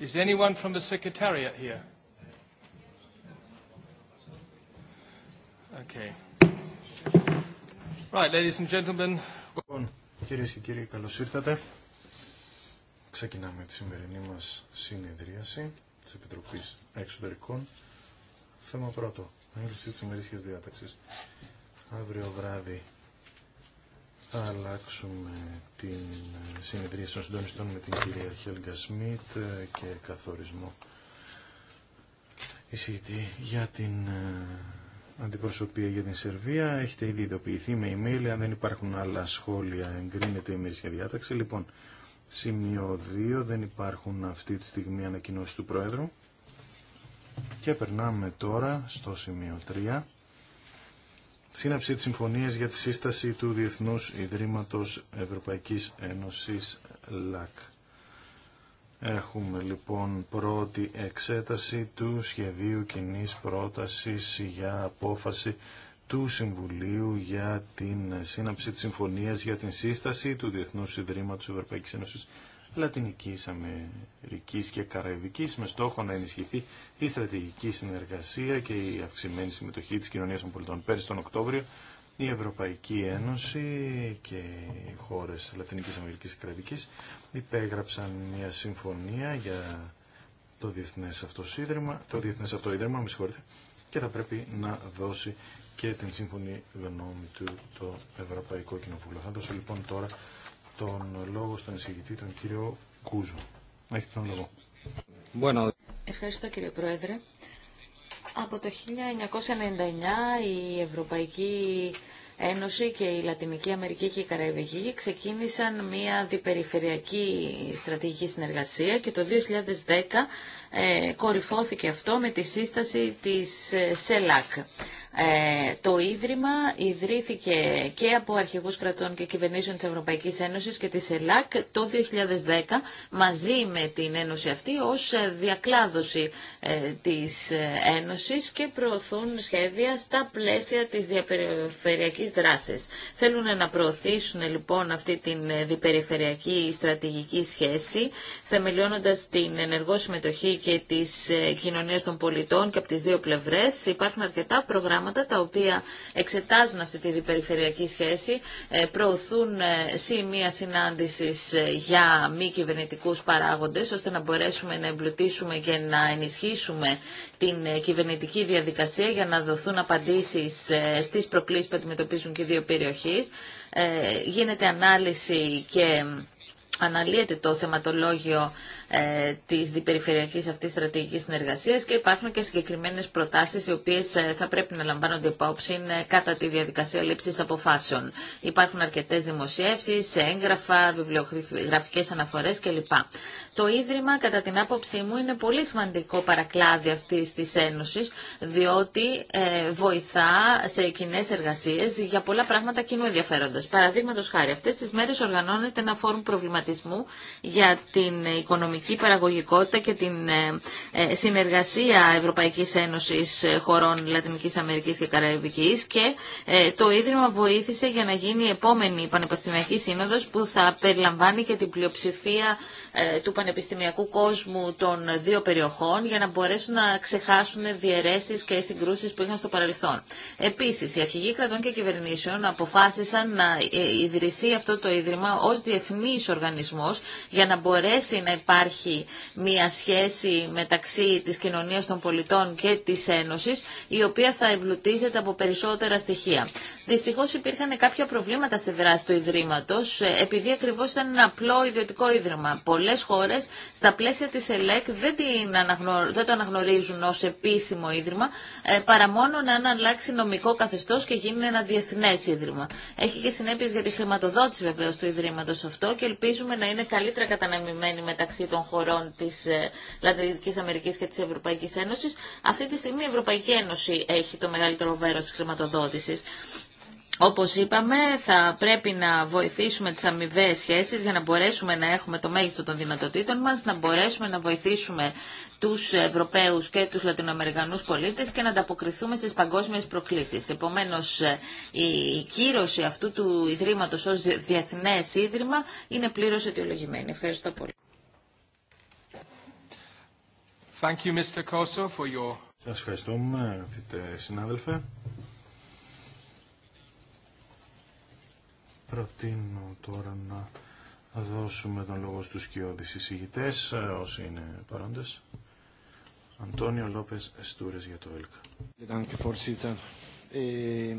Is anyone from the Secretariat here? Okay. Right, ladies and gentlemen. Λοιπόν, κυρίες και κύριοι, καλώς ήρθατε. Ξεκινάμε τη σημερινή μας συνεδρίαση της Επιτροπής Εξωτερικών. Θέμα πρώτο, έγκριση της ημερήσιας διάταξης. Αύριο βράδυ θα αλλάξουμε την συνεδρία των συντονιστών με την κυρία Χέλγκα Σμιτ και καθορισμό εισηγητή για την ε, αντιπροσωπεία για την Σερβία. Έχετε ήδη ειδοποιηθεί με email, αν δεν υπάρχουν άλλα σχόλια εγκρίνεται η μερίσια διάταξη. Λοιπόν, σημείο 2, δεν υπάρχουν αυτή τη στιγμή ανακοινώσεις του Πρόεδρου. Και περνάμε τώρα στο σημείο 3 σύναψη της συμφωνίας για τη σύσταση του Διεθνούς Ιδρύματος Ευρωπαϊκής Ένωσης ΛΑΚ. Έχουμε λοιπόν πρώτη εξέταση του σχεδίου κοινή πρότασης για απόφαση του Συμβουλίου για την σύναψη της συμφωνίας για τη σύσταση του Διεθνούς Ιδρύματος Ευρωπαϊκής Ένωσης Λατινική Αμερική και Καραϊβική με στόχο να ενισχυθεί η στρατηγική συνεργασία και η αυξημένη συμμετοχή τη κοινωνίας των πολιτών. Πέρυσι τον Οκτώβριο η Ευρωπαϊκή Ένωση και οι χώρες Λατινικής Αμερική και Καραϊβική υπέγραψαν μια συμφωνία για το Διεθνές, Αυτοσίδρυμα, το Διεθνές Αυτοίδρυμα με και θα πρέπει να δώσει και την σύμφωνη γνώμη του το Ευρωπαϊκό Κοινοβούλιο. Θα δώσω λοιπόν τώρα τον λόγο στον εισηγητή, τον κύριο Κούζο. τον λόγο. Ευχαριστώ κύριε Πρόεδρε. Από το 1999 η Ευρωπαϊκή Ένωση και η Λατινική Αμερική και η Καραϊβική ξεκίνησαν μια διπεριφερειακή στρατηγική συνεργασία και το 2010 ε, κορυφώθηκε αυτό με τη σύσταση της ε, ΣΕΛΑΚ. Ε, το Ίδρυμα ιδρύθηκε και από αρχηγούς κρατών και κυβερνήσεων της Ευρωπαϊκής Ένωσης και της ΕΛΑΚ το 2010 μαζί με την Ένωση αυτή ως ε, διακλάδωση ε, της ε, Ένωσης και προωθούν σχέδια στα πλαίσια της διαπεριφερειακής δράσης. Θέλουν να προωθήσουν λοιπόν αυτή την ε, διπεριφερειακή στρατηγική σχέση θεμελιώνοντας την ενεργό συμμετοχή και τις κοινωνίες των πολιτών και από τις δύο πλευρές υπάρχουν αρκετά προγράμματα τα οποία εξετάζουν αυτή τη περιφερειακή σχέση, ε, προωθούν ε, σημεία συνάντηση ε, για μη κυβερνητικού παράγοντε, ώστε να μπορέσουμε να εμπλουτίσουμε και να ενισχύσουμε την κυβερνητική διαδικασία για να δοθούν απαντήσει στι προκλήσει που αντιμετωπίζουν και οι δύο περιοχέ. Γίνεται ανάλυση και αναλύεται το θεματολόγιο ε, της διπεριφερειακής αυτής στρατηγικής συνεργασίας και υπάρχουν και συγκεκριμένες προτάσεις οι οποίες ε, θα πρέπει να λαμβάνονται υπόψη ε, κατά τη διαδικασία λήψης αποφάσεων. Υπάρχουν αρκετές δημοσιεύσεις, έγγραφα, βιβλιογραφικές αναφορές κλπ. Το Ίδρυμα, κατά την άποψή μου, είναι πολύ σημαντικό παρακλάδι αυτής της Ένωσης, διότι ε, βοηθά σε κοινέ εργασίες για πολλά πράγματα κοινού ενδιαφέροντος. Παραδείγματος χάρη, αυτές τις μέρες οργανώνεται ένα φόρουμ προβληματισμού για την οικονομική παραγωγικότητα και την ε, ε, συνεργασία Ευρωπαϊκής Ένωσης χωρών Λατινικής Αμερικής και Καραϊβικής και το Ίδρυμα βοήθησε για να γίνει η επόμενη Πανεπιστημιακή Σύνοδος που θα περιλαμβάνει και την πλειοψηφία ε, του πανεπιστημιακού κόσμου των δύο περιοχών για να μπορέσουν να ξεχάσουν διαιρέσει και συγκρούσει που είχαν στο παρελθόν. Επίση, οι αρχηγοί κρατών και κυβερνήσεων αποφάσισαν να ε, ιδρυθεί αυτό το Ίδρυμα ω διεθνή οργανισμό για να μπορέσει να υπάρχει μια σχέση μεταξύ τη κοινωνία των πολιτών και τη Ένωση, η οποία θα εμπλουτίζεται από περισσότερα στοιχεία. Δυστυχώ υπήρχαν κάποια προβλήματα στη δράση του Ιδρύματο ε, επειδή ακριβώ ήταν ένα απλό ιδιωτικό Ίδρυμα. Πολλέ χώρες στα πλαίσια της ΕΛΕΚ δεν, το αναγνωρίζουν ως επίσημο ίδρυμα ε, παρά μόνο να αλλάξει νομικό καθεστώς και γίνει ένα διεθνές ίδρυμα. Έχει και συνέπειε για τη χρηματοδότηση βεβαίω του ιδρύματο αυτό και ελπίζουμε να είναι καλύτερα καταναμημένη μεταξύ των χωρών της ε, Λατινικής Αμερική και τη Ευρωπαϊκή Ένωση. Αυτή τη στιγμή η Ευρωπαϊκή Ένωση έχει το μεγαλύτερο βέρο τη χρηματοδότηση. Όπως είπαμε, θα πρέπει να βοηθήσουμε τις αμοιβέ σχέσεις για να μπορέσουμε να έχουμε το μέγιστο των δυνατοτήτων μας, να μπορέσουμε να βοηθήσουμε τους Ευρωπαίους και τους Λατινοαμερικανούς πολίτες και να ανταποκριθούμε στις παγκόσμιες προκλήσεις. Επομένως, η κύρωση αυτού του Ιδρύματος ως Διεθνές Ίδρυμα είναι πλήρως αιτιολογημένη. Ευχαριστώ πολύ. Thank you, Mr. for your... ευχαριστούμε, συνάδελφε. προτείνω τώρα να δώσουμε τον λόγο στους κοιόδης εισηγητές, ε, όσοι είναι παρόντες. Αντώνιο Λόπες Εστούρες για το ΕΛΚΑ. Ε,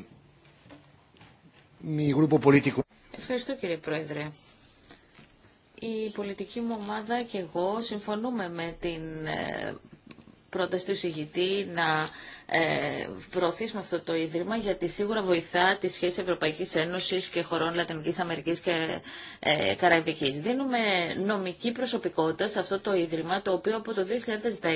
Ευχαριστώ κύριε Πρόεδρε. Η πολιτική μου ομάδα και εγώ συμφωνούμε με την ε, πρόταση του εισηγητή να ε, με αυτό το Ίδρυμα γιατί σίγουρα βοηθά τη σχέση Ευρωπαϊκής Ένωσης και χωρών Λατινικής Αμερικής και ε, Καραϊβικής. Δίνουμε νομική προσωπικότητα σε αυτό το Ίδρυμα το οποίο από το 2010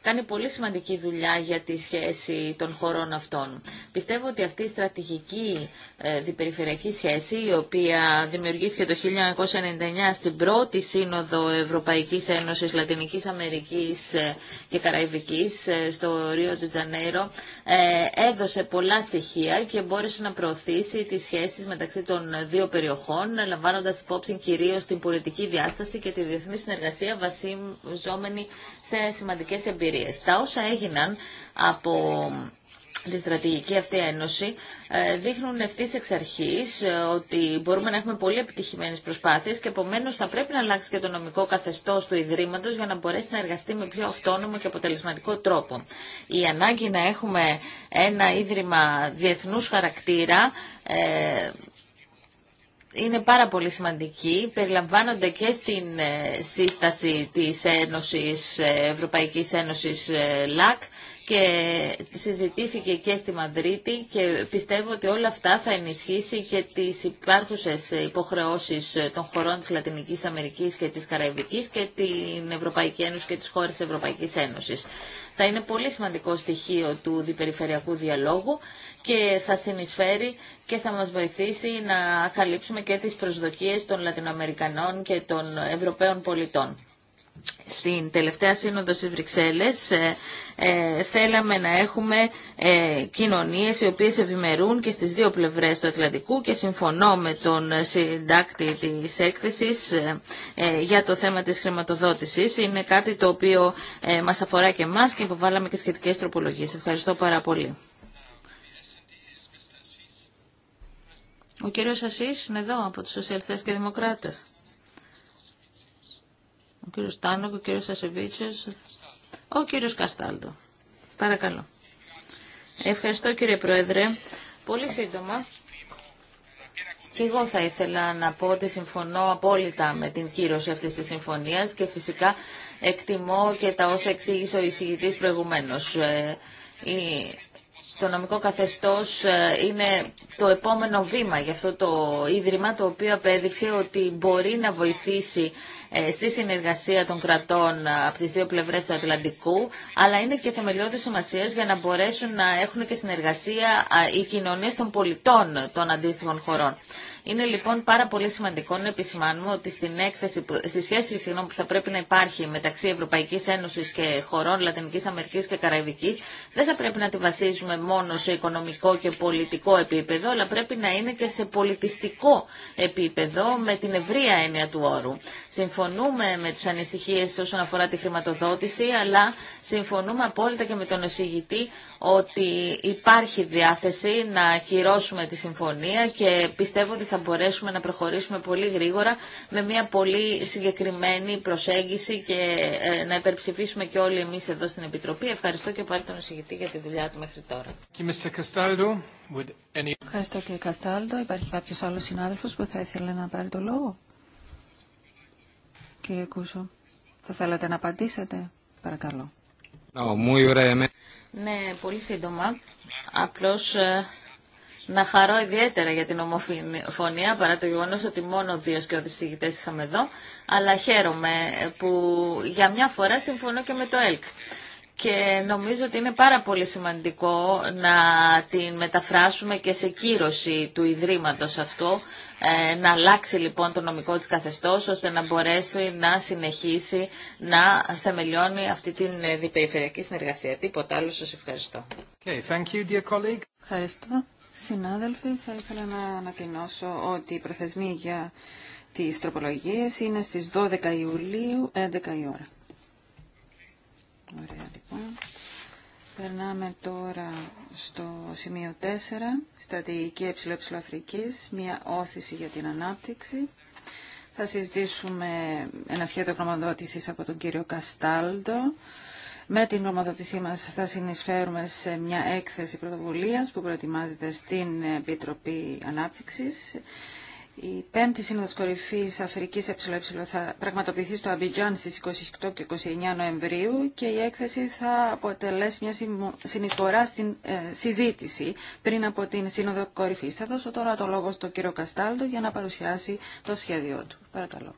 κάνει πολύ σημαντική δουλειά για τη σχέση των χωρών αυτών. Πιστεύω ότι αυτή η στρατηγική ε, διπεριφερειακή σχέση η οποία δημιουργήθηκε το 1999 στην πρώτη σύνοδο Ευρωπαϊκής Ένωσης Λατινική Αμερικής ε, και Καραϊβικής ε, στο Ρίο Τζανέιρο ε, έδωσε πολλά στοιχεία και μπόρεσε να προωθήσει τις σχέσεις μεταξύ των δύο περιοχών, λαμβάνοντας υπόψη κυρίως την πολιτική διάσταση και τη διεθνή συνεργασία βασιζόμενη σε σημαντικές εμπειρίες. Τα όσα έγιναν από τη στρατηγική αυτή ένωση ε, δείχνουν ευθύ εξ αρχή ε, ότι μπορούμε να έχουμε πολύ επιτυχημένε προσπάθειε και επομένω θα πρέπει να αλλάξει και το νομικό καθεστώ του Ιδρύματο για να μπορέσει να εργαστεί με πιο αυτόνομο και αποτελεσματικό τρόπο. Η ανάγκη να έχουμε ένα ίδρυμα διεθνού χαρακτήρα ε, είναι πάρα πολύ σημαντική. Περιλαμβάνονται και στην σύσταση της Ένωσης, Ευρωπαϊκής Ένωσης ΛΑΚ και συζητήθηκε και στη Μαδρίτη και πιστεύω ότι όλα αυτά θα ενισχύσει και τις υπάρχουσες υποχρεώσεις των χωρών της Λατινικής Αμερικής και της Καραϊβικής και την Ευρωπαϊκή Ένωση και τις χώρες της Ευρωπαϊκής Ένωσης. Θα είναι πολύ σημαντικό στοιχείο του διπεριφερειακού διαλόγου και θα συνεισφέρει και θα μας βοηθήσει να καλύψουμε και τις προσδοκίες των Λατινοαμερικανών και των Ευρωπαίων πολιτών στην τελευταία σύνοδο στις Βρυξέλλες ε, ε, θέλαμε να έχουμε ε, κοινωνίες οι οποίες ευημερούν και στις δύο πλευρές του Ατλαντικού και συμφωνώ με τον συντάκτη της έκθεσης ε, για το θέμα της χρηματοδότησης. Είναι κάτι το οποίο μας αφορά και εμάς και υποβάλαμε και σχετικές τροπολογίες. Ευχαριστώ πάρα πολύ. Ο κύριος Ασής είναι εδώ από τους Σοσιαλιστές και Δημοκράτες. Ο κύριος Τάνοκ, ο κύριος Ασεβίτσιος, ο κύριος Καστάλτο. Παρακαλώ. Ευχαριστώ κύριε Πρόεδρε. Πολύ σύντομα. Και εγώ θα ήθελα να πω ότι συμφωνώ απόλυτα με την κύρωση αυτή της συμφωνίας και φυσικά εκτιμώ και τα όσα εξήγησε ο εισηγητής προηγουμένως. Ε, το νομικό καθεστώς ε, είναι το επόμενο βήμα για αυτό το Ίδρυμα, το οποίο απέδειξε ότι μπορεί να βοηθήσει ε, στη συνεργασία των κρατών ε, από τις δύο πλευρές του Ατλαντικού, αλλά είναι και θεμελιώδη σημασία για να μπορέσουν να έχουν και συνεργασία ε, οι κοινωνίες των πολιτών των αντίστοιχων χωρών. Είναι λοιπόν πάρα πολύ σημαντικό να επισημάνουμε ότι στην έκθεση, στη σχέση που θα πρέπει να υπάρχει μεταξύ Ευρωπαϊκή Ένωση και χωρών Λατινική Αμερική και Καραϊβική, δεν θα πρέπει να τη βασίζουμε μόνο σε οικονομικό και πολιτικό επίπεδο, αλλά πρέπει να είναι και σε πολιτιστικό επίπεδο με την ευρεία έννοια του όρου. Συμφωνούμε με τι ανησυχίε όσον αφορά τη χρηματοδότηση, αλλά συμφωνούμε απόλυτα και με τον εισηγητή ότι υπάρχει διάθεση να ακυρώσουμε τη συμφωνία και πιστεύω ότι θα μπορέσουμε να προχωρήσουμε πολύ γρήγορα με μια πολύ συγκεκριμένη προσέγγιση και ε, να υπερψηφίσουμε και όλοι εμείς εδώ στην Επιτροπή. Ευχαριστώ και πάλι τον εισηγητή για τη δουλειά του μέχρι τώρα. Ευχαριστώ κύριε Καστάλντο. Υπάρχει κάποιος άλλος συνάδελφος που θα ήθελε να πάρει το λόγο. Κύριε Κούσο, θα θέλατε να απαντήσετε. Παρακαλώ. Ναι, πολύ σύντομα. Απλώς ε, να χαρώ ιδιαίτερα για την ομοφωνία παρά το γεγονό ότι μόνο δύο σκιώδεις συγητές είχαμε εδώ αλλά χαίρομαι που για μια φορά συμφωνώ και με το ΕΛΚ και νομίζω ότι είναι πάρα πολύ σημαντικό να την μεταφράσουμε και σε κύρωση του Ιδρύματος αυτό, ε, να αλλάξει λοιπόν το νομικό της καθεστώς ώστε να μπορέσει να συνεχίσει να θεμελιώνει αυτή την διπεριφερειακή συνεργασία. Τίποτα άλλο σας ευχαριστώ. Okay, thank you, dear colleague. Ευχαριστώ. Συνάδελφοι, θα ήθελα να ανακοινώσω ότι η προθεσμία για τις τροπολογίες είναι στις 12 Ιουλίου, 11 η ώρα. Ωραία, λοιπόν. Περνάμε τώρα στο σημείο 4, στρατηγική ΕΕ Αφρικής, μια όθηση για την ανάπτυξη. Θα συζητήσουμε ένα σχέδιο γνωμοδότησης από τον κύριο Καστάλντο. Με την γνωμοδότησή μας θα συνεισφέρουμε σε μια έκθεση πρωτοβουλίας που προετοιμάζεται στην Επιτροπή Ανάπτυξης. Η πέμπτη σύνοδος κορυφής Αφρικής ΕΕ θα πραγματοποιηθεί στο Αμπιτζάν στις 28 και 29 Νοεμβρίου και η έκθεση θα αποτελέσει μια συνεισφορά στην ε, συζήτηση πριν από την σύνοδο κορυφής. Θα δώσω τώρα το λόγο στον κύριο Καστάλτο για να παρουσιάσει το σχέδιό του. Παρακαλώ.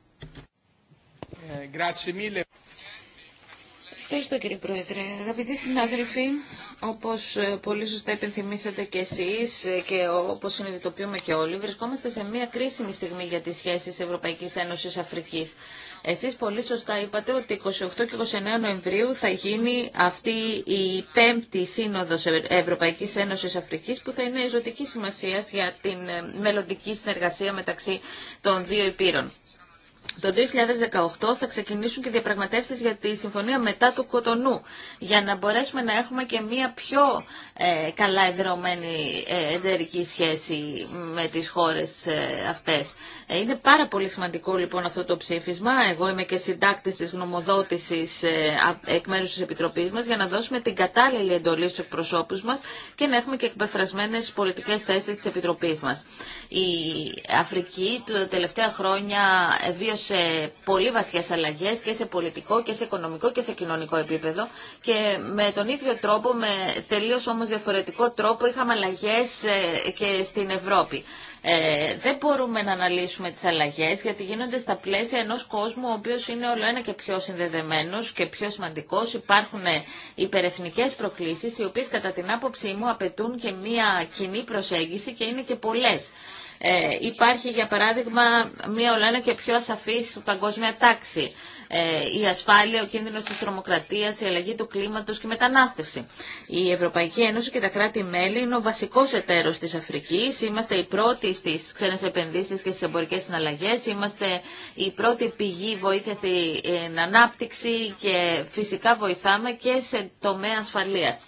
Ε, Ευχαριστώ κύριε Πρόεδρε. Αγαπητοί συνάδελφοι, όπως ε, πολύ σωστά υπενθυμίσατε και εσείς ε, και όπως συνειδητοποιούμε και όλοι, βρισκόμαστε σε μια κρίσιμη στιγμή για τις σχέσεις Ευρωπαϊκής Ένωσης Αφρικής. Εσείς πολύ σωστά είπατε ότι 28 και 29 Νοεμβρίου θα γίνει αυτή η πέμπτη σύνοδος ε, Ευρωπαϊκής Ένωσης Αφρικής που θα είναι ζωτική σημασία για την μελλοντική συνεργασία μεταξύ των δύο υπήρων. Το 2018 θα ξεκινήσουν και διαπραγματεύσεις για τη συμφωνία μετά του Κοτονού, για να μπορέσουμε να έχουμε και μια πιο ε, καλά εδρωμένη ε, εταιρική σχέση με τις χώρες ε, αυτές. Ε, είναι πάρα πολύ σημαντικό λοιπόν αυτό το ψήφισμα. Εγώ είμαι και συντάκτης της γνωμοδότησης ε, εκ μέρους της Επιτροπής μας για να δώσουμε την κατάλληλη εντολή στους εκπροσώπους μας και να έχουμε και εκπεφρασμένες πολιτικές θέσεις της Επιτροπής μας. Η Αφρική τα τελευταία χρόνια σε πολύ βαθιές αλλαγέ και σε πολιτικό και σε οικονομικό και σε κοινωνικό επίπεδο και με τον ίδιο τρόπο, με τελείως όμως διαφορετικό τρόπο είχαμε αλλαγέ ε, και στην Ευρώπη. Ε, δεν μπορούμε να αναλύσουμε τις αλλαγές γιατί γίνονται στα πλαίσια ενός κόσμου ο οποίος είναι όλο ένα και πιο συνδεδεμένος και πιο σημαντικός. Υπάρχουν ε, υπερεθνικές προκλήσεις οι οποίες κατά την άποψή μου απαιτούν και μια κοινή προσέγγιση και είναι και πολλές. Ε, υπάρχει για παράδειγμα μια ολένα και πιο ασαφής παγκόσμια τάξη. Ε, η ασφάλεια, ο κίνδυνο τη τρομοκρατία, η αλλαγή του κλίματο και η μετανάστευση. Η Ευρωπαϊκή Ένωση και τα κράτη-μέλη είναι ο βασικό εταίρο τη Αφρική. Είμαστε οι πρώτοι στι ξένε επενδύσει και στι εμπορικέ συναλλαγέ. Είμαστε η πρώτη πηγή βοήθεια στην ανάπτυξη και φυσικά βοηθάμε και σε τομέα ασφαλεία.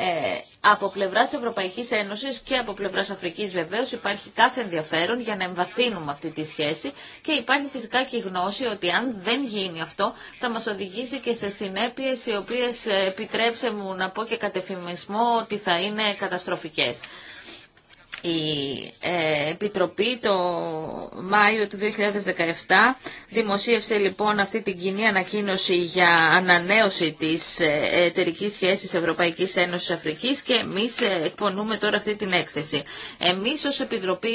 Ε, από πλευρά Ευρωπαϊκή Ένωση και από πλευρά Αφρική βεβαίω υπάρχει κάθε ενδιαφέρον για να εμβαθύνουμε αυτή τη σχέση και υπάρχει φυσικά και η γνώση ότι αν δεν γίνει αυτό θα μα οδηγήσει και σε συνέπειε οι οποίε ε, επιτρέψε μου να πω και κατεφημισμό ότι θα είναι καταστροφικέ. Η ε, Επιτροπή το Μάιο του 2017 δημοσίευσε λοιπόν αυτή την κοινή ανακοίνωση για ανανέωση της ε, εταιρική σχέσης Ευρωπαϊκής Ένωσης Αφρικής και εμείς ε, εκπονούμε τώρα αυτή την έκθεση. Εμείς ως Επιτροπή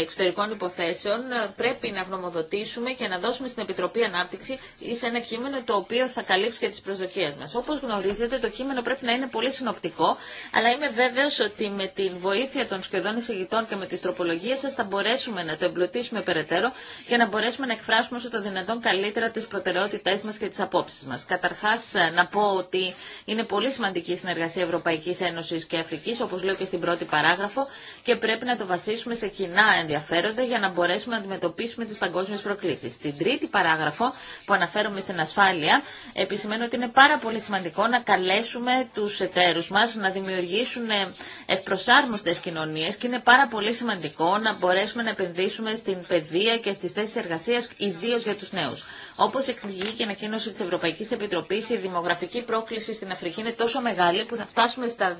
Εξωτερικών Υποθέσεων πρέπει να γνωμοδοτήσουμε και να δώσουμε στην Επιτροπή Ανάπτυξη σε ένα κείμενο το οποίο θα καλύψει και τις προσδοκίες μας. Όπως γνωρίζετε το κείμενο πρέπει να είναι πολύ συνοπτικό αλλά είμαι βέβαιος ότι με την βοήθεια των σχεδόν εισηγητών και με τι τροπολογίε σα θα μπορέσουμε να το εμπλουτίσουμε περαιτέρω για να μπορέσουμε να εκφράσουμε όσο το δυνατόν καλύτερα τι προτεραιότητε μα και τι απόψει μα. Καταρχά ε, να πω ότι είναι πολύ σημαντική η συνεργασία Ευρωπαϊκή Ένωση και Αφρική, όπω λέω και στην πρώτη παράγραφο και πρέπει να το βασίσουμε σε κοινά ενδιαφέροντα για να μπορέσουμε να αντιμετωπίσουμε τι παγκόσμιες προκλήσει. Στην τρίτη παράγραφο που αναφέρομαι στην ασφάλεια επισημαίνω ότι είναι πάρα πολύ σημαντικό να καλέσουμε του εταίρου μα να δημιουργήσουν ε, ευπροσάρμοστε κοινωνίε και είναι πάρα πολύ σημαντικό να μπορέσουμε να επενδύσουμε στην παιδεία και στις θέσει εργασία, ιδίως για τους νέους. Όπως εκδηγεί και η ανακοίνωση τη ευρωπαϊκή Επιτροπή, η δημογραφική πρόκληση στην Αφρική είναι τόσο μεγάλη που θα φτάσουμε στα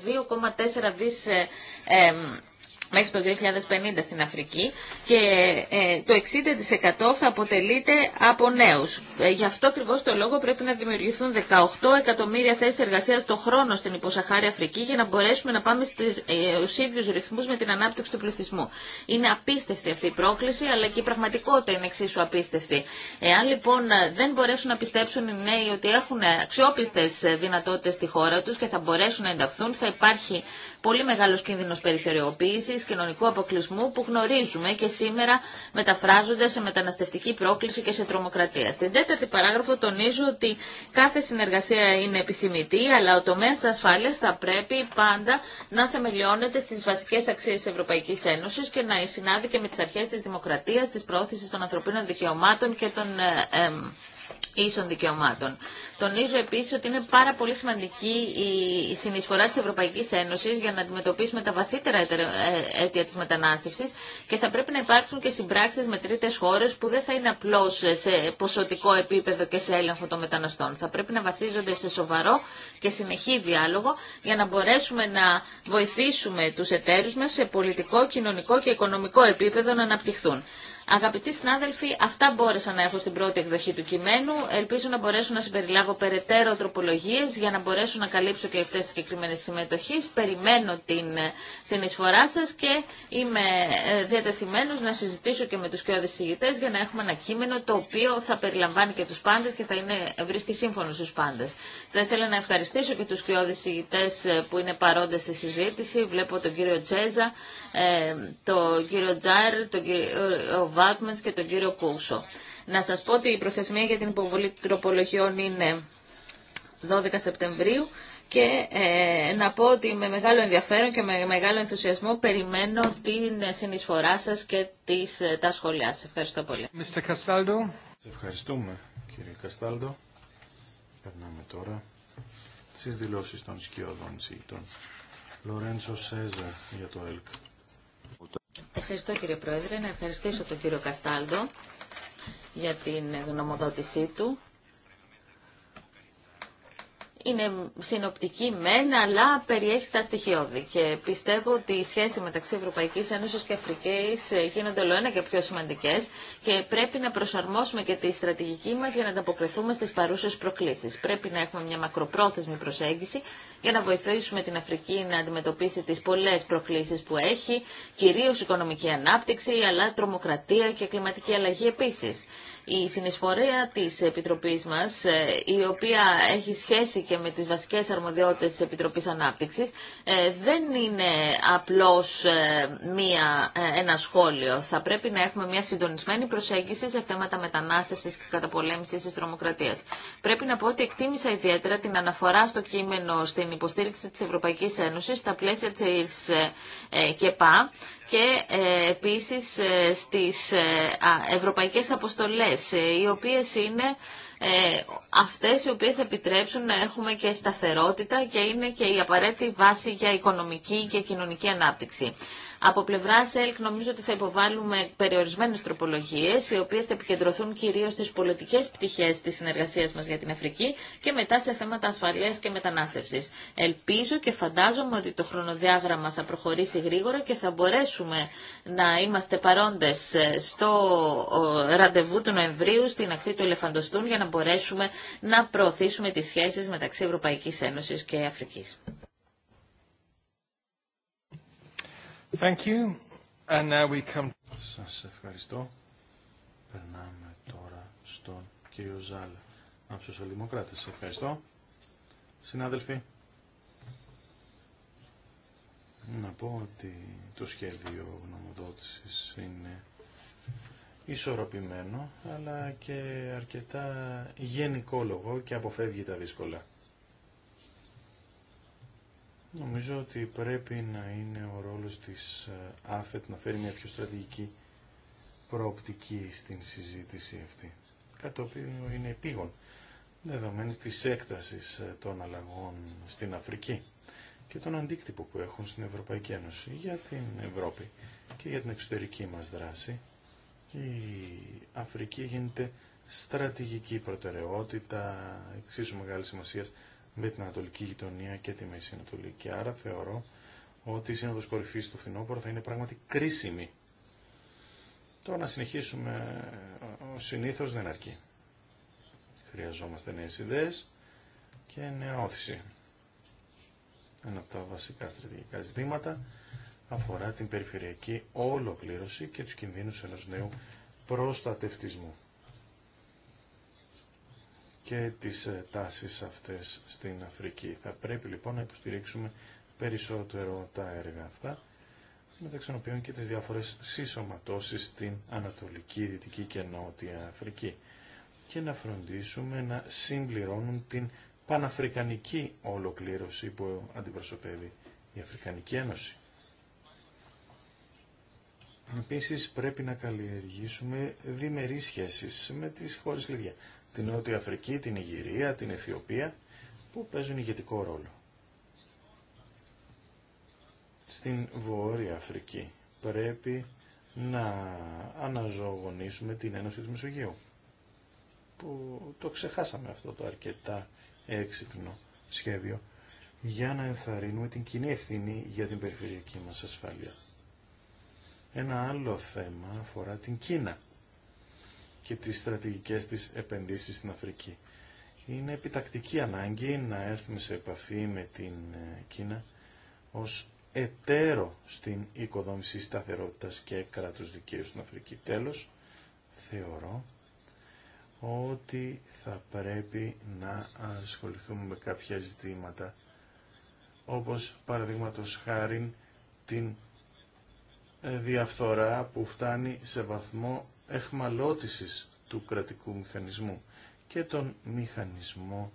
2,4 δις ε, ε, μέχρι το 2050 στην Αφρική και ε, το 60% θα αποτελείται από νέους. Ε, γι' αυτό ακριβώ το λόγο πρέπει να δημιουργηθούν 18 εκατομμύρια θέσεις εργασίας το χρόνο στην υποσαχάρη Αφρική για να μπορέσουμε να πάμε ε, στους ίδιους ρυθμούς με την ανάπτυξη του πληθυσμού. Είναι απίστευτη αυτή η πρόκληση αλλά και η πραγματικότητα είναι εξίσου απίστευτη. Εάν λοιπόν δεν μπορέσουν να πιστέψουν οι νέοι ότι έχουν αξιόπιστες δυνατότητε στη χώρα τους και θα μπορέσουν να ενταχθούν θα υπάρχει πολύ μεγάλος κίνδυνος περιθωριοποίησης κρίση, κοινωνικού αποκλεισμού που γνωρίζουμε και σήμερα μεταφράζονται σε μεταναστευτική πρόκληση και σε τρομοκρατία. Στην τέταρτη παράγραφο τονίζω ότι κάθε συνεργασία είναι επιθυμητή, αλλά ο τομέα τη ασφάλεια θα πρέπει πάντα να θεμελιώνεται στι βασικέ αξίε τη Ευρωπαϊκή Ένωση και να συνάδει και με τι αρχέ τη δημοκρατία, τη πρόθεση των ανθρωπίνων δικαιωμάτων και των. Ε, ε, ίσων δικαιωμάτων. Τονίζω επίσης ότι είναι πάρα πολύ σημαντική η συνεισφορά της Ευρωπαϊκής Ένωσης για να αντιμετωπίσουμε τα βαθύτερα ε, αίτια της μετανάστευσης και θα πρέπει να υπάρξουν και συμπράξεις με τρίτες χώρες που δεν θα είναι απλώς σε ποσοτικό επίπεδο και σε έλεγχο των μεταναστών. Θα πρέπει να βασίζονται σε σοβαρό και συνεχή διάλογο για να μπορέσουμε να βοηθήσουμε τους εταίρους μας σε πολιτικό, κοινωνικό και οικονομικό επίπεδο να αναπτυχθούν. Αγαπητοί συνάδελφοι, αυτά μπόρεσα να έχω στην πρώτη εκδοχή του κειμένου. Ελπίζω να μπορέσω να συμπεριλάβω περαιτέρω τροπολογίε για να μπορέσω να καλύψω και αυτέ τι συγκεκριμένε συμμετοχέ. Περιμένω την συνεισφορά σα και είμαι ε, διατεθειμένο να συζητήσω και με του και ηγητέ για να έχουμε ένα κείμενο το οποίο θα περιλαμβάνει και του πάντε και θα είναι, ε, βρίσκει σύμφωνο στου πάντε. Θα ήθελα να ευχαριστήσω και του και ηγητέ ε, που είναι παρόντε στη συζήτηση. Βλέπω τον κύριο Τσέζα, τον κύριο Τζάρ, τον κύριο και τον κύριο Κούσο. Να σας πω ότι η προθεσμία για την υποβολή τροπολογιών είναι 12 Σεπτεμβρίου και ε, να πω ότι με μεγάλο ενδιαφέρον και με μεγάλο ενθουσιασμό περιμένω την συνεισφορά σας και τις, ε, τα σχόλιά σας. Ευχαριστώ πολύ. Mr. Castaldo. Ευχαριστούμε κύριε Καστάλτο. Περνάμε τώρα στις δηλώσεις των σκιωδών συγητών. Λορέντσο Σέζα για το ΕΛΚ. Ευχαριστώ κύριε Πρόεδρε. Να ευχαριστήσω τον κύριο Καστάλτο για την γνωμοδότησή του είναι συνοπτική μεν, αλλά περιέχει τα στοιχειώδη. Και πιστεύω ότι οι σχέσει μεταξύ Ευρωπαϊκή Ένωση και Αφρική ε, γίνονται όλο και πιο σημαντικέ, και πρέπει να προσαρμόσουμε και τη στρατηγική μα για να ανταποκριθούμε στι παρούσε προκλήσει. Πρέπει να έχουμε μια μακροπρόθεσμη προσέγγιση για να βοηθήσουμε την Αφρική να αντιμετωπίσει τι πολλέ προκλήσει που έχει, κυρίως οικονομική ανάπτυξη, αλλά τρομοκρατία και κλιματική αλλαγή επίση η συνεισφορία της Επιτροπής μας, ε, η οποία έχει σχέση και με τις βασικές αρμοδιότητες της Επιτροπής Ανάπτυξης, ε, δεν είναι απλώς ε, μία, ένα σχόλιο. Θα πρέπει να έχουμε μία συντονισμένη προσέγγιση σε θέματα μετανάστευσης και καταπολέμησης της τρομοκρατίας. Πρέπει να πω ότι εκτίμησα ιδιαίτερα την αναφορά στο κείμενο στην υποστήριξη της Ευρωπαϊκής Ένωσης στα πλαίσια της Πά και ε, επίσης ε, στις ε, ευρωπαϊκές αποστολές, οι οποίες είναι αυτές οι οποίες θα επιτρέψουν να έχουμε και σταθερότητα και είναι και η απαραίτητη βάση για οικονομική και κοινωνική ανάπτυξη. Από πλευρά ΣΕΛΚ νομίζω ότι θα υποβάλουμε περιορισμένε τροπολογίε, οι οποίε θα επικεντρωθούν κυρίω στι πολιτικέ πτυχέ τη συνεργασία μα για την Αφρική και μετά σε θέματα ασφαλεία και μετανάστευση. Ελπίζω και φαντάζομαι ότι το χρονοδιάγραμμα θα προχωρήσει γρήγορα και θα μπορέσουμε να είμαστε παρόντε ε, στο ραντεβού του Νοεμβρίου στην ακτή του Ελεφαντοστούν για να μπορέσουμε να προωθήσουμε τι σχέσει μεταξύ Ευρωπαϊκή Ένωση και Αφρική. Thank Σας ευχαριστώ. Περνάμε τώρα στον κύριο Ζάλ από τους Σοσιαλδημοκράτες. ευχαριστώ. Συνάδελφοι, να πω ότι το σχέδιο γνωμοδότησης είναι ισορροπημένο, αλλά και αρκετά γενικόλογο και αποφεύγει τα δύσκολα. Νομίζω ότι πρέπει να είναι ο ρόλος της ε, ΑΦΕΤ να φέρει μια πιο στρατηγική προοπτική στην συζήτηση αυτή. Κάτι το οποίο είναι επίγον δεδομένη της έκτασης ε, των αλλαγών στην Αφρική και των αντίκτυπο που έχουν στην Ευρωπαϊκή Ένωση για την Ευρώπη και για την εξωτερική μας δράση. Η Αφρική γίνεται στρατηγική προτεραιότητα εξίσου μεγάλη σημασία με την Ανατολική Γειτονία και τη Μέση Ανατολή. Και άρα θεωρώ ότι η Σύνοδος Κορυφής του φθινόπωρου θα είναι πράγματι κρίσιμη. Τώρα να συνεχίσουμε ο ε, συνήθως δεν αρκεί. Χρειαζόμαστε νέες ιδέες και νέα όθηση. Ένα από τα βασικά στρατηγικά ζητήματα αφορά την περιφερειακή ολοκλήρωση και τους κινδύνους ενός νέου προστατευτισμού και τις ε, τάσεις αυτές στην Αφρική. Θα πρέπει λοιπόν να υποστηρίξουμε περισσότερο τα έργα αυτά, μεταξύ των οποίων και τις διάφορες συσσωματώσεις στην Ανατολική, Δυτική και Νότια Αφρική και να φροντίσουμε να συμπληρώνουν την παναφρικανική ολοκλήρωση που αντιπροσωπεύει η Αφρικανική Ένωση. Επίσης πρέπει να καλλιεργήσουμε διμερείς σχέσεις με τις χώρες Λιβιά την Νότια Αφρική, την Ιγυρία, την Αιθιοπία, που παίζουν ηγετικό ρόλο. Στην Βόρεια Αφρική πρέπει να αναζωογονήσουμε την Ένωση της Μεσογείου, που το ξεχάσαμε αυτό το αρκετά έξυπνο σχέδιο, για να ενθαρρύνουμε την κοινή ευθύνη για την περιφερειακή μας ασφάλεια. Ένα άλλο θέμα αφορά την Κίνα και τις στρατηγικές της επενδύσεις στην Αφρική. Είναι επιτακτική ανάγκη να έρθουμε σε επαφή με την ε, Κίνα ως εταίρο στην οικοδόμηση σταθερότητας και κράτους δικαίου στην Αφρική. Τέλος, θεωρώ ότι θα πρέπει να ασχοληθούμε με κάποια ζητήματα όπως παραδείγματος χάρη την ε, διαφθορά που φτάνει σε βαθμό εχμαλώτισης του κρατικού μηχανισμού και τον μηχανισμό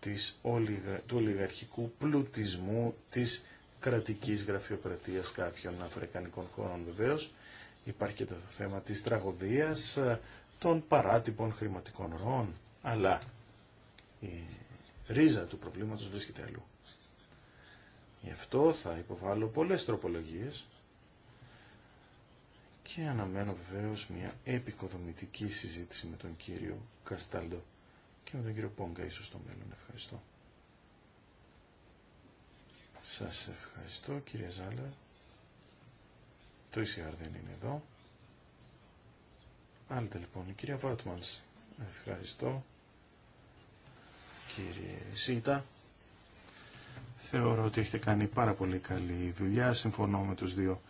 της ολιγα... του ολιγαρχικού πλουτισμού της κρατικής γραφειοκρατίας κάποιων αφρικανικών χωρών βεβαίω. Υπάρχει και το θέμα της τραγωδίας ε, των παράτυπων χρηματικών ροών, αλλά η ρίζα του προβλήματος βρίσκεται αλλού. Γι' αυτό θα υποβάλω πολλές τροπολογίες και αναμένω βεβαίω μια επικοδομητική συζήτηση με τον κύριο Καστάλντο και με τον κύριο Πόγκα ίσως στο μέλλον. Ευχαριστώ. Σας ευχαριστώ κύριε Ζάλα. Το ECR δεν είναι εδώ. Άλτε λοιπόν, η κυρία Βάτμανς. Ευχαριστώ. Κύριε Σίτα. Θεωρώ ότι έχετε κάνει πάρα πολύ καλή δουλειά. Συμφωνώ με τους δύο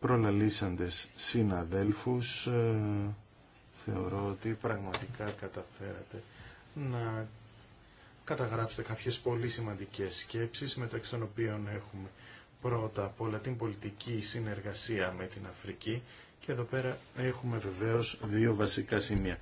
προλαλήσαντες συναδέλφους. Ε, θεωρώ ότι πραγματικά καταφέρατε να καταγράψετε κάποιες πολύ σημαντικές σκέψεις, μεταξύ των οποίων έχουμε πρώτα απ' όλα την πολιτική συνεργασία με την Αφρική και εδώ πέρα έχουμε βεβαίως δύο βασικά σημεία.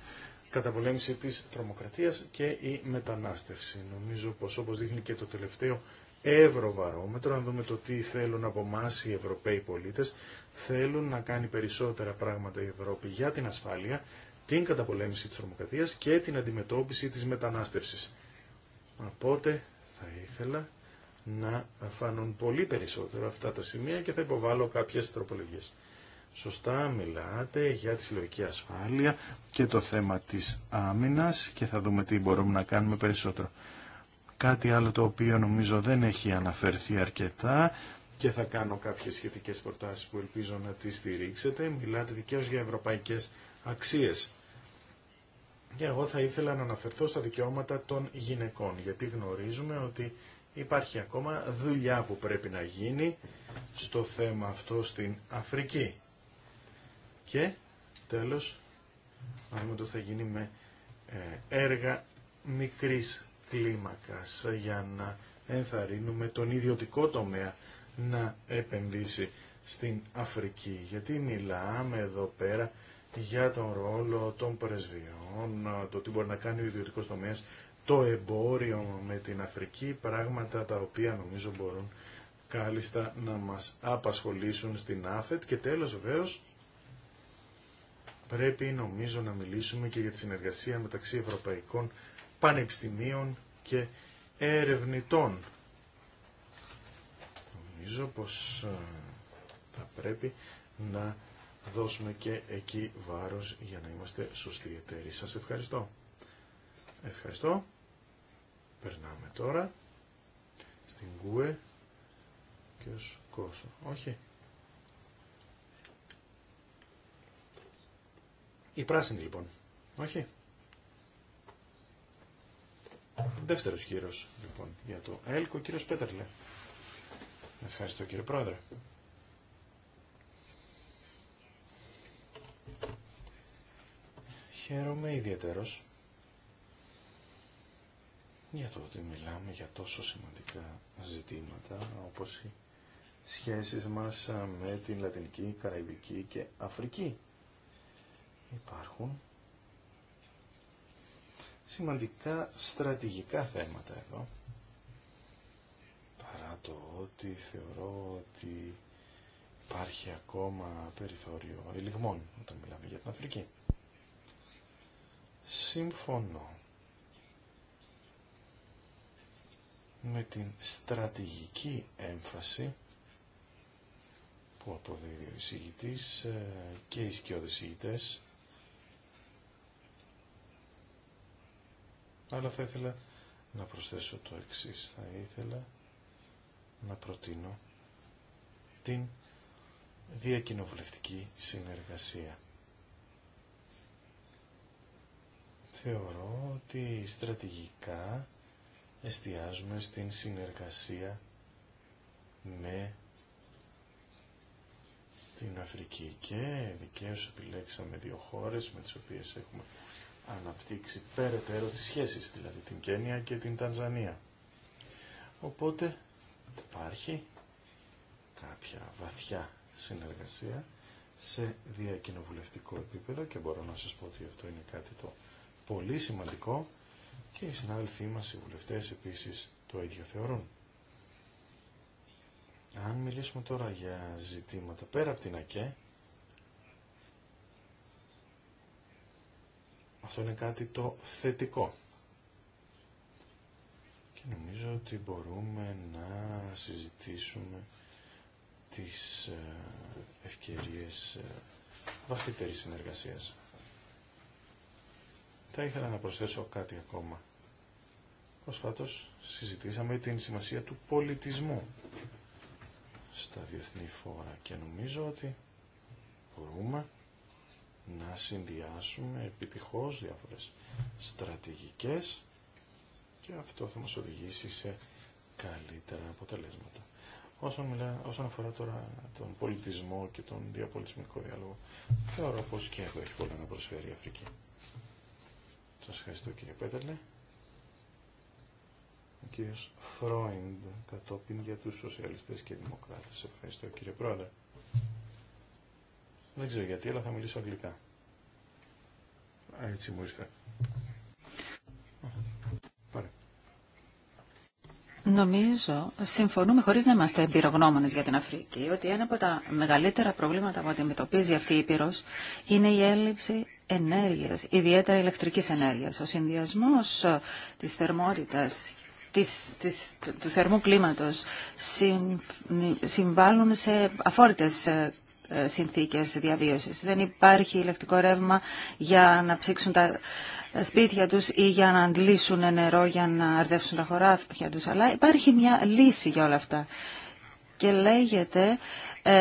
Καταπολέμηση της τρομοκρατίας και η μετανάστευση. Νομίζω πως όπως δείχνει και το τελευταίο ευρωβαρόμετρο, να δούμε το τι θέλουν από εμά οι Ευρωπαίοι πολίτες. Θέλουν να κάνει περισσότερα πράγματα η Ευρώπη για την ασφάλεια, την καταπολέμηση της τρομοκρατίας και την αντιμετώπιση της μετανάστευσης. Οπότε θα ήθελα να φανούν πολύ περισσότερο αυτά τα σημεία και θα υποβάλω κάποιες τροπολογίες. Σωστά μιλάτε για τη συλλογική ασφάλεια και το θέμα της άμυνας και θα δούμε τι μπορούμε να κάνουμε περισσότερο. Κάτι άλλο το οποίο νομίζω δεν έχει αναφερθεί αρκετά και θα κάνω κάποιες σχετικές προτάσεις που ελπίζω να τις στηρίξετε. Μιλάτε δικαίως για ευρωπαϊκές αξίες. Και εγώ θα ήθελα να αναφερθώ στα δικαιώματα των γυναικών, γιατί γνωρίζουμε ότι υπάρχει ακόμα δουλειά που πρέπει να γίνει στο θέμα αυτό στην Αφρική. Και τέλος, αν το θα γίνει με ε, έργα μικρής κλίμακας για να ενθαρρύνουμε τον ιδιωτικό τομέα να επενδύσει στην Αφρική. Γιατί μιλάμε εδώ πέρα για τον ρόλο των πρεσβειών, το τι μπορεί να κάνει ο ιδιωτικός τομέας το εμπόριο με την Αφρική, πράγματα τα οποία νομίζω μπορούν κάλλιστα να μας απασχολήσουν στην ΑΦΕΤ και τέλος βεβαίω πρέπει νομίζω να μιλήσουμε και για τη συνεργασία μεταξύ ευρωπαϊκών πανεπιστημίων και ερευνητών. Νομίζω πως ε, θα πρέπει να δώσουμε και εκεί βάρος για να είμαστε σωστοί εταίροι. Σας ευχαριστώ. Ευχαριστώ. Περνάμε τώρα στην ΚΟΕ και ως Κόσο. Όχι. Η πράσινη λοιπόν. Όχι. Δεύτερος γύρος, λοιπόν, για το ΕΛΚΟ, κύριος Πέτερλε. Ευχαριστώ, κύριε Πρόεδρε. Χαίρομαι ιδιαίτερος για το ότι μιλάμε για τόσο σημαντικά ζητήματα όπως οι σχέσεις μας με την Λατινική, Καραϊβική και Αφρική. Υπάρχουν σημαντικά στρατηγικά θέματα εδώ. Παρά το ότι θεωρώ ότι υπάρχει ακόμα περιθώριο ελιγμών όταν μιλάμε για την Αφρική. Σύμφωνο με την στρατηγική έμφαση που αποδίδει ο εισηγητής ε, και οι σκιώδες αλλά θα ήθελα να προσθέσω το εξή. Θα ήθελα να προτείνω την διακοινοβουλευτική συνεργασία. Θεωρώ ότι στρατηγικά εστιάζουμε στην συνεργασία με την Αφρική και δικαίως επιλέξαμε δύο χώρες με τις οποίες έχουμε αναπτύξει περαιτέρω τις σχέσεις, δηλαδή την Κένια και την Τανζανία. Οπότε υπάρχει κάποια βαθιά συνεργασία σε διακοινοβουλευτικό επίπεδο και μπορώ να σας πω ότι αυτό είναι κάτι το πολύ σημαντικό και οι συνάδελφοί μας, οι βουλευτές επίσης το ίδιο θεωρούν. Αν μιλήσουμε τώρα για ζητήματα πέρα από την ΑΚΕ, Αυτό είναι κάτι το θετικό. Και νομίζω ότι μπορούμε να συζητήσουμε τις ε, ευκαιρίες ε, βαθύτερης συνεργασίας. Θα ήθελα να προσθέσω κάτι ακόμα. Προσφάτως συζητήσαμε την σημασία του πολιτισμού στα διεθνή φόρα και νομίζω ότι μπορούμε να συνδυάσουμε επιτυχώς διάφορες στρατηγικές και αυτό θα μας οδηγήσει σε καλύτερα αποτελέσματα. Όσον, μιλά, όσον αφορά τώρα τον πολιτισμό και τον διαπολιτισμικό διάλογο, θεωρώ πως και εδώ έχει πολλά να προσφέρει η Αφρική. Σας ευχαριστώ κύριε Πέτερλε. Ο κύριος Φρόιντ κατόπιν για τους σοσιαλιστές και δημοκράτες. Ευχαριστώ κύριε Πρόεδρε. Δεν ξέρω γιατί, αλλά θα μιλήσω αγγλικά. Α, έτσι μου ήρθε. Νομίζω, συμφωνούμε χωρίς να είμαστε εμπειρογνώμονες για την Αφρική, ότι ένα από τα μεγαλύτερα προβλήματα που αντιμετωπίζει αυτή η Ήπειρος είναι η έλλειψη ενέργειας, ιδιαίτερα ηλεκτρικής ενέργειας. Ο συνδυασμός ε, της θερμότητας της, του θερμού κλίματος συμβάλλουν σε αφόρητες ε, ε, συνθήκες διαβίωσης. Δεν υπάρχει ηλεκτρικό ρεύμα για να ψήξουν τα σπίτια τους ή για να αντλήσουν νερό για να αρδεύσουν τα χωράφια τους. Αλλά υπάρχει μια λύση για όλα αυτά και λέγεται ε,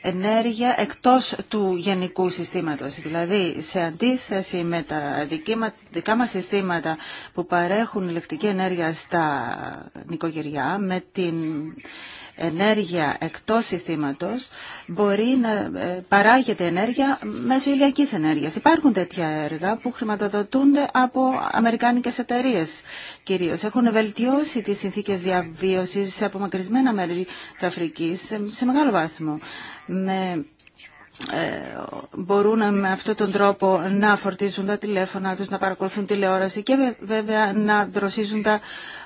ενέργεια εκτός του γενικού συστήματος. Δηλαδή, σε αντίθεση με τα δικά μας συστήματα που παρέχουν ηλεκτρική ενέργεια στα νοικοκυριά, με την ενέργεια εκτός συστήματος μπορεί να ε, παράγεται ενέργεια μέσω ηλιακής ενέργειας. Υπάρχουν τέτοια έργα που χρηματοδοτούνται από αμερικάνικες εταιρείες κυρίως. Έχουν βελτιώσει τις συνθήκες διαβίωσης σε απομακρυσμένα μέρη της Αφρικής σε μεγάλο βάθμο. Με ε, μπορούν με αυτόν τον τρόπο να φορτίζουν τα τηλέφωνα τους, να παρακολουθούν τηλεόραση και βέβαια να δροσίζουν τα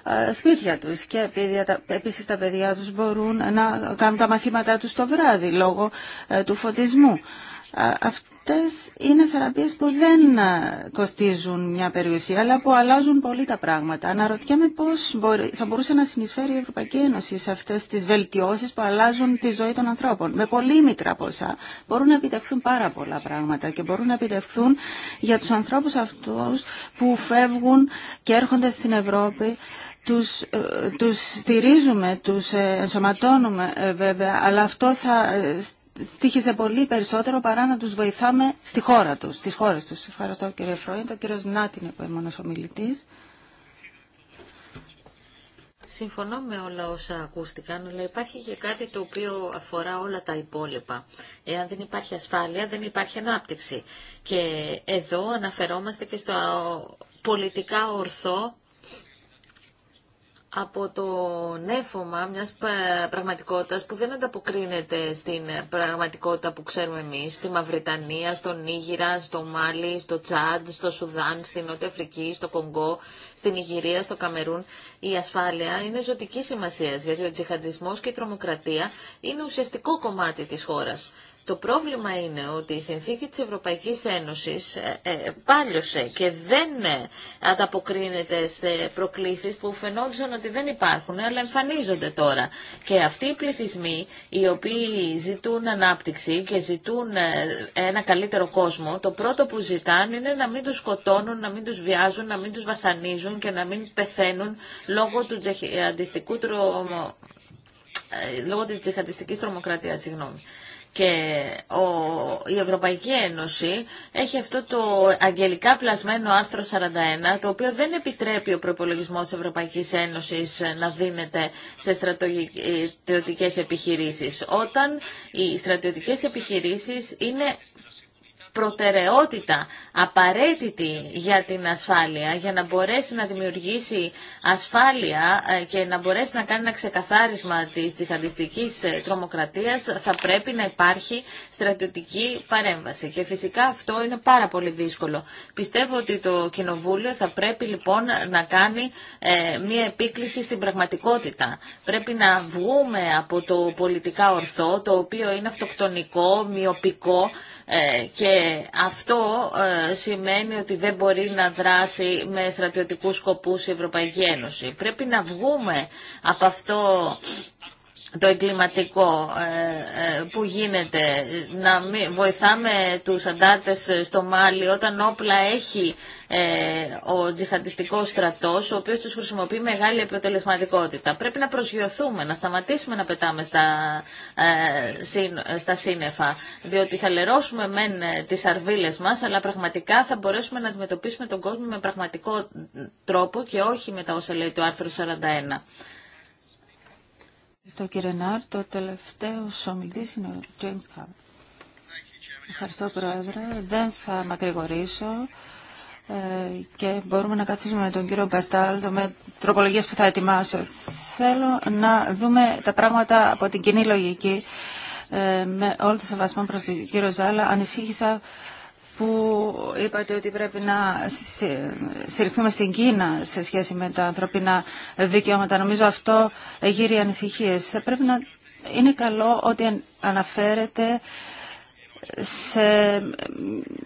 ε, σπίτια τους και επίσης τα παιδιά τους μπορούν να κάνουν τα μαθήματά τους το βράδυ λόγω ε, του φωτισμού. Αυτές είναι θεραπείες που δεν ε, κοστίζουν μια περιουσία, αλλά που αλλάζουν πολύ τα πράγματα. Αναρωτιέμαι πώς θα μπορούσε να συνεισφέρει η Ευρωπαϊκή Ένωση σε αυτές τις βελτιώσεις που αλλάζουν τη ζωή των ανθρώπων. Με πολύ μικρά ποσά μπορούν να επιτευχθούν πάρα πολλά πράγματα και μπορούν να επιτευχθούν για τους ανθρώπους αυτούς που φεύγουν και έρχονται στην Ευρώπη τους, ε, τους στηρίζουμε, τους ε, ενσωματώνουμε βέβαια, αλλά αυτό θα στήχιζε πολύ περισσότερο παρά να τους βοηθάμε στη χώρα τους, στις χώρες τους. Ευχαριστώ κύριε Φρόιντ. Ο κύριος Νάτιν είναι ο επόμενος Συμφωνώ με όλα όσα ακούστηκαν, αλλά υπάρχει και κάτι το οποίο αφορά όλα τα υπόλοιπα. Εάν δεν υπάρχει ασφάλεια, δεν υπάρχει ανάπτυξη. Και εδώ αναφερόμαστε και στο πολιτικά ορθό από το νέφωμα μιας πραγματικότητας που δεν ανταποκρίνεται στην πραγματικότητα που ξέρουμε εμείς, στη Μαυριτανία, στο Νίγηρα, στο Μάλι, στο Τσάντ, στο Σουδάν, στην Νότια Αφρική, στο Κονγκό, στην Ιγυρία, στο Καμερούν. Η ασφάλεια είναι ζωτική σημασία γιατί ο τζιχαντισμός και η τρομοκρατία είναι ουσιαστικό κομμάτι της χώρας. Το πρόβλημα είναι ότι η συνθήκη της Ευρωπαϊκής Ένωσης ε, ε, πάλιωσε και δεν ε, ανταποκρίνεται σε προκλήσεις που φαινόντουσαν ότι δεν υπάρχουν, αλλά εμφανίζονται τώρα. Και αυτοί οι πληθυσμοί οι οποίοι ζητούν ανάπτυξη και ζητούν ένα καλύτερο κόσμο, το πρώτο που ζητάνε είναι να μην τους σκοτώνουν, να μην τους βιάζουν, να μην τους βασανίζουν και να μην πεθαίνουν λόγω του τζεχ... λόγω της τρομοκρατίας, και η Ευρωπαϊκή Ένωση έχει αυτό το αγγελικά πλασμένο άρθρο 41, το οποίο δεν επιτρέπει ο προπολογισμό της Ευρωπαϊκής Ένωσης να δίνεται σε στρατιωτικές επιχειρήσεις, όταν οι στρατιωτικές επιχειρήσεις είναι προτεραιότητα απαραίτητη για την ασφάλεια, για να μπορέσει να δημιουργήσει ασφάλεια ε, και να μπορέσει να κάνει ένα ξεκαθάρισμα της τσιχαντιστικής ε, τρομοκρατίας, θα πρέπει να υπάρχει στρατιωτική παρέμβαση. Και φυσικά αυτό είναι πάρα πολύ δύσκολο. Πιστεύω ότι το Κοινοβούλιο θα πρέπει λοιπόν να κάνει ε, μία επίκληση στην πραγματικότητα. Πρέπει να βγούμε από το πολιτικά ορθό, το οποίο είναι αυτοκτονικό, μειοπικό, ε, και αυτό ε, σημαίνει ότι δεν μπορεί να δράσει με στρατιωτικούς σκοπούς η Ευρωπαϊκή Ένωση. Πρέπει να βγούμε από αυτό το εγκληματικό ε, ε, που γίνεται, να μην βοηθάμε τους αντάρτες ε, στο Μάλι όταν όπλα έχει ο τζιχαντιστικός στρατός, ο οποίος τους χρησιμοποιεί μεγάλη επιτελεσματικότητα. Πρέπει να προσγειωθούμε, να σταματήσουμε να πετάμε στα, στα σύννεφα, διότι θα λερώσουμε μεν τις αρβίλες μας, αλλά πραγματικά θα μπορέσουμε να αντιμετωπίσουμε τον κόσμο με πραγματικό τρόπο και όχι με τα όσα λέει το άρθρο 41. Ευχαριστώ κύριε Νάρ. Το τελευταίο ομιλητή είναι ο James Χαβ. Ευχαριστώ Πρόεδρε. Δεν θα μακρηγορήσω ε, και μπορούμε να καθίσουμε με τον κύριο Μπαστάλτο με τροπολογίες που θα ετοιμάσω. Θέλω να δούμε τα πράγματα από την κοινή λογική. Ε, με όλο το σεβασμό προς τον κύριο Ζάλα ανησύχησα που είπατε ότι πρέπει να στηριχθούμε στην Κίνα σε σχέση με τα ανθρωπίνα δικαιώματα. Νομίζω αυτό γύρει ανησυχίες. Θα πρέπει να είναι καλό ότι αναφέρεται σε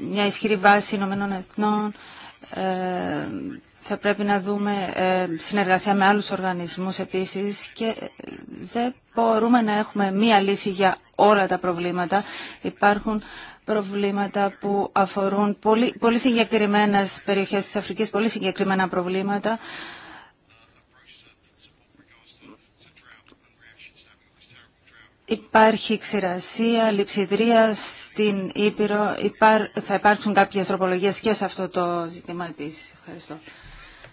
μια ισχυρή βάση Ηνωμένων Εθνών. Ε, θα πρέπει να δούμε ε, συνεργασία με άλλους οργανισμούς επίσης και ε, δεν μπορούμε να έχουμε μία λύση για όλα τα προβλήματα. Υπάρχουν προβλήματα που αφορούν πολύ, πολύ συγκεκριμένες περιοχές της Αφρικής, πολύ συγκεκριμένα προβλήματα. Υπάρχει ξηρασία, λειψιδρία στην Ήπειρο. Θα υπάρξουν κάποιες τροπολογίες και σε αυτό το ζήτημα επίσης. Ευχαριστώ.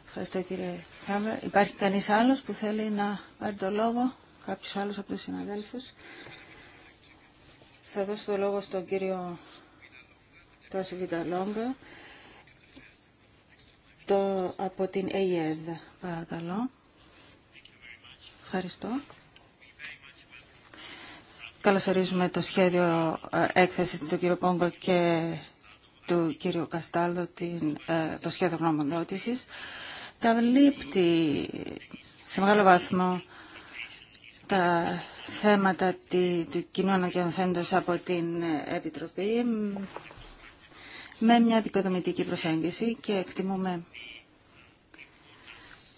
Ευχαριστώ κύριε Χάβερ. Υπάρχει κανείς άλλος που θέλει να πάρει το λόγο. Κάποιος άλλος από τους συναδέλφους. Θα δώσω το λόγο στον κύριο Τάσο Βινταλόγκα το, από την ΕΙΕΔ. Παρακαλώ. Ευχαριστώ. Καλωσορίζουμε το σχέδιο ε, έκθεσης του κύριου Πόγκο και του κύριου Καστάλδο την, ε, το σχέδιο Τα Καλύπτει σε μεγάλο βαθμό τα θέματα του κοινού ανακαινθέντος από την Επιτροπή με μια επικοδομητική προσέγγιση και εκτιμούμε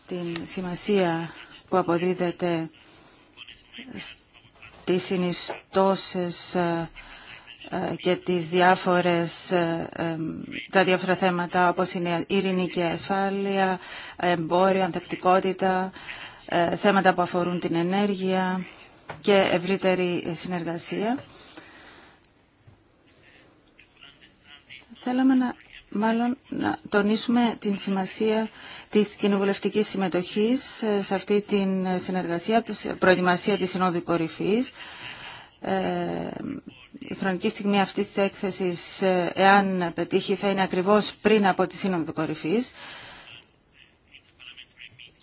την σημασία που αποδίδεται στις συνιστώσεις ε, και τις διάφορες, ε, ε, τα διάφορα θέματα όπως είναι και ασφάλεια, εμπόριο, ανθεκτικότητα, θέματα που αφορούν την ενέργεια, και ευρύτερη συνεργασία. Θέλαμε να, μάλλον, να τονίσουμε την σημασία της κοινοβουλευτική συμμετοχής σε αυτή την συνεργασία, προετοιμασία της Συνόδου Κορυφής. Ε, η χρονική στιγμή αυτής της έκθεσης, ε, εάν πετύχει, θα είναι ακριβώς πριν από τη Σύνοδο Κορυφής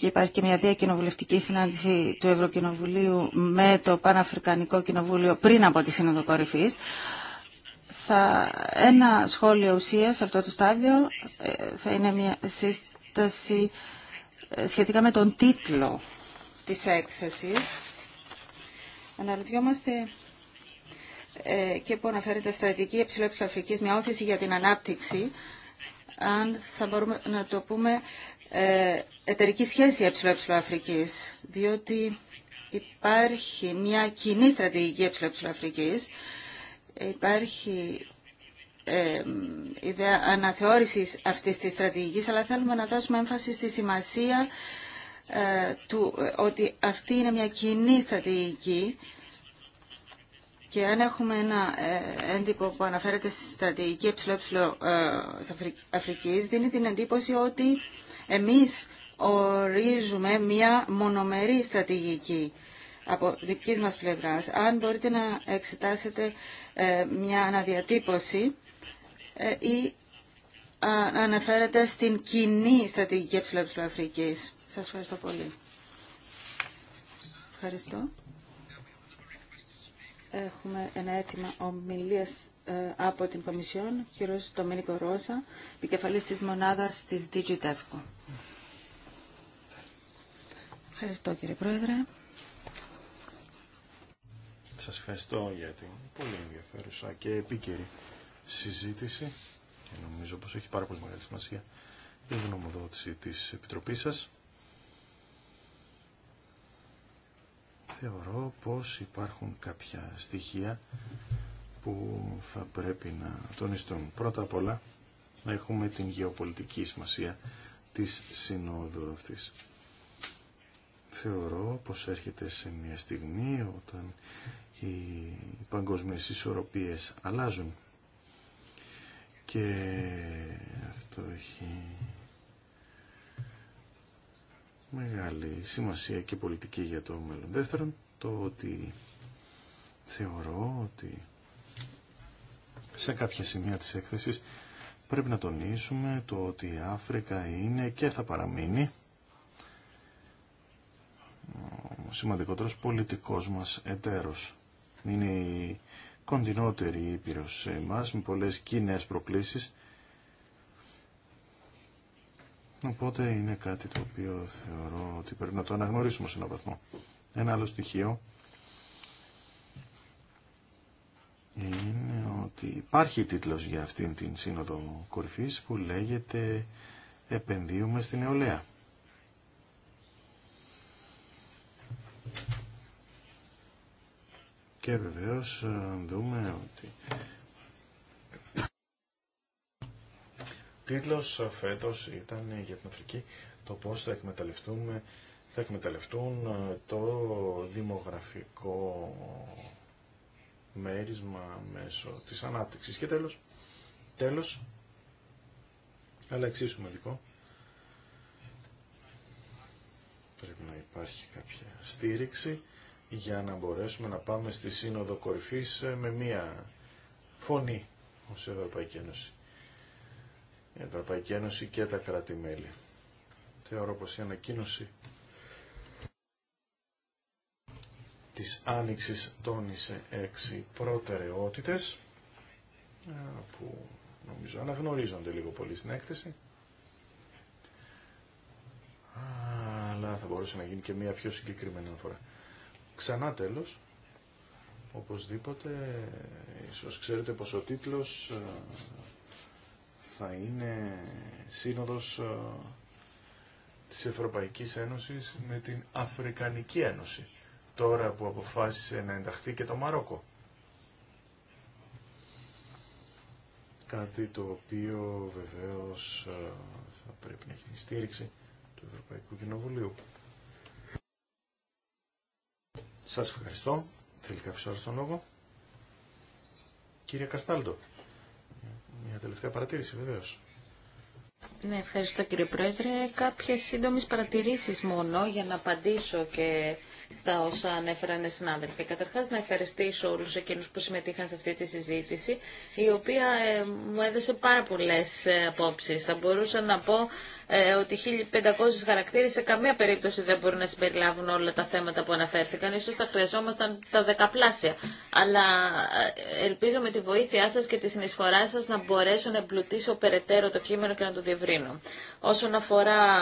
και υπάρχει και μια διακοινοβουλευτική συνάντηση του Ευρωκοινοβουλίου με το Παναφρικανικό Κοινοβούλιο πριν από τη Σύνοδο Κορυφή. Θα, ένα σχόλιο ουσία σε αυτό το στάδιο ε, θα είναι μια σύσταση ε, σχετικά με τον τίτλο της έκθεσης. Αναρωτιόμαστε ε, και που αναφέρεται στρατηγική υψηλόπιου Αφρικής, μια όθηση για την ανάπτυξη, αν θα μπορούμε να το πούμε ε, εταιρική σχέση ΕΕ Αφρικής, διότι υπάρχει μια κοινή στρατηγική ΕΕ Αφρικής, υπάρχει ε, ιδέα αναθεώρησης αυτής της στρατηγικής, αλλά θέλουμε να δώσουμε έμφαση στη σημασία ε, του, ότι αυτή είναι μια κοινή στρατηγική και αν έχουμε ένα ε, έντυπο που αναφέρεται στη στρατηγική ΕΕ Αφρικής, δίνει την εντύπωση ότι εμείς ορίζουμε μια μονομερή στρατηγική από δική μας πλευράς. Αν μπορείτε να εξετάσετε ε, μια αναδιατύπωση ε, ή να αναφέρετε στην κοινή στρατηγική ΕΕ Αφρικής. Σας ευχαριστώ πολύ. Ευχαριστώ. Έχουμε ένα αίτημα ομιλίας ε, από την Κομισιόν, κύριος Ντομίνικο Ρόζα, επικεφαλής της μονάδας της Digitefco. Ευχαριστώ κύριε Πρόεδρε. Σας ευχαριστώ για την πολύ ενδιαφέρουσα και επίκαιρη συζήτηση και νομίζω πως έχει πάρα πολύ μεγάλη σημασία η γνωμοδότηση της Επιτροπής σας. Θεωρώ πως υπάρχουν κάποια στοιχεία που θα πρέπει να τονιστούν. Πρώτα απ' όλα να έχουμε την γεωπολιτική σημασία της συνόδου αυτής θεωρώ πως έρχεται σε μια στιγμή όταν οι παγκοσμίες ισορροπίες αλλάζουν και αυτό έχει μεγάλη σημασία και πολιτική για το μέλλον. Δεύτερον, το ότι θεωρώ ότι σε κάποια σημεία της έκθεσης πρέπει να τονίσουμε το ότι η Αφρικα είναι και θα παραμείνει ο σημαντικότερος πολιτικός μας εταίρος. Είναι η κοντινότερη ήπειρος σε εμάς, με πολλές κοινέ προκλήσεις. Οπότε είναι κάτι το οποίο θεωρώ ότι πρέπει να το αναγνωρίσουμε σε έναν βαθμό. Ένα άλλο στοιχείο είναι ότι υπάρχει τίτλος για αυτήν την σύνοδο κορυφής που λέγεται «Επενδύουμε στην νεολαία». και βεβαίως ε, δούμε ότι τίτλος ε, φέτος ήταν για την Αφρική το πώς θα εκμεταλλευτούμε θα εκμεταλλευτούν ε, το δημογραφικό μέρισμα μέσω της ανάπτυξης. Και τέλος, τέλος, αλλά εξίσου σημαντικό, πρέπει να υπάρχει κάποια στήριξη για να μπορέσουμε να πάμε στη Σύνοδο Κορυφής ε, με μία φωνή ως Ευρωπαϊκή Ένωση. Η Ευρωπαϊκή Ένωση και τα κράτη-μέλη. Θεωρώ πως η ανακοίνωση της Άνοιξης τόνισε έξι προτεραιότητες ε, που νομίζω αναγνωρίζονται λίγο πολύ στην έκθεση αλλά θα μπορούσε να γίνει και μία πιο συγκεκριμένη αναφορά. Ξανά τέλος, οπωσδήποτε, ίσως ξέρετε πως ο τίτλος ε, θα είναι σύνοδος ε, της Ευρωπαϊκής Ένωσης με την Αφρικανική Ένωση, τώρα που αποφάσισε να ενταχθεί και το Μαρόκο. Κάτι το οποίο βεβαίως ε, θα πρέπει να έχει τη στήριξη του Ευρωπαϊκού Κοινοβουλίου. Σας ευχαριστώ. Θέλει κάποιος άλλος τον λόγο. Κύριε Καστάλτο, μια τελευταία παρατήρηση βεβαίως. Ναι, ευχαριστώ κύριε Πρόεδρε. Κάποιες σύντομες παρατηρήσεις μόνο για να απαντήσω και στα όσα ανέφεραν οι συνάδελφοι. Καταρχάς να ευχαριστήσω όλους εκείνους που συμμετείχαν σε αυτή τη συζήτηση, η οποία ε, μου έδωσε πάρα πολλές ε, απόψεις. Θα μπορούσα να πω ε, ότι 1500 χαρακτήρες σε καμία περίπτωση δεν μπορούν να συμπεριλάβουν όλα τα θέματα που αναφέρθηκαν. Ίσως θα χρειαζόμασταν τα δεκαπλάσια. Αλλά ε, ελπίζω με τη βοήθειά σας και τη συνεισφορά σας να μπορέσω να εμπλουτίσω περαιτέρω το κείμενο και να το διευρύνω. Όσον αφορά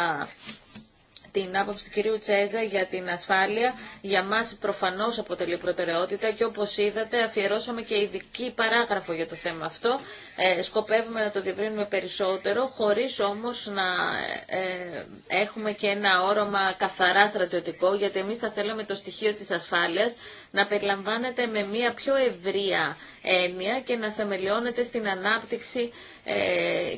την άποψη του κυρίου Τσέζα για την ασφάλεια για μας προφανώ αποτελεί προτεραιότητα και όπως είδατε αφιερώσαμε και ειδική παράγραφο για το θέμα αυτό. Ε, σκοπεύουμε να το διευρύνουμε περισσότερο χωρίς όμως να ε, ε, έχουμε και ένα όρομα καθαρά στρατιωτικό γιατί εμείς θα θέλαμε το στοιχείο της ασφάλειας να περιλαμβάνεται με μια πιο ευρεία έννοια και να θεμελιώνεται στην ανάπτυξη ε,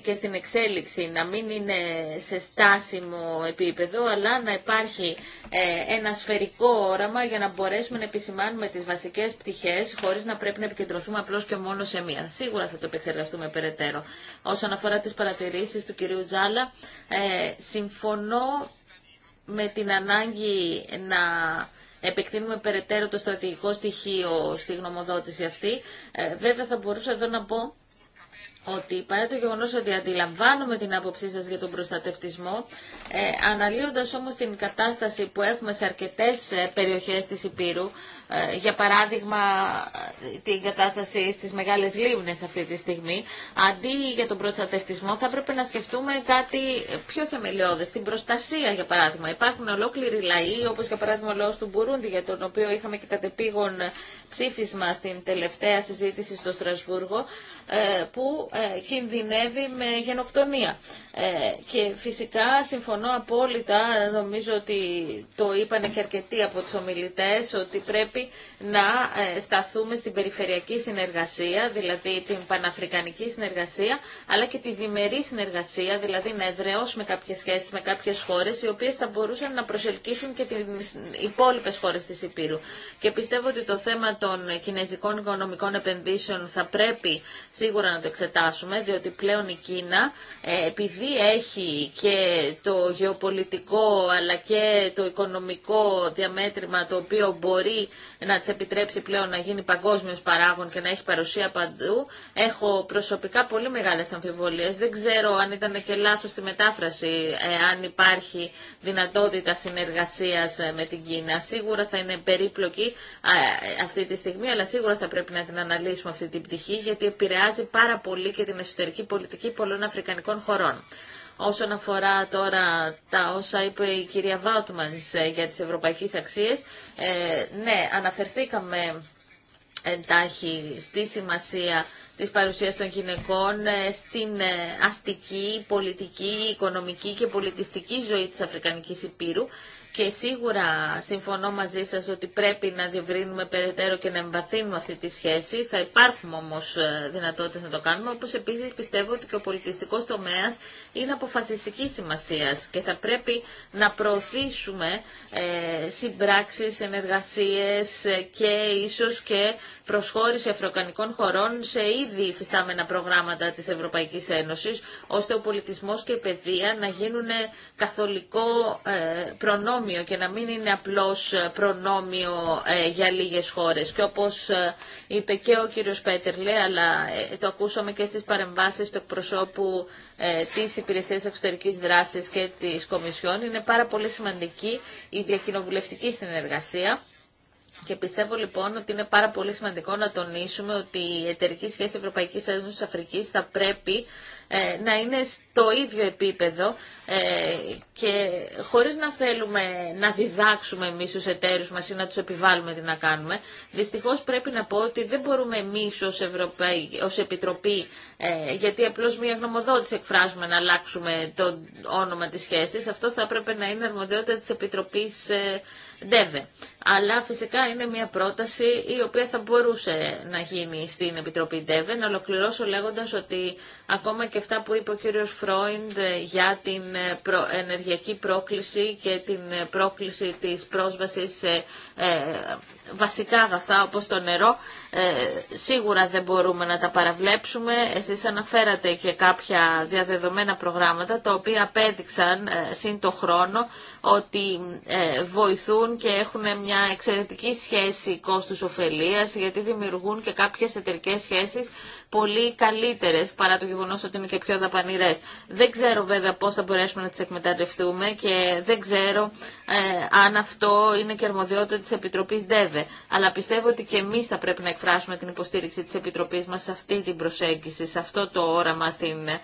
και στην εξέλιξη, να μην είναι σε στάσιμο επίπεδο, αλλά να υπάρχει ε, ένα σφαιρικό όραμα για να μπορέσουμε να επισημάνουμε τις βασικές πτυχές, χωρίς να πρέπει να επικεντρωθούμε απλώς και μόνο σε μία. Σίγουρα θα το επεξεργαστούμε περαιτέρω. Όσον αφορά τις παρατηρήσεις του κυρίου Τζάλα, ε, συμφωνώ με την ανάγκη να επεκτείνουμε περαιτέρω το στρατηγικό στοιχείο στη γνωμοδότηση αυτή. Ε, βέβαια θα μπορούσα εδώ να πω ότι παρά το γεγονό ότι αντιλαμβάνομαι την άποψή σα για τον προστατευτισμό, ε, αναλύοντας όμως την κατάσταση που έχουμε σε αρκετέ ε, περιοχέ τη Υπήρου, ε, για παράδειγμα ε, την κατάσταση στι μεγάλε λίμνε, αυτή τη στιγμή, αντί για τον προστατευτισμό θα έπρεπε να σκεφτούμε κάτι πιο θεμελιώδε. την προστασία για παράδειγμα. Υπάρχουν ολόκληροι λαοί, όπω για παράδειγμα ο λαό του Μπουρούντι, για τον οποίο είχαμε και κατεπήγον ψήφισμα στην τελευταία συζήτηση στο Στρασβούργο, που ε, κινδυνεύει με γενοκτονία. Ε, και φυσικά συμφωνώ απόλυτα, νομίζω ότι το είπανε και αρκετοί από τους ομιλητές, ότι πρέπει να ε, σταθούμε στην περιφερειακή συνεργασία, δηλαδή την παναφρικανική συνεργασία, αλλά και τη διμερή συνεργασία, δηλαδή να εδραιώσουμε κάποιες σχέσεις με κάποιες χώρες, οι οποίες θα μπορούσαν να προσελκύσουν και τις υπόλοιπες χώρες της Υπήρου. Και πιστεύω ότι το θέμα των κινέζικων οικονομικών επενδύσεων θα πρέπει σίγουρα να το εξετάσουμε φτάσουμε, διότι πλέον η Κίνα, ε, επειδή έχει και το γεωπολιτικό αλλά και το οικονομικό διαμέτρημα το οποίο μπορεί να της επιτρέψει πλέον να γίνει παγκόσμιος παράγων και να έχει παρουσία παντού, έχω προσωπικά πολύ μεγάλες αμφιβολίες. Δεν ξέρω αν ήταν και λάθος στη μετάφραση, ε, αν υπάρχει δυνατότητα συνεργασίας ε, με την Κίνα. Σίγουρα θα είναι περίπλοκη αυτή τη στιγμή, αλλά σίγουρα θα πρέπει να την αναλύσουμε αυτή την πτυχή, γιατί επηρεάζει πάρα πολύ και την εσωτερική πολιτική πολλών αφρικανικών χωρών. Όσον αφορά τώρα τα όσα είπε η κυρία Βάουτμανς ε, για τις ευρωπαϊκές αξίες, ε, ναι, αναφερθήκαμε εντάχει στη σημασία της παρουσίας των γυναικών ε, στην ε, αστική, πολιτική, οικονομική και πολιτιστική ζωή της Αφρικανικής Υπήρου και σίγουρα συμφωνώ μαζί σας ότι πρέπει να διευρύνουμε περαιτέρω και να εμβαθύνουμε αυτή τη σχέση. Θα υπάρχουν όμως ε, δυνατότητες να το κάνουμε, όπως επίσης πιστεύω ότι και ο πολιτιστικός τομέας είναι αποφασιστική σημασίας και θα πρέπει να προωθήσουμε ε, συμπράξεις, ενεργασίες ε, και ίσως και προσχώρηση αφροκανικών χωρών σε ήδη υφιστάμενα προγράμματα της Ευρωπαϊκής Ένωσης, ώστε ο πολιτισμός και η παιδεία να γίνουν καθολικό ε, προνόμιο και να μην είναι απλώς ε, προνόμιο ε, για λίγες χώρες. Και όπως είπε και ο κύριος Πέτερλε, αλλά το ακούσαμε και στις παρεμβάσεις του εκπροσώπου της Υπηρεσίας Εξωτερικής Δράσης και της Κομισιόν, είναι πάρα πολύ σημαντική η διακοινοβουλευτική συνεργασία και πιστεύω λοιπόν ότι είναι πάρα πολύ σημαντικό να τονίσουμε ότι η εταιρική σχέση Ευρωπαϊκής Ένωσης Αφρικής θα πρέπει ε, να είναι στο ίδιο επίπεδο ε, και χωρίς να θέλουμε να διδάξουμε εμείς τους εταίρους μας ή να τους επιβάλλουμε τι να κάνουμε. Δυστυχώς πρέπει να πω ότι δεν μπορούμε εμείς ως, ως Επιτροπή, ε, γιατί απλώς μια γνωμοδότηση εκφράζουμε να αλλάξουμε το όνομα της σχέσης. Αυτό θα έπρεπε να είναι αρμοδιότητα της Επιτροπής ΔΕΒΕ. Αλλά φυσικά είναι μια πρόταση η οποία θα μπορούσε να γίνει στην Επιτροπή ΔΕΒΕ. Να ολοκληρώσω λέγοντας ότι ακόμα και αυτά που είπε ο κύριος Φρόιντ ε, για την ε, ενεργειακή πρόκληση και την ε, πρόκληση της πρόσβασης σε βασικά αγαθά όπως το νερό. Σίγουρα δεν μπορούμε να τα παραβλέψουμε. Εσείς αναφέρατε και κάποια διαδεδομένα προγράμματα τα οποία απέδειξαν σύν το χρόνο ότι βοηθούν και έχουν μια εξαιρετική σχέση κόστους-οφελίας γιατί δημιουργούν και κάποιες εταιρικές σχέσεις πολύ καλύτερε παρά το γεγονό ότι είναι και πιο δαπανηρέ. Δεν ξέρω βέβαια πώ θα μπορέσουμε να τι εκμεταλλευτούμε και δεν ξέρω ε, αν αυτό είναι και αρμοδιότητα τη Επιτροπή ΔΕΒΕ. Αλλά πιστεύω ότι και εμεί θα πρέπει να εκφράσουμε την υποστήριξη τη Επιτροπή μα σε αυτή την προσέγγιση, σε αυτό το όραμα στην ε,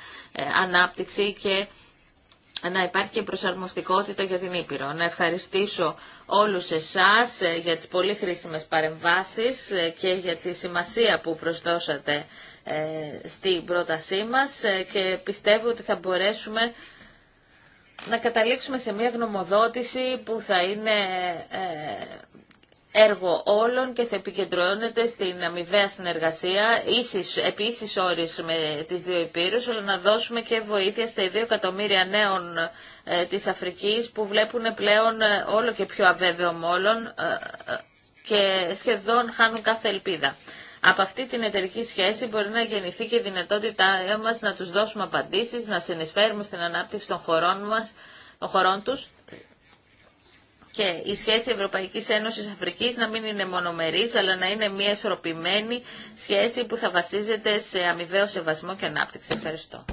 ανάπτυξη και να υπάρχει και προσαρμοστικότητα για την Ήπειρο. Να ευχαριστήσω όλους εσάς ε, για τις πολύ χρήσιμες παρεμβάσεις ε, και για τη σημασία που προσδώσατε ε, στην πρότασή μας ε, και πιστεύω ότι θα μπορέσουμε να καταλήξουμε σε μια γνωμοδότηση που θα είναι ε, έργο όλων και θα επικεντρώνεται στην αμοιβαία συνεργασία, ίσης, επί ίσης με τις δύο υπήρους, αλλά να δώσουμε και βοήθεια στα 2 εκατομμύρια νέων ε, της Αφρικής που βλέπουν πλέον όλο και πιο αβέβαιο μόλον και σχεδόν χάνουν κάθε ελπίδα. Από αυτή την εταιρική σχέση μπορεί να γεννηθεί και η δυνατότητά μα να τους δώσουμε απαντήσει, να συνεισφέρουμε στην ανάπτυξη των χωρών, μας, των χωρών τους και η σχέση Ευρωπαϊκής Ένωση Αφρικής να μην είναι μονομερής, αλλά να είναι μια ισορροπημένη σχέση που θα βασίζεται σε αμοιβαίο σεβασμό και ανάπτυξη. Ευχαριστώ.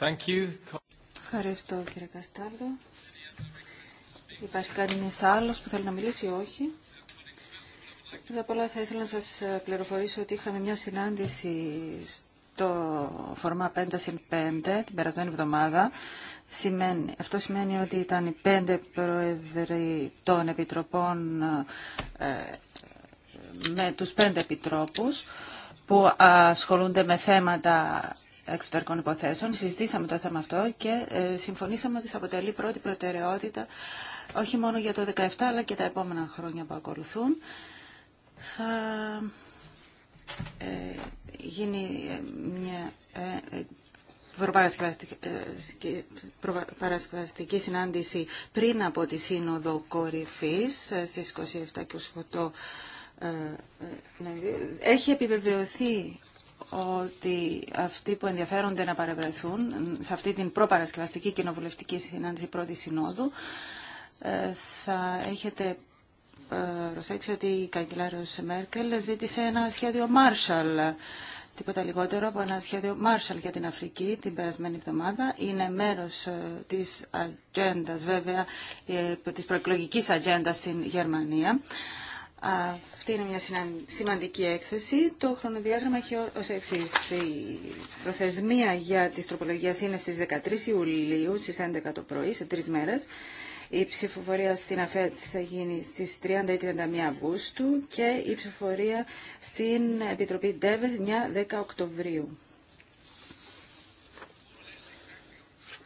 Thank you. Ευχαριστώ κύριε Καστάρδο. Υπάρχει κανεί άλλο που θέλει να μιλήσει όχι. Πρώτα απ' όλα θα ήθελα να σας πληροφορήσω ότι είχαμε μια συνάντηση στο φορμά 5 συν 5 την περασμένη εβδομάδα. Σημαίνει, αυτό σημαίνει ότι ήταν οι πέντε πρόεδροι των επιτροπών ε, με τους πέντε επιτρόπους που ασχολούνται με θέματα εξωτερικών υποθέσεων. Συζητήσαμε το θέμα αυτό και ε, συμφωνήσαμε ότι θα αποτελεί πρώτη προτεραιότητα όχι μόνο για το 2017 αλλά και τα επόμενα χρόνια που ακολουθούν. Θα ε, γίνει ε, μια ε, ε προπαρασκευαστική συνάντηση πριν από τη Σύνοδο Κορυφής στις 27 και 28 έχει επιβεβαιωθεί ότι αυτοί που ενδιαφέρονται να παρευρεθούν σε αυτή την προπαρασκευαστική κοινοβουλευτική συνάντηση πρώτη συνόδου ε, θα έχετε ε, προσέξει ότι η καγκελάριος Μέρκελ ζήτησε ένα σχέδιο Marshall τίποτα λιγότερο από ένα σχέδιο Marshall για την Αφρική την περασμένη εβδομάδα. Είναι μέρος ε, της ατζέντα, βέβαια, της προεκλογικής ατζέντα στην Γερμανία. Αυτή είναι μια σημαντική έκθεση. Το χρονοδιάγραμμα έχει ω εξή. Η προθεσμία για τι τροπολογίε είναι στι 13 Ιουλίου, στι 11 το πρωί, σε τρει μέρε. Η ψηφοφορία στην ΑΦΕΤ θα γίνει στις 30 ή 31 Αυγούστου και η ψηφοφορία στην Επιτροπή ΔΕΒΕΣ 9-10 Οκτωβρίου.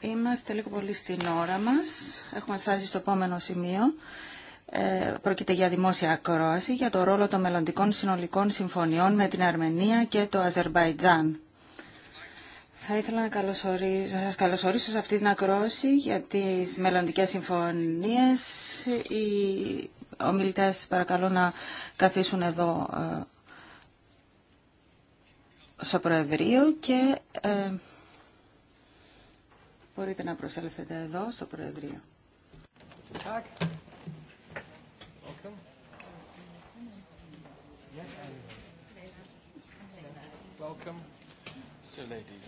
Είμαστε λίγο πολύ στην ώρα μας. Έχουμε φτάσει στο επόμενο σημείο. Ε, πρόκειται για δημόσια ακρόαση για το ρόλο των μελλοντικών συνολικών συμφωνιών με την Αρμενία και το Αζερβαϊτζάν. Θα ήθελα να, καλωσορίσω, να σας καλωσορίσω σε αυτή την ακρόαση για τις μελλοντικές συμφωνίες. Οι ομιλητές παρακαλώ να καθίσουν εδώ ε, στο Προεδρείο και ε, μπορείτε να προσέλθετε εδώ στο Προεδρείο. So, ladies.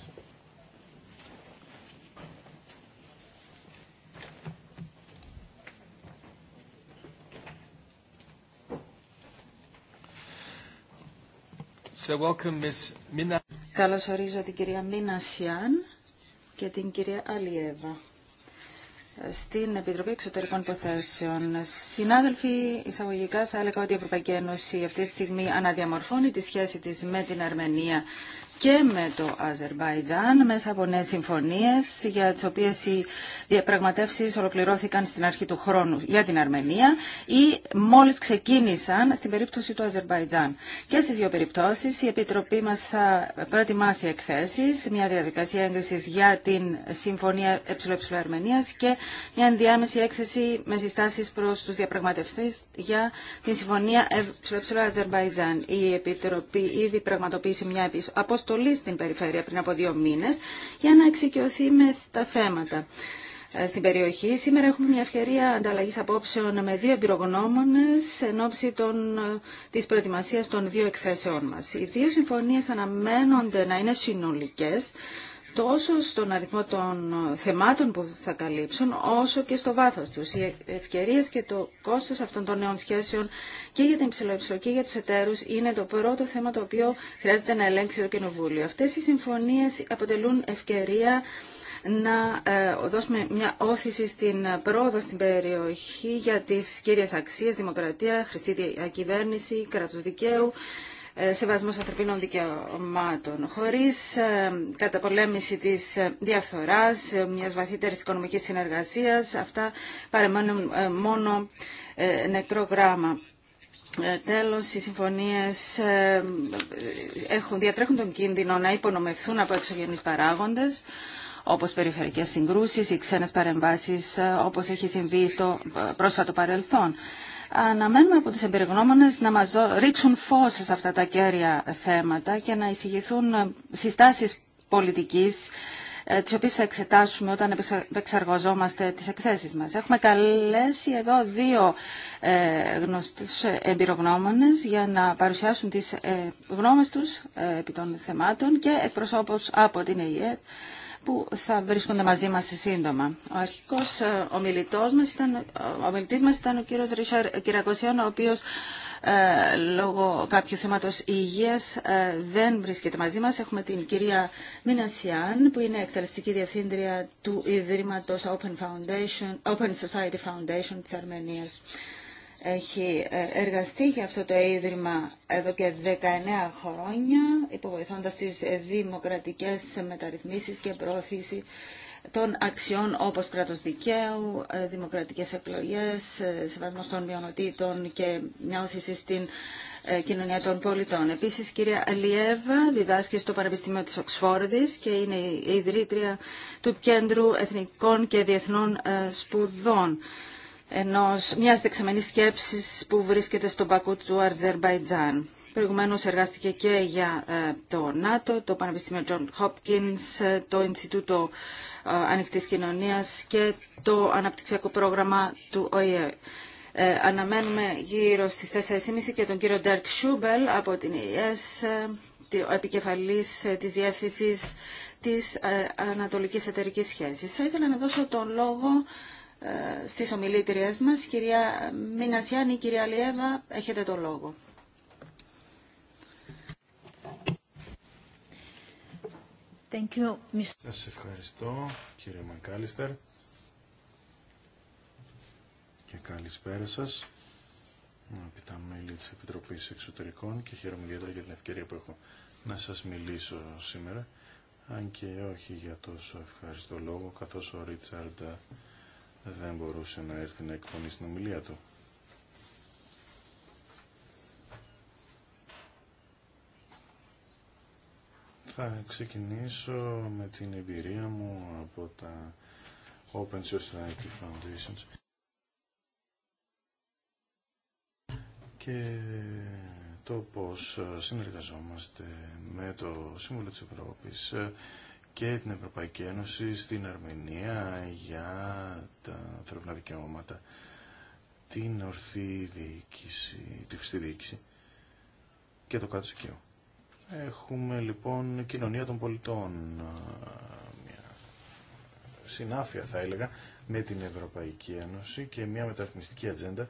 Καλώς ορίζω την κυρία Μίνα Σιάν και την κυρία Αλιέβα στην Επιτροπή Εξωτερικών Υποθέσεων. Συνάδελφοι, εισαγωγικά θα έλεγα ότι η Ευρωπαϊκή Ένωση αυτή τη στιγμή αναδιαμορφώνει τη σχέση της με την Αρμενία και με το Αζερβαϊτζάν μέσα από νέες συμφωνίες για τις οποίες οι διαπραγματεύσεις ολοκληρώθηκαν στην αρχή του χρόνου για την Αρμενία ή μόλις ξεκίνησαν στην περίπτωση του Αζερβαϊτζάν. Και στις δύο περιπτώσεις η Επιτροπή μας θα προετοιμάσει εκθέσεις, μια διαδικασία έγκρισης για την Συμφωνία ΕΕ Αρμενίας και μια ενδιάμεση έκθεση με συστάσεις προς τους διαπραγματευτές για την Συμφωνία ΕΕ Αζερβαϊτζάν. Η Επιτροπή ήδη πραγματοποιήσει μια επίσω αποστολή στην περιφέρεια πριν από δύο μήνες για να εξοικειωθεί με τα θέματα ε, στην περιοχή. Σήμερα έχουμε μια ευκαιρία ανταλλαγή απόψεων με δύο εμπειρογνώμονε εν ώψη των, ε, της των δύο εκθέσεών μα. Οι δύο συμφωνίε αναμένονται να είναι συνολικές, τόσο στον αριθμό των θεμάτων που θα καλύψουν, όσο και στο βάθος τους. Οι ευκαιρίες και το κόστος αυτών των νέων σχέσεων και για την υψηλοεψηλό και για τους εταίρους είναι το πρώτο θέμα το οποίο χρειάζεται να ελέγξει το Κοινοβούλιο. Αυτές οι συμφωνίες αποτελούν ευκαιρία να ε, δώσουμε μια όθηση στην πρόοδο στην περιοχή για τις κύριες αξίες, δημοκρατία, χρηστή διακυβέρνηση, κράτος δικαίου, ε, σεβασμός ανθρωπίνων δικαιωμάτων. Χωρίς ε, καταπολέμηση της ε, διαφθοράς, μιας βαθύτερης οικονομικής συνεργασίας, αυτά παραμένουν μόνο νεκρό γράμμα. Τέλος, οι συμφωνίες έχουν, διατρέχουν τον κίνδυνο να υπονομευθούν από εξωγενείς παράγοντες, όπως περιφερειακές συγκρούσεις ή ξένες παρεμβάσεις, όπως έχει συμβεί στο πρόσφατο παρελθόν. Αναμένουμε από τους εμπειρογνώμονες να μας ρίξουν φως σε αυτά τα κέρια θέματα και να εισηγηθούν ε, συστάσεις πολιτικής ε, τις οποίες θα εξετάσουμε όταν επεξεργοζόμαστε τις εκθέσεις μας. Έχουμε καλέσει εδώ δύο ε, γνωστούς εμπειρογνώμονες για να παρουσιάσουν τις γνώμες τους επί των θεμάτων και εκπροσώπους από την ΕΕ που θα βρίσκονται μαζί μας σύντομα. Ο αρχικός ε, ομιλητός μας ήταν, ο ομιλητής μας ήταν ο κύριος Ρίσαρ Κυρακοσιάν, ο οποίος ε, λόγω κάποιου θέματος υγείας ε, δεν βρίσκεται μαζί μας. Έχουμε την κυρία Μίνα που είναι εκτελεστική διευθύντρια του Ιδρύματος Open, Foundation, Open Society Foundation της Αρμενίας έχει ε, εργαστεί για αυτό το Ίδρυμα εδώ και 19 χρόνια, υποβοηθώντας τις ε, δημοκρατικές μεταρρυθμίσεις και προωθήσει των αξιών όπως κράτος δικαίου, ε, δημοκρατικές εκλογές, σεβασμός των μειονοτήτων και μια όθηση στην κοινωνία των πολιτών. Επίσης, κυρία Αλιέβα διδάσκει στο Πανεπιστήμιο της Οξφόρδης και είναι η ιδρύτρια του Κέντρου Εθνικών και Διεθνών Σπουδών ενός, μιας δεξαμενής σκέψης που βρίσκεται στον Πακού του Αρτζερμπαϊτζάν. Προηγουμένως εργάστηκε και για ε, το ΝΑΤΟ, το Πανεπιστήμιο Τζον Χόπκινς, ε, το Ινστιτούτο ε, Ανοιχτής Κοινωνίας και το Αναπτυξιακό Πρόγραμμα του ΟΗΕ. αναμένουμε γύρω στις 4.30 και τον κύριο Ντέρκ Σούμπελ από την ΕΕΣ, ο επικεφαλής της Διεύθυνσης της Ανατολικής Εταιρικής Σχέσης. Θα ήθελα να δώσω τον λόγο ε, στις ομιλήτριές μας. Κυρία Μινασιάνη, κυρία Λιέβα, έχετε το λόγο. Thank you. Σας ευχαριστώ, κύριε Μακάλιστερ. Και καλησπέρα σας. τα μέλη της Επιτροπής Εξωτερικών και χαίρομαι ιδιαίτερα για την ευκαιρία που έχω να σας μιλήσω σήμερα, αν και όχι για τόσο ευχαριστώ λόγο, καθώς ο Ρίτσαρντ δεν μπορούσε να έρθει να εκφωνεί στην ομιλία του. Θα ξεκινήσω με την εμπειρία μου από τα Open Society Foundations και το πώς συνεργαζόμαστε με το Σύμβουλο της Ευρώπης και την Ευρωπαϊκή Ένωση στην Αρμενία για τα ανθρώπινα δικαιώματα, την ορθή διοίκηση, τη χρηστή διοίκηση και το κάτω Έχουμε λοιπόν κοινωνία των πολιτών, μια συνάφεια θα έλεγα, με την Ευρωπαϊκή Ένωση και μια μεταρρυθμιστική ατζέντα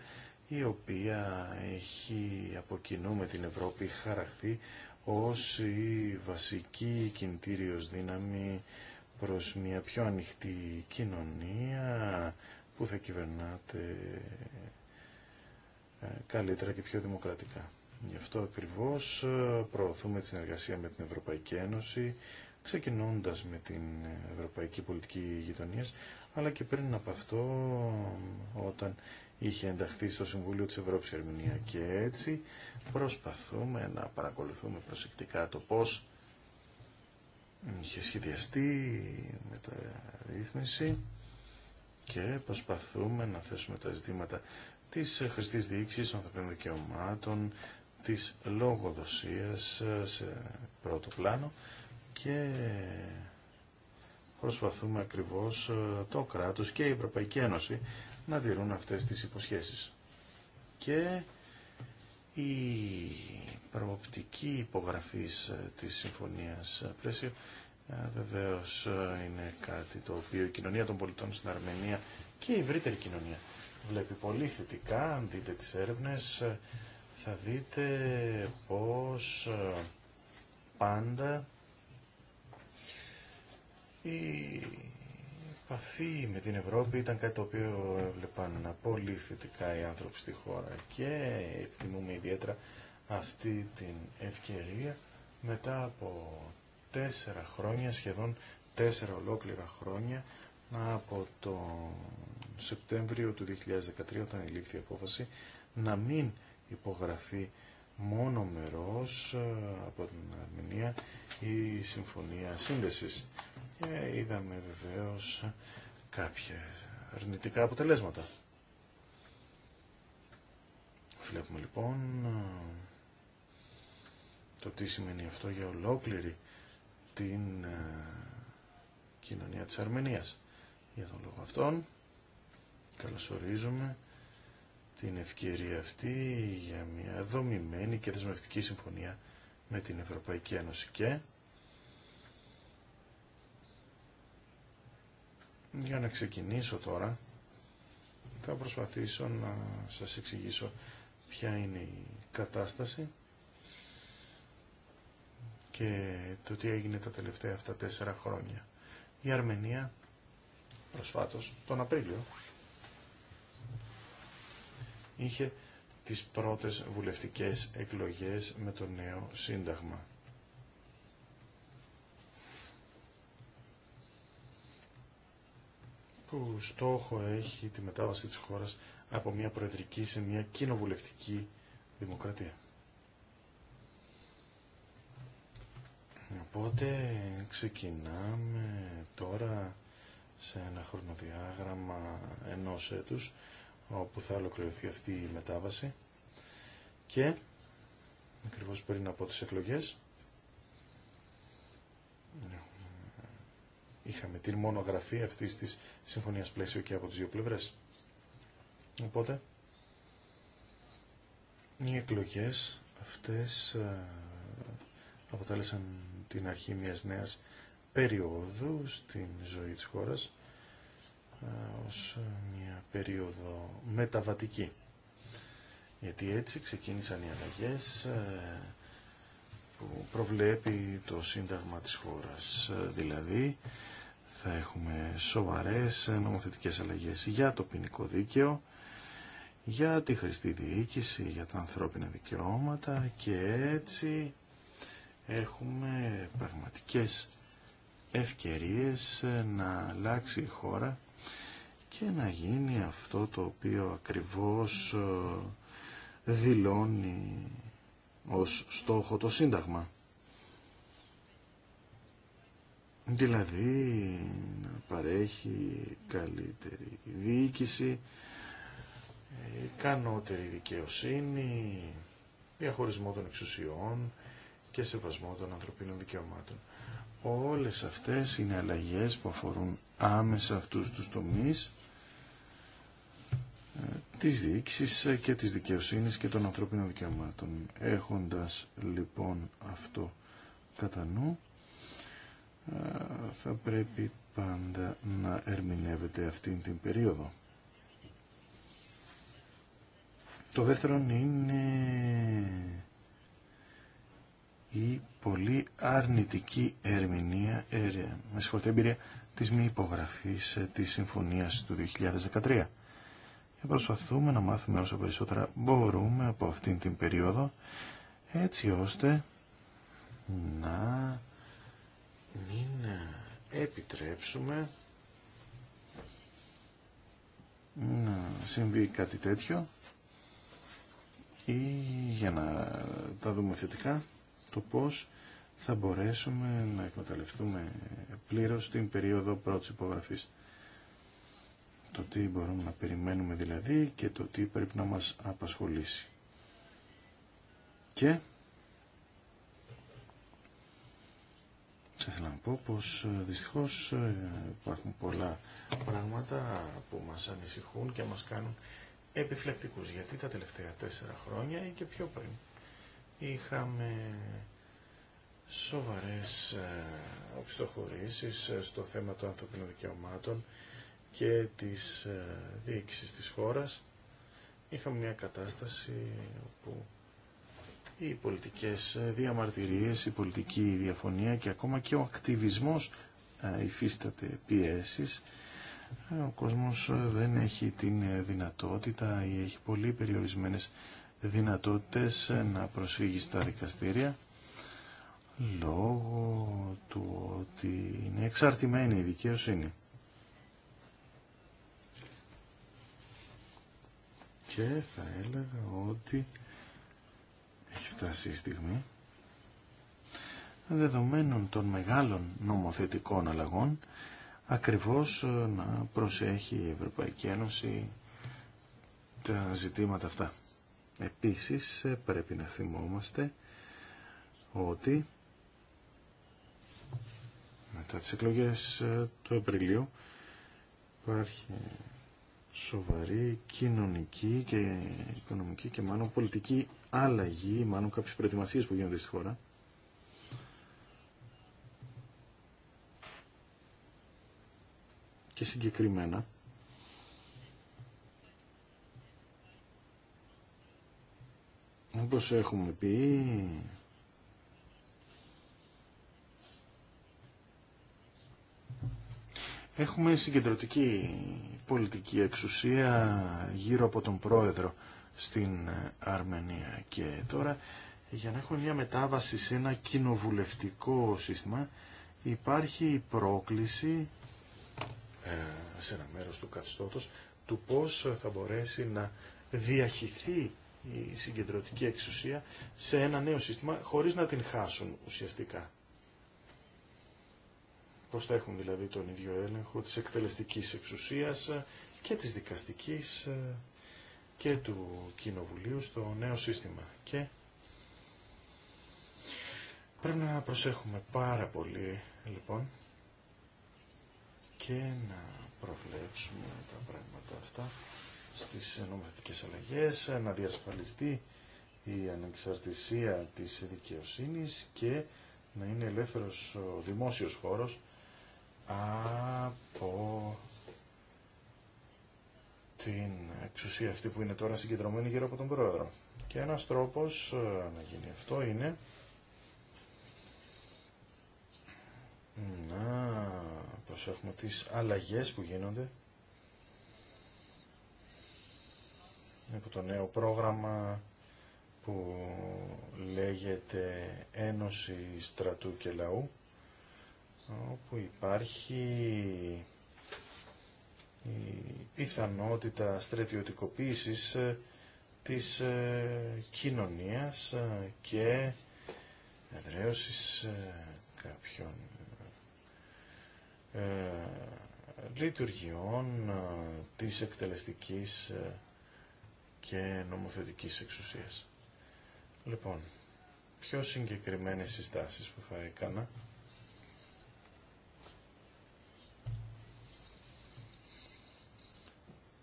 η οποία έχει από κοινού με την Ευρώπη χαραχθεί ως η βασική κινητήριος δύναμη προς μια πιο ανοιχτή κοινωνία που θα κυβερνάται ε, καλύτερα και πιο δημοκρατικά. Γι' αυτό ακριβώς ε, προωθούμε τη συνεργασία με την Ευρωπαϊκή Ένωση, ξεκινώντας με την Ευρωπαϊκή Πολιτική Γειτονίας, αλλά και πριν από αυτό, όταν είχε ενταχθεί στο Συμβούλιο της Ευρώπης Ερμηνεία και έτσι προσπαθούμε να παρακολουθούμε προσεκτικά το πώς είχε σχεδιαστεί η μεταρρύθμιση και προσπαθούμε να θέσουμε τα ζητήματα της χρηστής διοίκησης των ανθρωπίνων δικαιωμάτων, της λογοδοσίας σε πρώτο πλάνο και προσπαθούμε ακριβώς το κράτος και η Ευρωπαϊκή Ένωση να τηρούν αυτές τις υποσχέσεις. Και η προοπτική υπογραφής ε, της Συμφωνίας ε, Πλαίσιο ε, βεβαίως είναι κάτι το οποίο η κοινωνία των πολιτών στην Αρμενία και η ευρύτερη κοινωνία βλέπει πολύ θετικά. Αν δείτε τις έρευνες θα δείτε πως πάντα η επαφή με την Ευρώπη ήταν κάτι το οποίο έβλεπαν πολύ θετικά οι άνθρωποι στη χώρα και εκτιμούμε ιδιαίτερα αυτή την ευκαιρία μετά από τέσσερα χρόνια, σχεδόν τέσσερα ολόκληρα χρόνια από το Σεπτέμβριο του 2013 όταν ελήφθη η απόφαση να μην υπογραφεί μόνο μερός ε, από την Αρμενία η Συμφωνία Σύνδεσης και είδαμε βεβαίως κάποια αρνητικά αποτελέσματα. Βλέπουμε λοιπόν ε, το τι σημαίνει αυτό για ολόκληρη την ε, κοινωνία της Αρμενίας. Για τον λόγο αυτόν καλωσορίζουμε την ευκαιρία αυτή για μια δομημένη και δεσμευτική συμφωνία με την Ευρωπαϊκή Ένωση και Για να ξεκινήσω τώρα, θα προσπαθήσω να σας εξηγήσω ποια είναι η κατάσταση και το τι έγινε τα τελευταία αυτά τέσσερα χρόνια. Η Αρμενία προσφάτως τον Απρίλιο είχε τις πρώτες βουλευτικές εκλογές με το νέο σύνταγμα. που στόχο έχει τη μετάβαση της χώρας από μια προεδρική σε μια κοινοβουλευτική δημοκρατία. Οπότε ξεκινάμε τώρα σε ένα χρονοδιάγραμμα ενός έτους όπου θα ολοκληρωθεί αυτή η μετάβαση και ακριβώς πριν από τις εκλογές είχαμε την μονογραφία αυτή της συμφωνία πλαίσιο και από τι δύο πλευρές. Οπότε, οι εκλογέ αυτές ε, αποτέλεσαν την αρχή μια νέας περίοδου στην ζωή της χώρας ε, ως μια περίοδο μεταβατική. Γιατί έτσι ξεκίνησαν οι αλλαγές, ε, που προβλέπει το Σύνταγμα της χώρας. Δηλαδή θα έχουμε σοβαρές νομοθετικές αλλαγές για το ποινικό δίκαιο, για τη χρηστή διοίκηση, για τα ανθρώπινα δικαιώματα και έτσι έχουμε πραγματικές ευκαιρίες να αλλάξει η χώρα και να γίνει αυτό το οποίο ακριβώς ε, δηλώνει ως στόχο το Σύνταγμα. Δηλαδή να παρέχει καλύτερη διοίκηση, ε, ικανότερη δικαιοσύνη, διαχωρισμό των εξουσιών και σεβασμό των ανθρωπίνων δικαιωμάτων. Όλες αυτές είναι αλλαγές που αφορούν άμεσα αυτούς τους τομείς της διοίκησης και της δικαιοσύνης και των ανθρώπινων δικαιωμάτων. Έχοντας λοιπόν αυτό κατά νου, θα πρέπει πάντα να ερμηνεύεται αυτήν την περίοδο. Το δεύτερο είναι η πολύ αρνητική ερμηνεία, ε, με συγχωρείτε εμπειρία, της μη υπογραφής ε, της συμφωνίας του 2013 και προσπαθούμε να μάθουμε όσο περισσότερα μπορούμε από αυτήν την περίοδο έτσι ώστε να μην επιτρέψουμε να συμβεί κάτι τέτοιο ή για να τα δούμε θετικά το πώς θα μπορέσουμε να εκμεταλλευτούμε πλήρως την περίοδο πρώτης υπογραφής. Το τι μπορούμε να περιμένουμε δηλαδή και το τι πρέπει να μας απασχολήσει. Και θα ήθελα να πω πως ε, δυστυχώς ε, υπάρχουν πολλά πράγματα που μας ανησυχούν και μας κάνουν επιφλεκτικούς. γιατί τα τελευταία τέσσερα χρόνια ή και πιο πριν είχαμε σοβαρές ε, οπισθοχωρήσεις στο θέμα των ανθρωπίνων δικαιωμάτων και της ε, διοίκησης της χώρας είχαμε μια κατάσταση όπου οι πολιτικές ε, διαμαρτυρίες, η πολιτική διαφωνία και ακόμα και ο ακτιβισμός ε, υφίσταται πιέσεις. Ο κόσμος δεν έχει την δυνατότητα ή έχει πολύ περιορισμένες δυνατότητες να προσφύγει στα δικαστήρια λόγω του ότι είναι εξαρτημένη η δικαιοσύνη. και θα έλεγα ότι έχει φτάσει η στιγμή δεδομένων των μεγάλων νομοθετικών αλλαγών ακριβώς ε, να προσέχει η Ευρωπαϊκή Ένωση τα ζητήματα αυτά. Επίσης ε, πρέπει να θυμόμαστε ότι μετά τις εκλογές ε, του Απριλίου υπάρχει σοβαρή κοινωνική και οικονομική και μάλλον πολιτική άλλαγη, μάλλον κάποιες προετοιμασίες που γίνονται στη χώρα. Και συγκεκριμένα, όπως έχουμε πει, έχουμε συγκεντρωτική πολιτική εξουσία γύρω από τον πρόεδρο στην Αρμενία. Και τώρα για να έχουμε μια μετάβαση σε ένα κοινοβουλευτικό σύστημα υπάρχει η πρόκληση ε, σε ένα μέρος του καθεστώτος του πώς θα μπορέσει να διαχυθεί η συγκεντρωτική εξουσία σε ένα νέο σύστημα χωρίς να την χάσουν ουσιαστικά προσθέχουν δηλαδή τον ίδιο έλεγχο της εκτελεστικής εξουσίας και της δικαστικής ε, και του Κοινοβουλίου στο νέο σύστημα. Και πρέπει να προσέχουμε πάρα πολύ λοιπόν και να προβλέψουμε τα πράγματα αυτά στις νομοθετικές αλλαγές, να διασφαλιστεί η ανεξαρτησία της δικαιοσύνης και να είναι ελεύθερος ο δημόσιος χώρος από την εξουσία αυτή που είναι τώρα συγκεντρωμένη γύρω από τον πρόεδρο. Και ένας τρόπος ε, να γίνει αυτό είναι να προσέχουμε τις αλλαγές που γίνονται από το νέο πρόγραμμα που λέγεται Ένωση Στρατού και Λαού όπου υπάρχει η πιθανότητα στρατιωτικοποίησης ε, της ε, κοινωνίας ε, και ευρέωσης κάποιων λειτουργιών της εκτελεστικής και νομοθετικής εξουσίας. Λοιπόν, πιο συγκεκριμένες συστάσεις που θα έκανα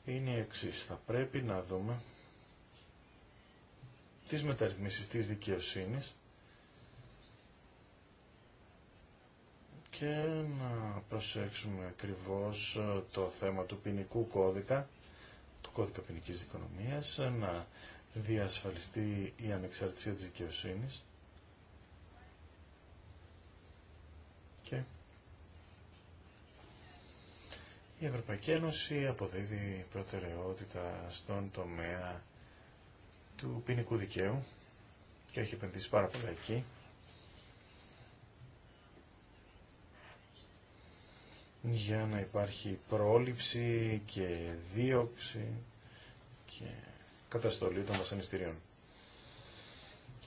είναι η εξή. Θα πρέπει να δούμε τις μεταρρυθμίσεις της δικαιοσύνης και να προσέξουμε ακριβώς ε, το θέμα του ποινικού κώδικα, του κώδικα ποινικής δικονομίας, να διασφαλιστεί η ανεξαρτησία της δικαιοσύνης Η Ευρωπαϊκή Ένωση αποδίδει προτεραιότητα στον τομέα του ποινικού δικαίου και έχει επενδύσει πάρα πολλά εκεί. για να υπάρχει πρόληψη και δίωξη και καταστολή των βασανιστήριων.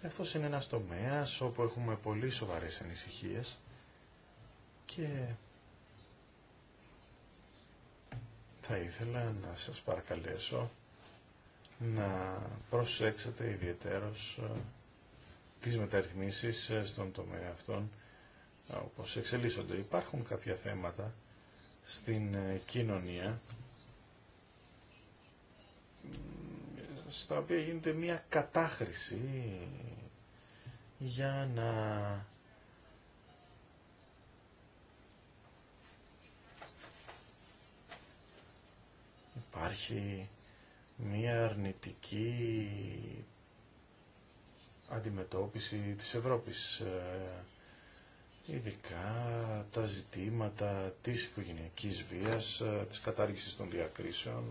Αυτό είναι ένας τομέας όπου έχουμε πολύ σοβαρές ανησυχίες και Θα ήθελα να σας παρακαλέσω να προσέξετε ιδιαίτερως ε, τις μεταρρυθμίσεις ε, στον τομέα αυτών ε, όπως εξελίσσονται. Υπάρχουν κάποια θέματα στην κοινωνία στα οποία γίνεται μία κατάχρηση για να Υπάρχει μία αρνητική αντιμετώπιση της Ευρώπης, ε, ειδικά τα ζητήματα της οικογενειακής βίας, ε, της κατάργησης των διακρίσεων,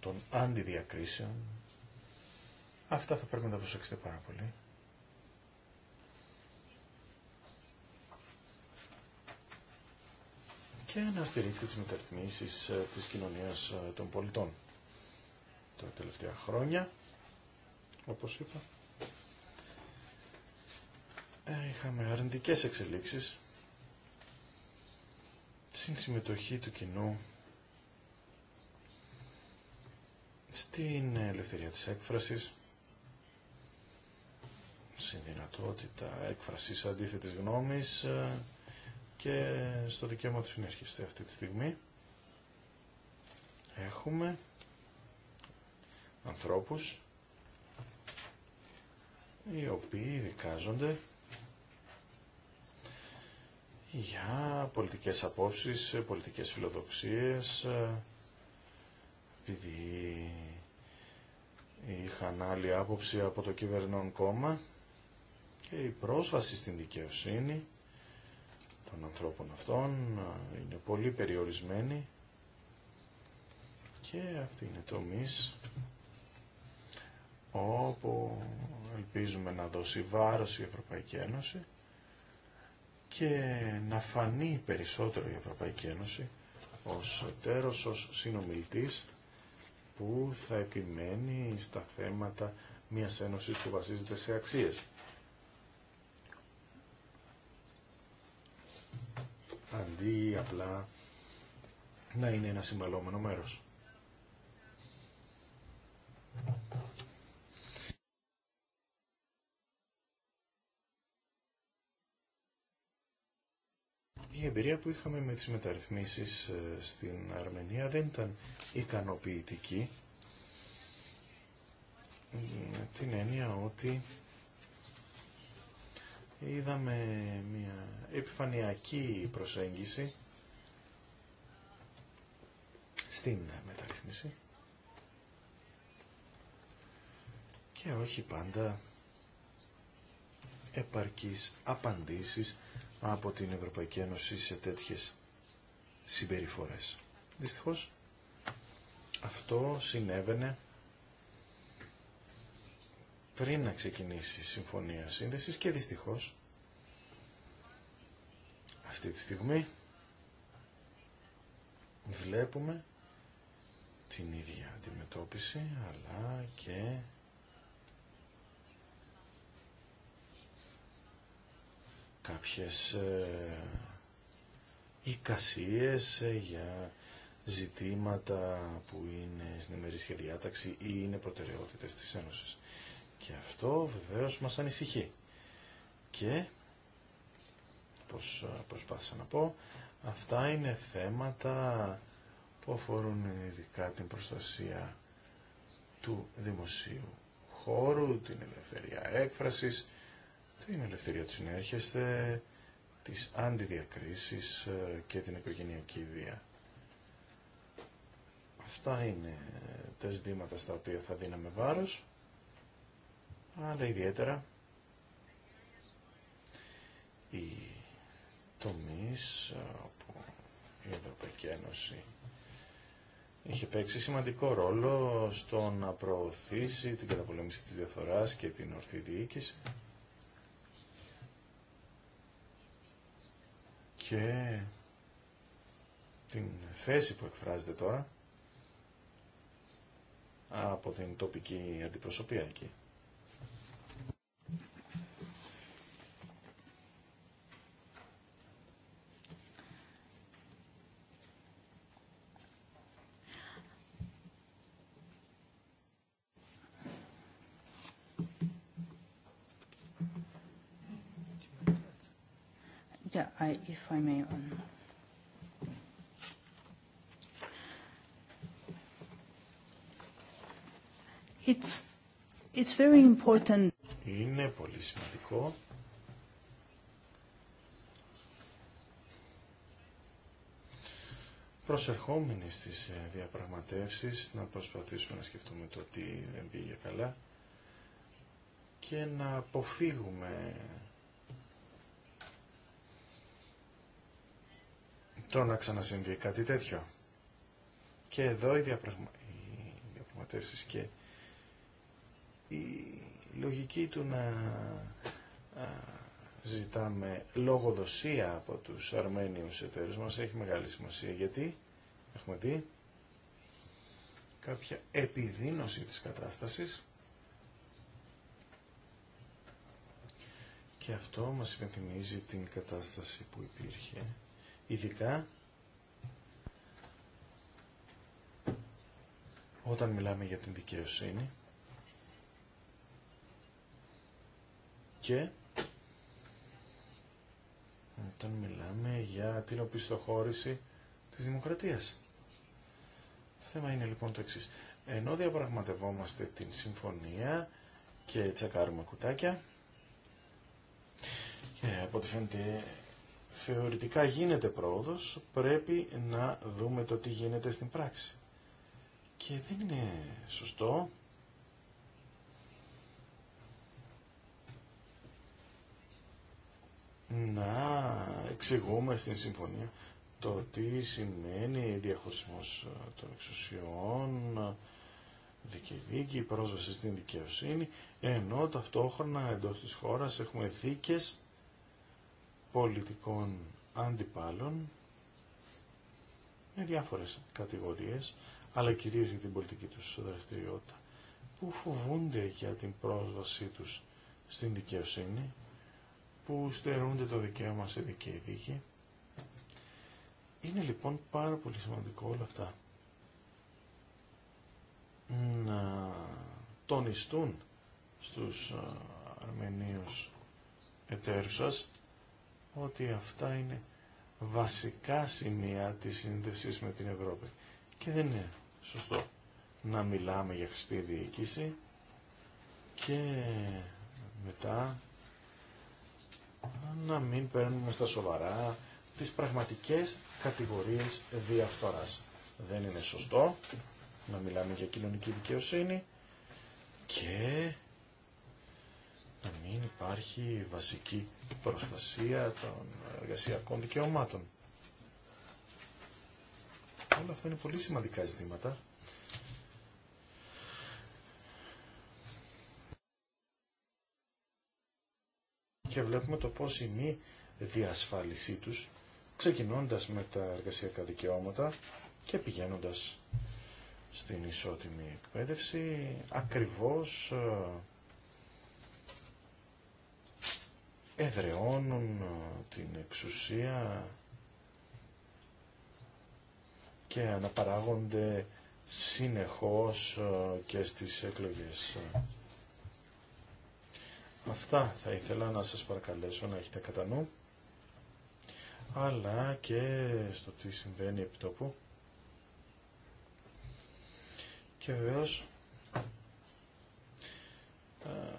των αντιδιακρίσεων. Αυτά θα πρέπει να τα προσέξετε πάρα πολύ. και να στηρίξει τις μεταρρυθμίσεις ε, της κοινωνίας ε, των πολιτών τα τελευταία χρόνια, όπως είπα. Ε, είχαμε αρνητικές εξελίξεις στην συμμετοχή του κοινού στην ελευθερία της έκφρασης, στην δυνατότητα έκφρασης αντίθετης γνώμης, και στο δικαίωμα του συνέρχεστε αυτή τη στιγμή. Έχουμε ανθρώπους οι οποίοι δικάζονται για πολιτικές απόψεις, πολιτικές φιλοδοξίες, επειδή είχαν άλλη άποψη από το κυβερνόν κόμμα και η πρόσβαση στην δικαιοσύνη των ανθρώπων αυτών είναι πολύ περιορισμένη και αυτή είναι τομής όπου ελπίζουμε να δώσει βάρος η Ευρωπαϊκή Ένωση και να φανεί περισσότερο η Ευρωπαϊκή Ένωση ως τέρος, ως συνομιλητής που θα επιμένει στα θέματα μιας ένωσης που βασίζεται σε αξίες. αντί απλά να είναι ένα συμβαλόμενο μέρος. Η εμπειρία που είχαμε με τις μεταρρυθμίσεις ε, στην Αρμενία δεν ήταν ικανοποιητική την έννοια ότι είδαμε μια επιφανειακή προσέγγιση στην μεταρρύθμιση και όχι πάντα επαρκείς απαντήσεις από την Ευρωπαϊκή Ένωση σε τέτοιες συμπεριφορές. Δυστυχώς αυτό συνέβαινε πριν να ξεκινήσει η συμφωνία σύνδεσης και δυστυχώς αυτή τη στιγμή βλέπουμε την ίδια αντιμετώπιση αλλά και κάποιες ε, εικασίες ε, για ζητήματα που είναι στην ημερήσια διάταξη ή είναι προτεραιότητες της Ένωσης. Και αυτό βεβαίως μας ανησυχεί. Και, όπως ε, προσπάθησα να πω, αυτά είναι θέματα που αφορούν ειδικά την προστασία του δημοσίου χώρου, την ελευθερία έκφρασης, την ελευθερία του συνέρχεστε, της αντιδιακρίσεις ε, και την οικογενειακή βία. Αυτά είναι τα ζητήματα στα οποία θα δίναμε βάρος αλλά ιδιαίτερα οι τομείς ε, όπου η Ευρωπαϊκή Ένωση είχε παίξει σημαντικό ρόλο στο να προωθήσει την καταπολέμηση της διαφθοράς και την ορθή διοίκηση και την θέση που εκφράζεται τώρα από την τοπική αντιπροσωπεία εκεί. Είναι πολύ σημαντικό προσερχόμενοι στις ε, διαπραγματεύσεις να προσπαθήσουμε να σκεφτούμε το τι δεν πήγε καλά και να αποφύγουμε το να ξανασυμβεί κάτι τέτοιο. Και εδώ οι, διαπραγμα... διαπραγματεύσεις και η λογική του να ζητάμε λογοδοσία από τους Αρμένιους εταίρους μας έχει μεγάλη σημασία. Γιατί έχουμε δει κάποια επιδείνωση της κατάστασης και αυτό μας υπενθυμίζει την κατάσταση που υπήρχε Ειδικά όταν μιλάμε για την δικαιοσύνη και όταν μιλάμε για την οπισθοχώρηση της δημοκρατίας. Το θέμα είναι λοιπόν το εξής. Ενώ διαπραγματευόμαστε την συμφωνία και τσακάρουμε κουτάκια, ε, από φαίνεται θεωρητικά γίνεται πρόοδος, πρέπει να δούμε το τι γίνεται στην πράξη. Και δεν είναι σωστό να εξηγούμε στην συμφωνία το τι σημαίνει διαχωρισμός των εξουσιών, δίκη πρόσβαση στην δικαιοσύνη, ενώ ταυτόχρονα εντός της χώρας έχουμε δίκες πολιτικών αντιπάλων με διάφορες κατηγορίες, αλλά κυρίως για την πολιτική τους δραστηριότητα, που φοβούνται για την πρόσβασή τους στην δικαιοσύνη, που στερούνται το δικαίωμα σε δικαίη δίκη. Είναι λοιπόν πάρα πολύ σημαντικό όλα αυτά να τονιστούν στους Αρμενίους εταίρους σας ότι αυτά είναι βασικά σημεία της σύνδεσης με την Ευρώπη. Και δεν είναι σωστό να μιλάμε για χρηστή διοίκηση και μετά να μην παίρνουμε στα σοβαρά τις πραγματικές κατηγορίες διαφθοράς. Δεν είναι σωστό να μιλάμε για κοινωνική δικαιοσύνη και να μην υπάρχει βασική προστασία των εργασιακών δικαιωμάτων. Όλα αυτά είναι πολύ σημαντικά ζητήματα. Και βλέπουμε το πώς η μη διασφάλισή τους, ξεκινώντας με τα εργασιακά δικαιώματα και πηγαίνοντας στην ισότιμη εκπαίδευση, ακριβώς ε, εδρεώνουν ε, την εξουσία και αναπαράγονται συνεχώς ε, και στις εκλογές. Αυτά θα ήθελα να σας παρακαλέσω να έχετε κατά νου, αλλά και στο τι συμβαίνει επί τόπου. Και βεβαίως ε,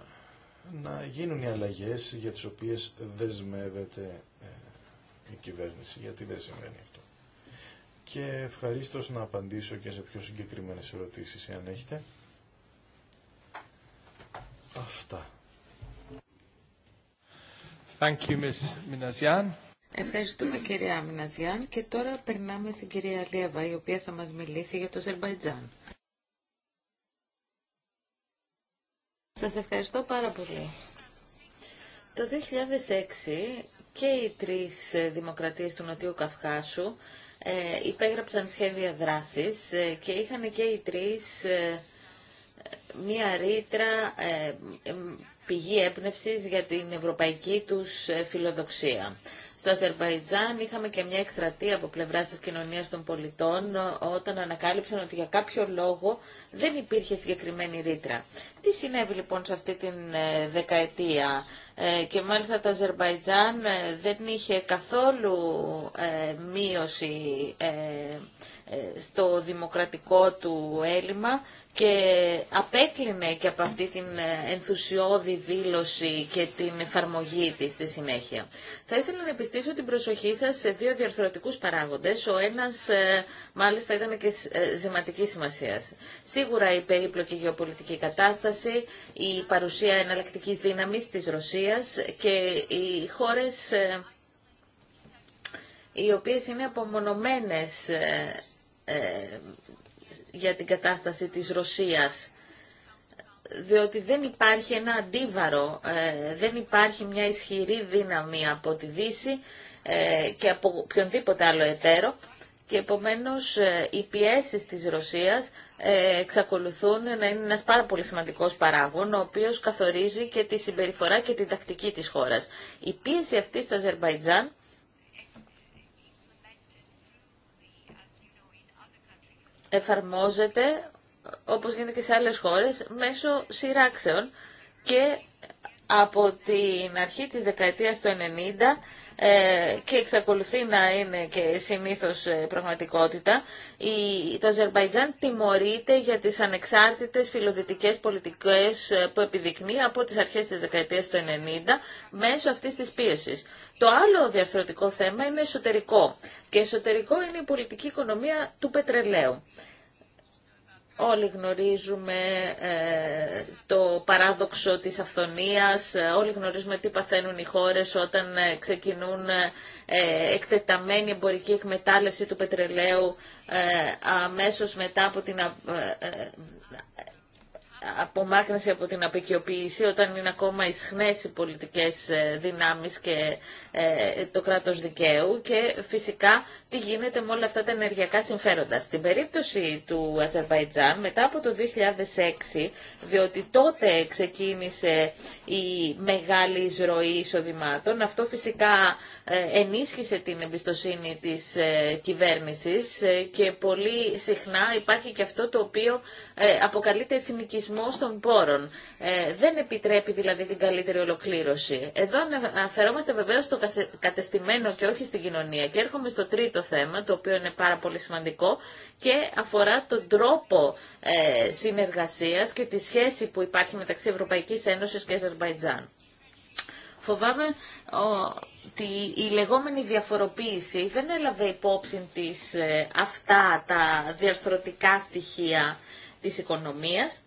να γίνουν οι αλλαγές για τις οποίες δεσμεύεται ε, η κυβέρνηση, γιατί δεν σημαίνει αυτό. Και ευχαρίστως να απαντήσω και σε πιο συγκεκριμένες ερωτήσεις, εάν έχετε. Αυτά. Thank you, Ms. Ευχαριστούμε κυρία Μιναζιάν και τώρα περνάμε στην κυρία Λέβα η οποία θα μας μιλήσει για το Αζερβαϊτζάν. Σας ευχαριστώ πάρα πολύ. Το 2006 και οι τρεις ε, δημοκρατίες του Νοτιού Καυκάσου ε, υπέγραψαν σχέδια δράσης ε, και είχαν και οι τρεις ε, μία ρήτρα πηγή έπνευσης για την ευρωπαϊκή τους φιλοδοξία. Στο Αζερβαϊτζάν είχαμε και μια εκστρατεία από πλευρά τη κοινωνία των πολιτών όταν ανακάλυψαν ότι για κάποιο λόγο δεν υπήρχε συγκεκριμένη ρήτρα. Τι συνέβη λοιπόν σε αυτή την ε, δεκαετία ε, και μάλιστα το Αζερβαϊτζάν ε, δεν είχε καθόλου μείωση στο δημοκρατικό του έλλειμμα και απέκλεινε και από αυτή την ε, ενθουσιώδη δήλωση και την εφαρμογή της στη συνέχεια. Θα ήθελα να επιστήσω την προσοχή σας σε δύο διαρθρωτικούς παράγοντες. Ο ένας ε, μάλιστα ήταν και ε, ζηματική σημασία. Σίγουρα η περίπλοκη γεωπολιτική κατάσταση, η παρουσία εναλλακτική δύναμης της Ρωσίας και οι χώρες οι οποίες είναι απομονωμένες για την κατάσταση της Ρωσίας διότι δεν υπάρχει ένα αντίβαρο, ε, δεν υπάρχει μια ισχυρή δύναμη από τη Δύση ε, και από οποιονδήποτε άλλο εταίρο και επομένως ε, οι πιέσεις της Ρωσίας εξακολουθούν να είναι ένας πάρα πολύ σημαντικός παράγων ο οποίος καθορίζει και τη συμπεριφορά και την τακτική της χώρας. Η πίεση αυτή στο Αζερβαϊτζάν εφαρμόζεται, όπως γίνεται και σε άλλες χώρες, μέσω σειράξεων και από την αρχή της δεκαετίας του 90 ε, και εξακολουθεί να είναι και συνήθως ε, πραγματικότητα. Το Αζερβαϊτζάν τιμωρείται για τις ανεξάρτητες φιλοδυτικές πολιτικές ε, που επιδεικνύει από τις αρχές της δεκαετίας του 90 μέσω αυτής της πίεσης. Το άλλο διαρθρωτικό θέμα είναι εσωτερικό και εσωτερικό είναι η πολιτική οικονομία του πετρελαίου. Όλοι γνωρίζουμε ε, το παράδοξο της αυθονίας, ε, όλοι γνωρίζουμε τι παθαίνουν οι χώρες όταν ε, ξεκινούν εκτεταμένη εμπορική εκμετάλλευση του πετρελαίου ε, αμέσως μετά από την απομάκρυνση από την απεικιοποίηση όταν είναι ακόμα ισχνές οι πολιτικές ε, δυνάμεις και ε, το κράτος δικαίου και φυσικά τι γίνεται με όλα αυτά τα ενεργειακά συμφέροντα. Στην περίπτωση του Αζερβαϊτζάν μετά από το 2006 διότι τότε ξεκίνησε η μεγάλη εισρωή εισοδημάτων αυτό φυσικά ε, ενίσχυσε την εμπιστοσύνη της κυβέρνησης και πολύ συχνά υπάρχει και αυτό το οποίο αποκαλείται εθνικής των πόρων. Ε, δεν επιτρέπει δηλαδή την καλύτερη ολοκλήρωση. Εδώ αναφερόμαστε βεβαίω στο κατεστημένο και όχι στην κοινωνία. Και έρχομαι στο τρίτο θέμα, το οποίο είναι πάρα πολύ σημαντικό και αφορά τον τρόπο ε, συνεργασίας και τη σχέση που υπάρχει μεταξύ Ευρωπαϊκής Ένωσης και Αζερβαϊτζάν. Φοβάμαι ότι η λεγόμενη διαφοροποίηση δεν έλαβε υπόψη της ε, αυτά τα διαρθρωτικά στοιχεία της οικονομίας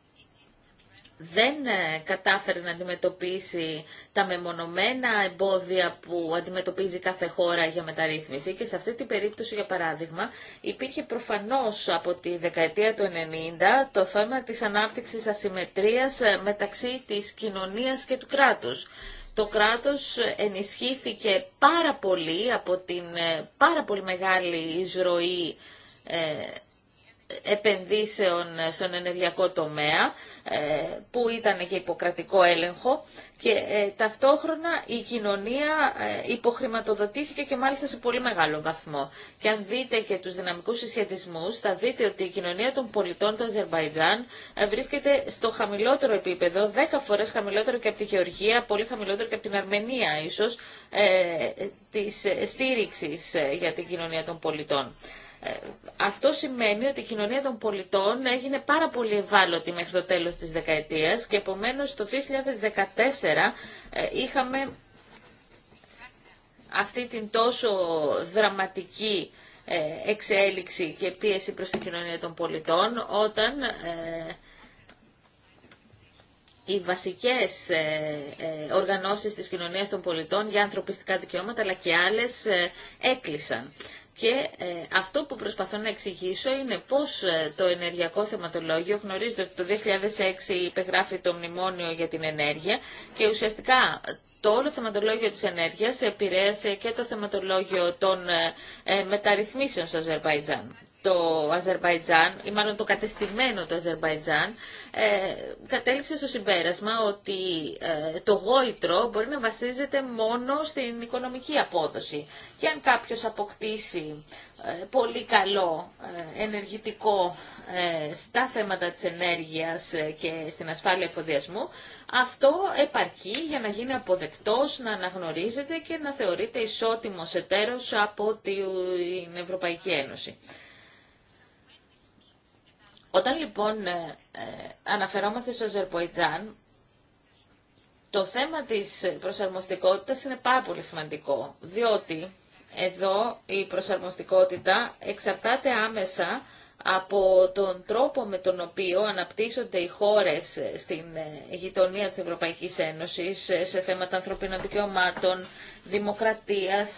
δεν ε, κατάφερε να αντιμετωπίσει τα μεμονωμένα εμπόδια που αντιμετωπίζει κάθε χώρα για μεταρρύθμιση και σε αυτή την περίπτωση, για παράδειγμα, υπήρχε προφανώς από τη δεκαετία του 90 το θέμα της ανάπτυξης ασυμμετρίας ε, μεταξύ της κοινωνίας και του κράτους. Το κράτος ενισχύθηκε πάρα πολύ από την ε, πάρα πολύ μεγάλη εισρωή επενδύσεων στον ενεργειακό τομέα ε, που ήταν και υποκρατικό έλεγχο και ε, ταυτόχρονα η κοινωνία ε, υποχρηματοδοτήθηκε και μάλιστα σε πολύ μεγάλο βαθμό. Και αν δείτε και τους δυναμικούς συσχετισμούς θα δείτε ότι η κοινωνία των πολιτών του Αζερβαϊτζάν βρίσκεται στο χαμηλότερο επίπεδο, 10 φορές χαμηλότερο και από τη Γεωργία, πολύ χαμηλότερο και από την Αρμενία ίσως, της στήριξης για την κοινωνία των πολιτών. Ε, αυτό σημαίνει ότι η κοινωνία των πολιτών έγινε πάρα πολύ ευάλωτη μέχρι το τέλος της δεκαετίας και επομένως το 2014 ε, είχαμε αυτή την τόσο δραματική ε, εξέλιξη και πίεση προς την κοινωνία των πολιτών όταν οι βασικές οργανώσεις της κοινωνίας των πολιτών για ανθρωπιστικά δικαιώματα αλλά και άλλες έκλεισαν. Και ε, αυτό που προσπαθώ να εξηγήσω είναι πώς ε, το ενεργειακό θεματολόγιο, γνωρίζετε ότι το 2006 υπεγράφει το μνημόνιο για την ενέργεια και ουσιαστικά ε, το όλο θεματολόγιο της ενέργειας επηρέασε και το θεματολόγιο των ε, μεταρρυθμίσεων στο Αζερβαϊτζάν το Αζερβαϊτζάν, ή μάλλον το κατεστημένο το Αζερβαϊτζάν, ε, κατέληξε στο συμπέρασμα ότι ε, το γόητρο μπορεί να βασίζεται μόνο στην οικονομική απόδοση. Και αν κάποιος αποκτήσει ε, πολύ καλό ενεργητικό στα θέματα της ενέργειας και στην ασφάλεια εφοδιασμού, αυτό επαρκεί για να γίνει αποδεκτός, να αναγνωρίζεται και να θεωρείται ισότιμος εταίρος από την Ευρωπαϊκή Ένωση. Όταν λοιπόν ε, ε, αναφερόμαστε στο Ζερποϊτζάν το θέμα της προσαρμοστικότητας είναι πάρα πολύ σημαντικό, διότι εδώ η προσαρμοστικότητα εξαρτάται άμεσα από τον τρόπο με τον οποίο αναπτύσσονται οι χώρες στην ε, γειτονία της Ευρωπαϊκής Ένωσης σε θέματα ανθρωπίνων δικαιωμάτων, δημοκρατίας.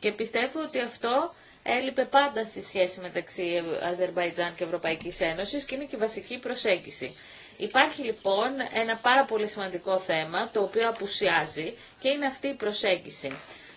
Και πιστεύω ότι αυτό έλειπε πάντα στη σχέση μεταξύ Αζερβαϊτζάν και Ευρωπαϊκής Ένωσης και είναι και η βασική προσέγγιση. Υπάρχει λοιπόν ένα πάρα πολύ σημαντικό θέμα το οποίο απουσιάζει και είναι αυτή η προσέγγιση.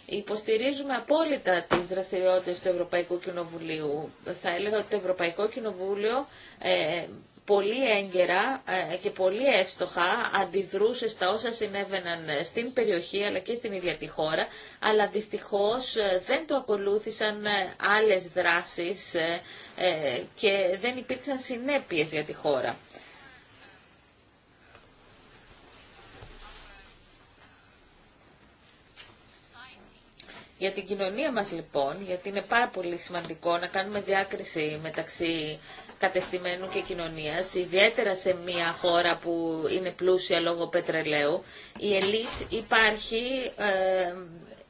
Υποστηρίζουμε απόλυτα τις δραστηριότητες του Ευρωπαϊκού Κοινοβουλίου. Θα έλεγα ότι το Ευρωπαϊκό Κοινοβούλιο ε, πολύ έγκαιρα ε, και πολύ εύστοχα αντιδρούσε στα όσα συνέβαιναν ε, στην περιοχή αλλά και στην ίδια τη χώρα, αλλά δυστυχώς ε, δεν το ακολούθησαν άλλες δράσεις και δεν υπήρξαν συνέπειες για τη χώρα. Για την κοινωνία μας λοιπόν, γιατί είναι πάρα πολύ σημαντικό να κάνουμε διάκριση μεταξύ κατεστημένου και κοινωνίας, ιδιαίτερα σε μια χώρα που είναι πλούσια λόγω πετρελαίου, η ελίτ υπάρχει ε,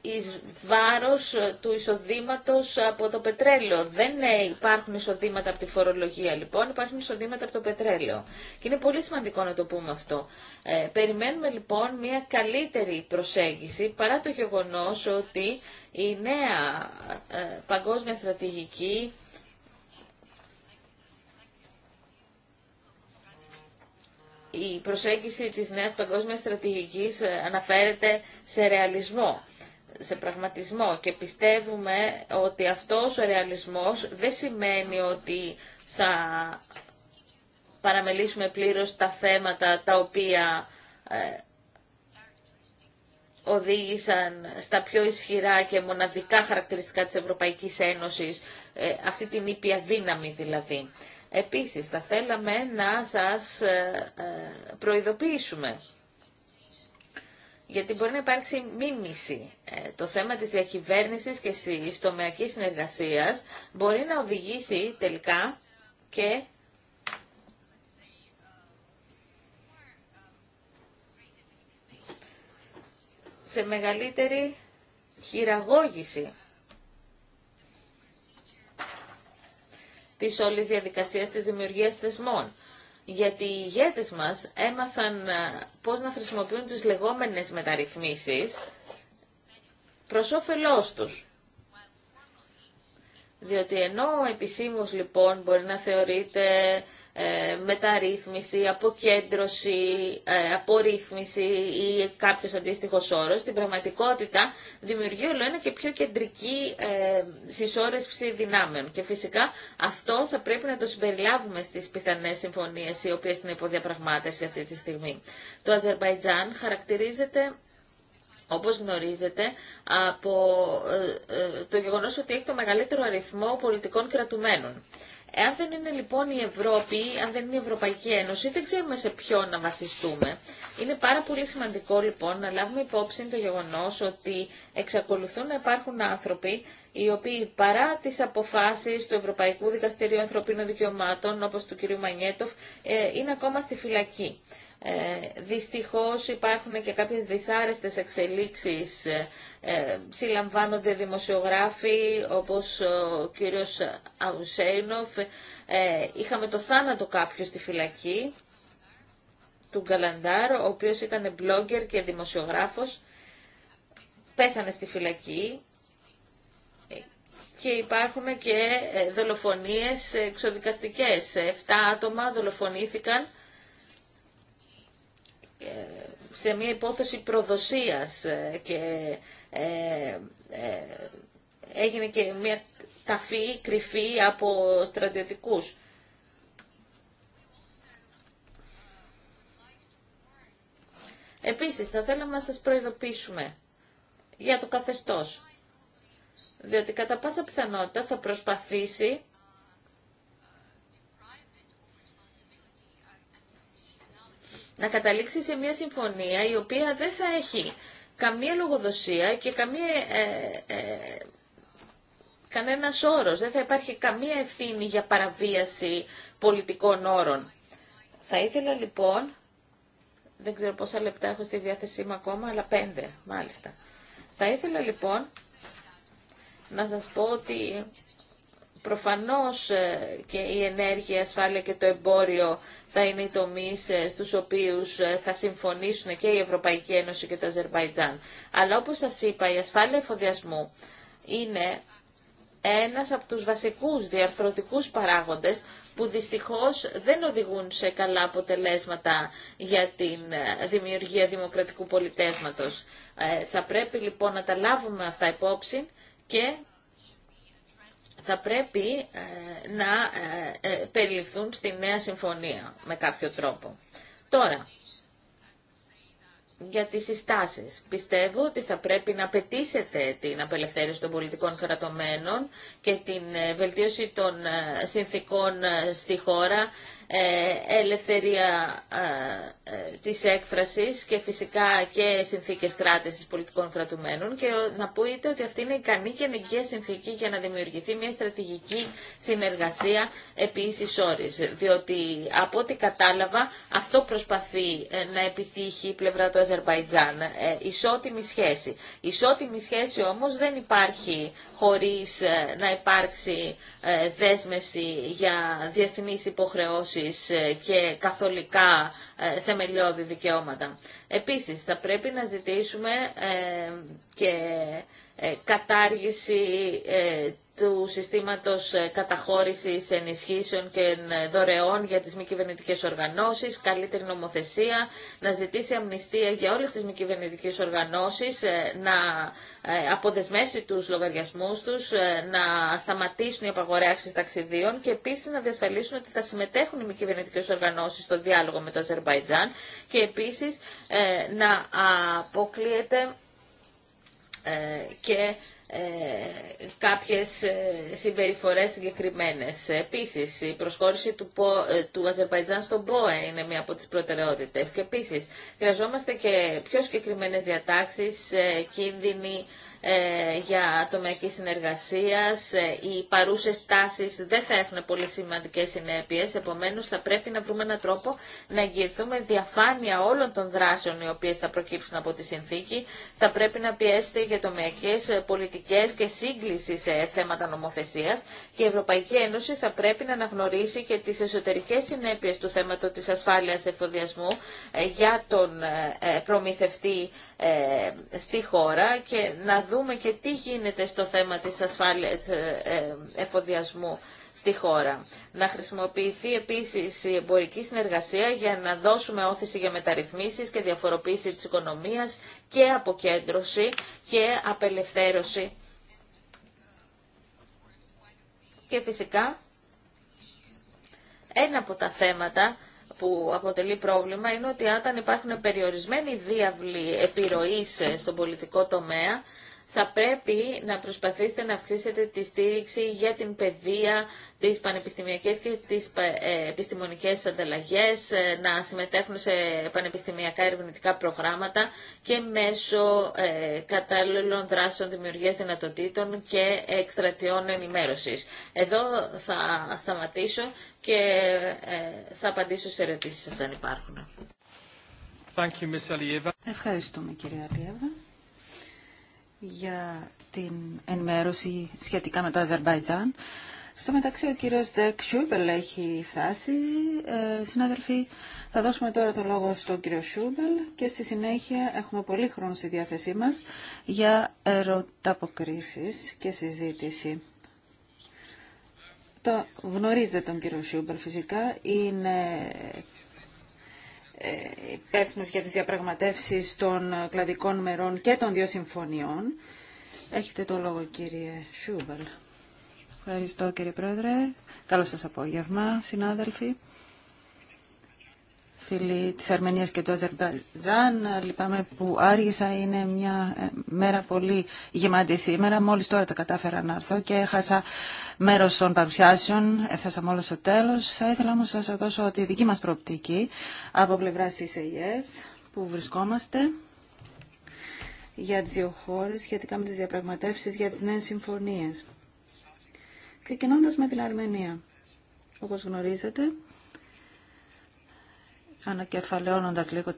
εις βάρος του εισοδήματος από το πετρέλαιο. Δεν ε, υπάρχουν εισοδήματα από τη φορολογία λοιπόν, υπάρχουν εισοδήματα από το πετρέλαιο. Και είναι πολύ σημαντικό να το πούμε αυτό. Ε, περιμένουμε λοιπόν μια καλύτερη προσέγγιση παρά το γεγονός ότι η νέα ε, παγκόσμια στρατηγική η προσέγγιση της νέας παγκόσμιας στρατηγικής ε, αναφέρεται σε ρεαλισμό, σε πραγματισμό και πιστεύουμε ότι αυτός ο ρεαλισμός δεν σημαίνει ότι θα παραμελήσουμε πλήρως τα θέματα τα οποία ε, οδήγησαν στα πιο ισχυρά και μοναδικά χαρακτηριστικά της Ευρωπαϊκής Ένωσης, ε, αυτή την ήπια δύναμη δηλαδή. Επίσης, θα θέλαμε να σας ε, ε, προειδοποιήσουμε γιατί μπορεί να υπάρξει μίμηση. Ε, το θέμα της διακυβέρνησης και της τομεακής συνεργασίας μπορεί να οδηγήσει τελικά και σε μεγαλύτερη χειραγώγηση της όλης διαδικασίας της δημιουργίας θεσμών. Γιατί οι ηγέτες μας έμαθαν ε, πώς να χρησιμοποιούν τις λεγόμενες μεταρρυθμίσεις προς όφελός τους. Διότι ενώ ο επισήμως λοιπόν μπορεί να θεωρείται ε, μεταρρύθμιση, αποκέντρωση, ε, απορρύθμιση ή κάποιος αντίστοιχος όρος. Στην πραγματικότητα δημιουργεί όλο ένα και πιο κεντρική ε, συσσόρευση δυνάμεων. Και φυσικά αυτό θα πρέπει να το συμπεριλάβουμε στις πιθανές συμφωνίες οι οποίες είναι υποδιαπραγμάτευση αυτή τη στιγμή. Το Αζερβαϊτζάν χαρακτηρίζεται όπως γνωρίζετε, από το γεγονός ότι έχει το μεγαλύτερο αριθμό πολιτικών κρατουμένων. Εάν δεν είναι λοιπόν η Ευρώπη, αν δεν είναι η Ευρωπαϊκή Ένωση, δεν ξέρουμε σε ποιον να βασιστούμε. Είναι πάρα πολύ σημαντικό λοιπόν να λάβουμε υπόψη το γεγονός ότι εξακολουθούν να υπάρχουν άνθρωποι οι οποίοι παρά τις αποφάσεις του Ευρωπαϊκού Δικαστηρίου Ανθρωπίνων Δικαιωμάτων, όπως του κ. Μανιέτοφ, ε, είναι ακόμα στη φυλακή. Ε, δυστυχώς υπάρχουν και κάποιες δυσάρεστες εξελίξεις. Ε, ε συλλαμβάνονται δημοσιογράφοι όπως ο κύριος Αουσέινοφ. Ε, είχαμε το θάνατο κάποιου στη φυλακή του Γκαλαντάρ, ο οποίος ήταν μπλόγκερ και δημοσιογράφος. Πέθανε στη φυλακή και υπάρχουν και ε, δολοφονίες εξοδικαστικές. Εφτά άτομα δολοφονήθηκαν σε μια υπόθεση προδοσίας ε, και ε, ε, έγινε και μια ταφή κρυφή από στρατιωτικούς. Επίσης, θα θέλαμε να σας προειδοποιήσουμε για το καθεστώς, διότι κατά πάσα πιθανότητα θα προσπαθήσει να καταλήξει σε μια συμφωνία η οποία δεν θα έχει καμία λογοδοσία και καμία, ε, ε, κανένας όρος. Δεν θα υπάρχει καμία ευθύνη για παραβίαση πολιτικών όρων. Θα ήθελα λοιπόν, δεν ξέρω πόσα λεπτά έχω στη διάθεσή μου ακόμα, αλλά πέντε μάλιστα. Θα ήθελα λοιπόν να σας πω ότι Προφανώς ε, και η ενέργεια, η ασφάλεια και το εμπόριο θα είναι οι τομείς ε, στους οποίους ε, θα συμφωνήσουν και η Ευρωπαϊκή Ένωση και το Αζερβαϊτζάν. Αλλά όπως σας είπα, η ασφάλεια εφοδιασμού είναι ένας από τους βασικούς διαρθρωτικούς παράγοντες που δυστυχώς δεν οδηγούν σε καλά αποτελέσματα για την δημιουργία δημοκρατικού πολιτεύματος. Θα πρέπει λοιπόν να τα λάβουμε αυτά υπόψη και θα πρέπει ε, να ε, ε, περιληφθούν στη νέα συμφωνία με κάποιο τρόπο. Τώρα, για τις συστάσεις. Πιστεύω ότι θα πρέπει να πετήσετε την απελευθέρωση των πολιτικών κρατομένων και την βελτίωση των συνθήκων στη χώρα ε, ελευθερία ε, ε, της έκφρασης και φυσικά και συνθήκες κράτησης πολιτικών κρατουμένων και να πείτε ότι αυτή είναι ικανή και συνθήκη για να δημιουργηθεί μια στρατηγική συνεργασία επίσης όρης. Διότι από ό,τι κατάλαβα αυτό προσπαθεί να επιτύχει η πλευρά του Αζερβαϊτζάν. Ισότιμη σχέση. Ισότιμη σχέση όμως δεν υπάρχει χωρίς να υπάρξει δέσμευση για διεθνείς υποχρεώσεις ε, και καθολικά ε, θεμελιώδη δικαιώματα. Επίσης, θα πρέπει να ζητήσουμε ε, και κατάργηση του συστήματος καταχώρησης ενισχύσεων και δωρεών για τις μη κυβερνητικέ οργανώσεις, καλύτερη νομοθεσία, να ζητήσει αμνηστία για όλες τις μη κυβερνητικέ οργανώσεις, να ε, αποδεσμεύσει τους λογαριασμούς τους, ε, να σταματήσουν οι απαγορεύσεις ταξιδίων και επίσης να διασφαλίσουν ότι θα συμμετέχουν οι μη κυβερνητικέ οργανώσεις στο διάλογο με το Αζερβαϊτζάν και επίσης ε, να αποκλείεται και ε, κάποιες ε, συμπεριφορές συγκεκριμένες. Επίσης, η προσχώρηση του, ε, του Αζερβαϊτζάν στον ΠΟΕ είναι μία από τις προτεραιότητες. Και επίσης, χρειαζόμαστε και πιο συγκεκριμένες διατάξεις, κίνδυνοι ε, για τομεακή συνεργασία, ε, οι παρούσε τάσει δεν θα έχουν πολύ σημαντικέ συνέπειες, Επομένω, θα πρέπει να βρούμε έναν τρόπο να εγγυηθούμε διαφάνεια όλων των δράσεων οι οποίε θα προκύψουν από τη συνθήκη, θα πρέπει να πιέσετε για τομεακές ε, πολιτικές και σύγκληση σε θέματα νομοθεσία. και η Ευρωπαϊκή Ένωση θα πρέπει να αναγνωρίσει και τι εσωτερικές συνέπειε του θέματο τη ασφάλεια εφοδιασμού για τον προμηθευτή ε, στη χώρα και να δούμε και τι γίνεται στο θέμα της ασφάλειας ε, ε, εφοδιασμού στη χώρα. Να χρησιμοποιηθεί επίσης η εμπορική συνεργασία για να δώσουμε όθηση για μεταρρυθμίσεις και διαφοροποίηση της οικονομίας και αποκέντρωση και απελευθέρωση. Και φυσικά ένα από τα θέματα που αποτελεί πρόβλημα είναι ότι όταν υπάρχουν περιορισμένοι διάβλοι επιρροής ε, στον πολιτικό τομέα, θα πρέπει να προσπαθήσετε να αυξήσετε τη στήριξη για την παιδεία, τις πανεπιστημιακές και τις ε, επιστημονικές ανταλλαγές, ε, να συμμετέχουν σε πανεπιστημιακά ερευνητικά προγράμματα και μέσω ε, κατάλληλων δράσεων δημιουργίας δυνατοτήτων και εκστρατιών ενημέρωσης. Εδώ θα σταματήσω και θα απαντήσω σε ερωτήσεις σας αν υπάρχουν. Thank you, Ευχαριστούμε κυρία Αλιέβα για την ενημέρωση σχετικά με το Αζερβαϊτζάν. Στο μεταξύ ο κύριος Δερκ Σιούμπελ έχει φτάσει. Ε, συνάδελφοι, θα δώσουμε τώρα το λόγο στον κύριο Σιούμπελ και στη συνέχεια έχουμε πολύ χρόνο στη διάθεσή μας για ερωταποκρίσεις και συζήτηση. Το γνωρίζετε τον κύριο Σιούμπελ φυσικά, είναι ε, υπεύθυνο για τις διαπραγματεύσεις των κλαδικών μερών και των δύο συμφωνιών. Έχετε το λόγο κύριε Σιούμπελ. Ευχαριστώ κύριε Πρόεδρε. Καλό σας απόγευμα, συνάδελφοι. Φίλοι της Αρμενίας και του Αζερμπαϊτζάν, λυπάμαι που άργησα. Είναι μια ε, μέρα πολύ γεμάτη σήμερα. Μόλις τώρα τα κατάφερα να έρθω και έχασα μέρος των παρουσιάσεων. Έφτασα μόλις στο τέλος. Θα ήθελα όμως να σας δώσω τη δική μας προοπτική από πλευρά της ΕΙΕΘ που βρισκόμαστε για τις δύο χώρες σχετικά με τις διαπραγματεύσεις για τις νέες συμφωνίες. Ξεκινώντας με την Αρμενία. Όπως γνωρίζετε, ανακεφαλαιώνοντας λίγο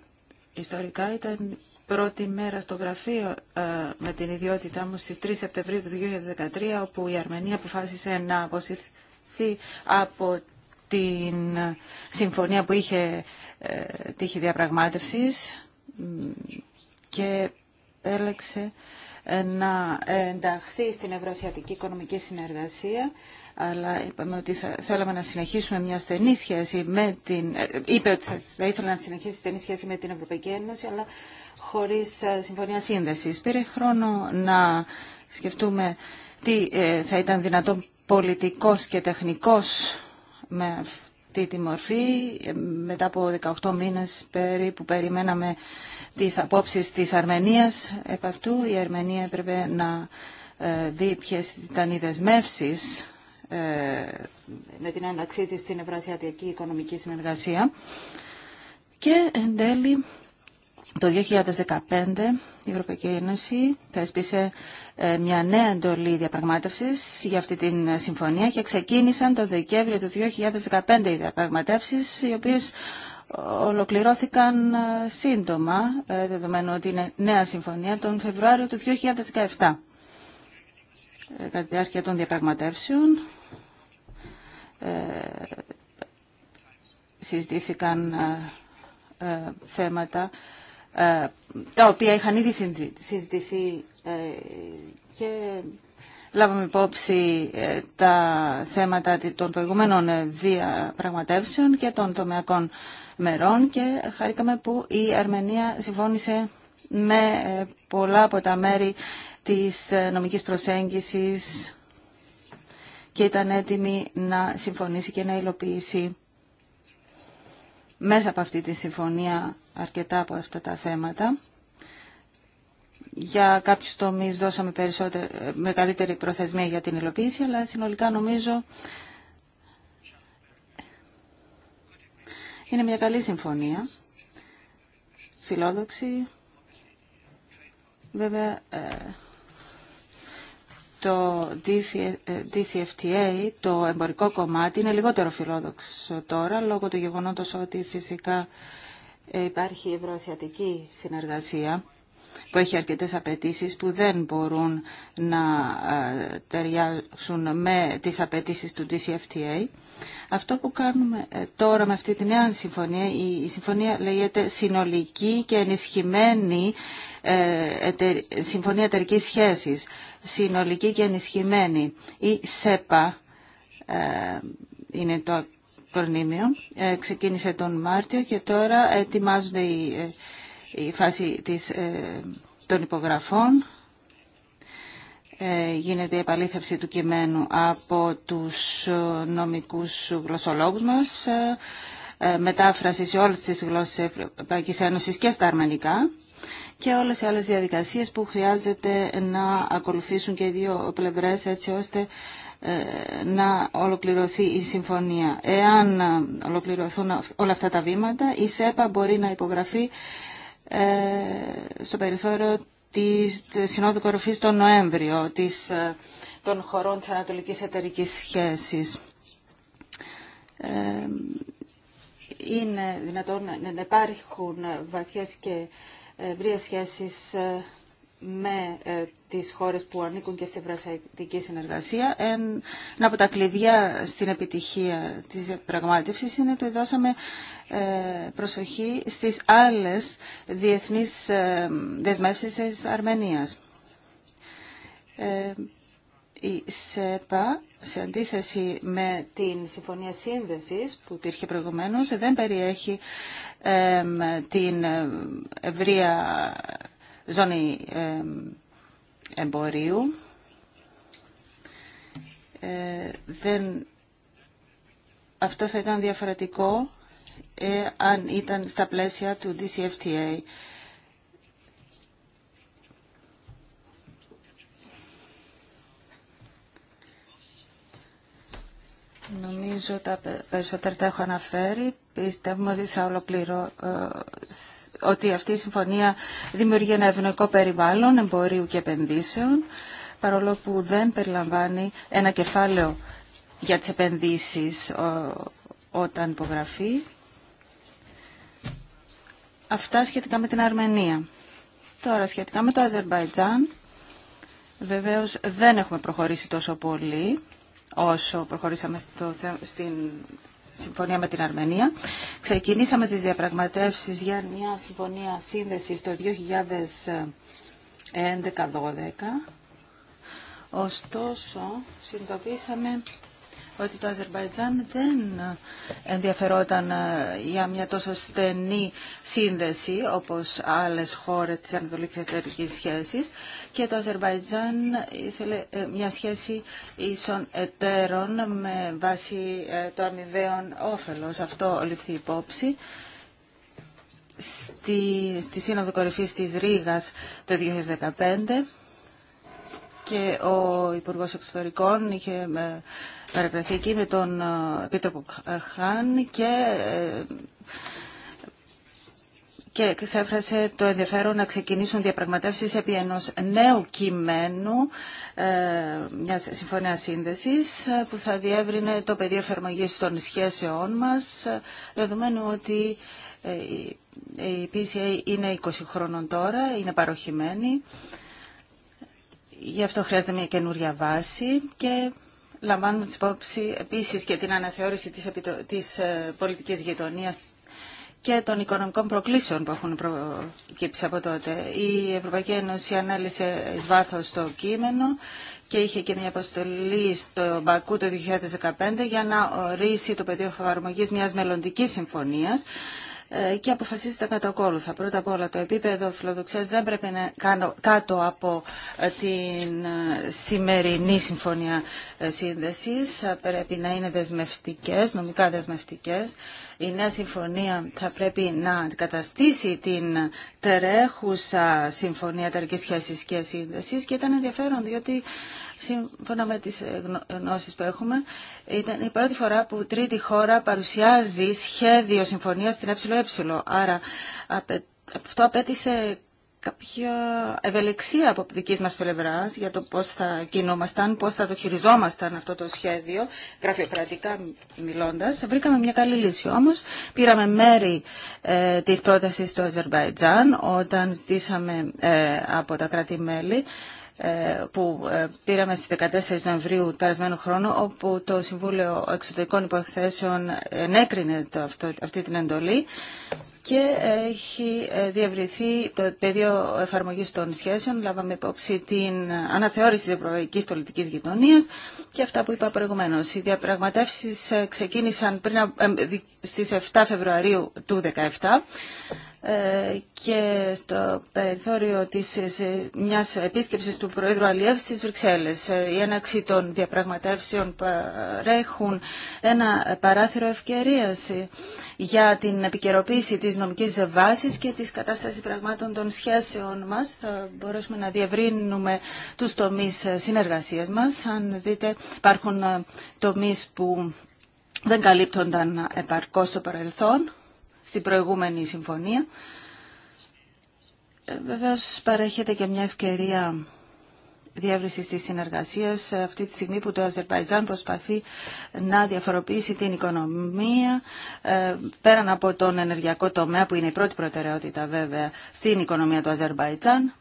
ιστορικά, ήταν πρώτη μέρα στο γραφείο ε, με την ιδιότητά μου στις 3 Σεπτεμβρίου του 2013, όπου η Αρμενία αποφάσισε να αποσυρθεί από την συμφωνία που είχε ε, τύχει διαπραγμάτευσης και έλεξε να ενταχθεί στην Ευρωασιατική Οικονομική Συνεργασία αλλά είπαμε ότι θα, θέλαμε να συνεχίσουμε μια στενή σχέση με την... Ε, είπε ότι θα, ήθελα να συνεχίσει στενή σχέση με την Ευρωπαϊκή Ένωση, αλλά χωρίς ε, συμφωνία σύνδεσης. Πήρε χρόνο να σκεφτούμε τι ε, θα ήταν δυνατόν πολιτικός και τεχνικός με αυτή τη μορφή. Μετά από 18 μήνες περίπου περιμέναμε τις απόψεις της Αρμενίας. Επ' αυτού η Αρμενία έπρεπε να ε, δει ποιες ήταν οι δεσμεύσει ε, με την ένταξή της στην Ευρασιατική Οικονομική Συνεργασία. Και εν τέλει το 2015 η Ευρωπαϊκή Ένωση θέσπισε ε, μια νέα εντολή διαπραγμάτευσης για αυτή την συμφωνία και ξεκίνησαν το Δεκέμβριο του 2015 οι διαπραγματεύσεις οι οποίες ολοκληρώθηκαν ε, σύντομα, ε, δεδομένου ότι είναι νέα συμφωνία, τον Φεβρουάριο του 2017. Ε, κατά τη διάρκεια των διαπραγματεύσεων συζητήθηκαν θέματα τα οποία είχαν ήδη συζητηθεί και λάβαμε υπόψη ε, τα θέματα των προηγούμενων ε, διαπραγματεύσεων και των τομεακών μερών και χαρήκαμε που η Αρμενία συμφώνησε με ε, πολλά από τα μέρη της νομικής προσέγγισης και ήταν έτοιμη να συμφωνήσει και να υλοποιήσει μέσα από αυτή τη συμφωνία αρκετά από αυτά τα θέματα για κάποιους τομείς δώσαμε μεγαλύτερη προθεσμία για την υλοποίηση, αλλά συνολικά νομίζω είναι μια καλή συμφωνία, φιλόδοξη. Βέβαια, ε, το DCFTA, το εμπορικό κομμάτι, είναι λιγότερο φιλόδοξο τώρα, λόγω του γεγονότος ότι φυσικά ε, υπάρχει ευρωασιατική συνεργασία που έχει αρκετές απαιτήσεις που δεν μπορούν να ε, ταιριάσουν με τις απαιτήσεις του DCFTA. Αυτό που κάνουμε ε, τώρα με αυτή τη νέα συμφωνία, η συμφωνία λέγεται συνολική και ενισχυμένη ε, συμφωνία εταιρικής σχέσης, συνολική και ενισχυμένη, η ΣΕΠΑ είναι το ακρονίμιο, ξεκίνησε τον Μάρτιο και τώρα ετοιμάζονται οι η φάση της, ε, των υπογραφών. Ε, γίνεται η επαλήθευση του κειμένου από τους ε, νομικούς γλωσσολόγους μας, μετάφραση σε όλες τις γλώσσες Ευρωπαϊκής Ένωσης και στα αρμανικά και όλες οι άλλες διαδικασίες που χρειάζεται να ακολουθήσουν και οι δύο πλευρές έτσι ώστε να ολοκληρωθεί η συμφωνία. Εάν ολοκληρωθούν όλα αυτά τα βήματα, η ΣΕΠΑ μπορεί να υπογραφεί ε, στο περιθώριο της, της Συνόδου Κορυφής τον Νοέμβριο της, ε, των χωρών της Ανατολικής Εταιρικής Σχέσης. Ε, είναι δυνατόν να υπάρχουν βαθιές και ευρείες σχέσεις με ε, τις χώρες που ανήκουν και στη βρασιατική συνεργασία. Ένα από τα κλειδιά στην επιτυχία της διαπραγμάτευσης είναι ότι δώσαμε ε, προσοχή στις άλλες διεθνείς ε, δεσμεύσεις της Αρμενίας. Η ΣΕΠΑ, σε αντίθεση με την Συμφωνία Σύνδεσης που υπήρχε προηγουμένως, δεν περιέχει την ευρεία ζώνη ε, εμπορίου. Ε, δεν... Αυτό θα ήταν διαφορετικό ε, αν ήταν στα πλαίσια του DCFTA. Νομίζω τα περισσότερα τα έχω αναφέρει. Πιστεύουμε ότι θα, ολοκληρω ότι αυτή η συμφωνία δημιουργεί ένα ευνοϊκό περιβάλλον εμπορίου και επενδύσεων, παρόλο που δεν περιλαμβάνει ένα κεφάλαιο για τις επενδύσεις όταν υπογραφεί. Αυτά σχετικά με την Αρμενία. Τώρα, σχετικά με το Αζερμπαϊτζάν, βεβαίως δεν έχουμε προχωρήσει τόσο πολύ όσο προχωρήσαμε στο, στην, συμφωνία με την Αρμενία. Ξεκινήσαμε τις διαπραγματεύσεις για μια συμφωνία σύνδεσης το 2011 2012 Ωστόσο, συνειδητοποίησαμε ότι το Αζερβαϊτζάν δεν ενδιαφερόταν ε, για μια τόσο στενή σύνδεση όπως άλλες χώρες της Ανατολικής Εταιρικής Σχέσης και το Αζερβαϊτζάν ήθελε ε, μια σχέση ίσων εταίρων με βάση ε, το αμοιβαίων όφελος. Αυτό ληφθεί υπόψη στη, στη Σύνοδο Κορυφής της Ρήγας το 2015 και ο Υπουργός Εξωτερικών είχε παρευρεθεί με τον ε, Επίτροπο ε, Χάν και ε, και εξέφρασε το ενδιαφέρον να ξεκινήσουν διαπραγματεύσεις επί ενός νέου κειμένου μιας συμφωνίας σύνδεσης που θα διεύρυνε το πεδίο εφαρμογή των σχέσεών μας δεδομένου ότι η PCA είναι 20 χρόνων τώρα, είναι παροχημένη γι' αυτό χρειάζεται μια καινούρια βάση και λαμβάνουμε υπόψη επίσης και την αναθεώρηση της, επιτρο... της ε, πολιτικής γειτονίας και των οικονομικών προκλήσεων που έχουν προκύψει από τότε. Η Ευρωπαϊκή Ένωση ανέλησε εις βάθος το κείμενο και είχε και μια αποστολή στο Μπακού το 2015 για να ορίσει το πεδίο εφαρμογή μιας μελλοντική συμφωνίας ε, και τα κατακόλουθα. Πρώτα απ' όλα το επίπεδο φιλοδοξίας δεν πρέπει να κάνω κάτω από ε, την ε, σημερινή συμφωνία σύνδεσης. Πρέπει να είναι δεσμευτικές, νομικά δεσμευτικές. Η νέα συμφωνία θα πρέπει να αντικαταστήσει την τερέχουσα συμφωνία τερικής σχέσης και σύνδεσης και ήταν ενδιαφέρον διότι σύμφωνα με τις ε, ε, γνώσεις που έχουμε, ήταν η πρώτη φορά που τρίτη χώρα παρουσιάζει σχέδιο συμφωνίας στην ΕΕ. Άρα αυτό απέτησε κάποια ευελεξία από δική μας πλευρά για το πώς θα κινούμασταν, πώς θα το χειριζόμασταν αυτό το σχέδιο, γραφειοκρατικά μιλώντας. Βρήκαμε μια καλή λύση όμως. Πήραμε μέρη ε, της πρότασης του Αζερβαϊτζάν όταν ζητήσαμε από τα κράτη-μέλη που ε, πήραμε στις 14 Νοεμβρίου περασμένου χρόνου, όπου το Συμβούλιο Εξωτερικών Υποθέσεων ενέκρινε αυτή την εντολή και έχει ε, διευρυνθεί το πεδίο εφαρμογή των σχέσεων. Λάβαμε υπόψη την αναθεώρηση της ευρωπαϊκή πολιτικής γειτονία και αυτά που είπα προηγουμένω. Οι διαπραγματεύσει ε, ξεκίνησαν πριν, ε, στις 7 Φεβρουαρίου του 2017 και στο περιθώριο της μιας επίσκεψης του Προέδρου Αλιεύ στις Βρυξέλλες. Η έναξη των διαπραγματεύσεων παρέχουν ένα παράθυρο ευκαιρίαση για την επικαιροποίηση της νομικής βάσης και της κατάστασης πραγμάτων των σχέσεων μας. Θα μπορέσουμε να διευρύνουμε τους τομείς συνεργασίας μας. Αν δείτε υπάρχουν ε, τομείς που δεν καλύπτονταν επαρκώς στο παρελθόν, στην προηγούμενη συμφωνία. Ε, βεβαίως παρέχεται και μια ευκαιρία διεύρυνση τη συνεργασία ε, αυτή τη στιγμή που το Αζερβαϊτζάν προσπαθεί να διαφοροποιήσει την οικονομία ε, πέραν από τον ενεργειακό τομέα που είναι η πρώτη προτεραιότητα βέβαια στην οικονομία του Αζερβαϊτζάν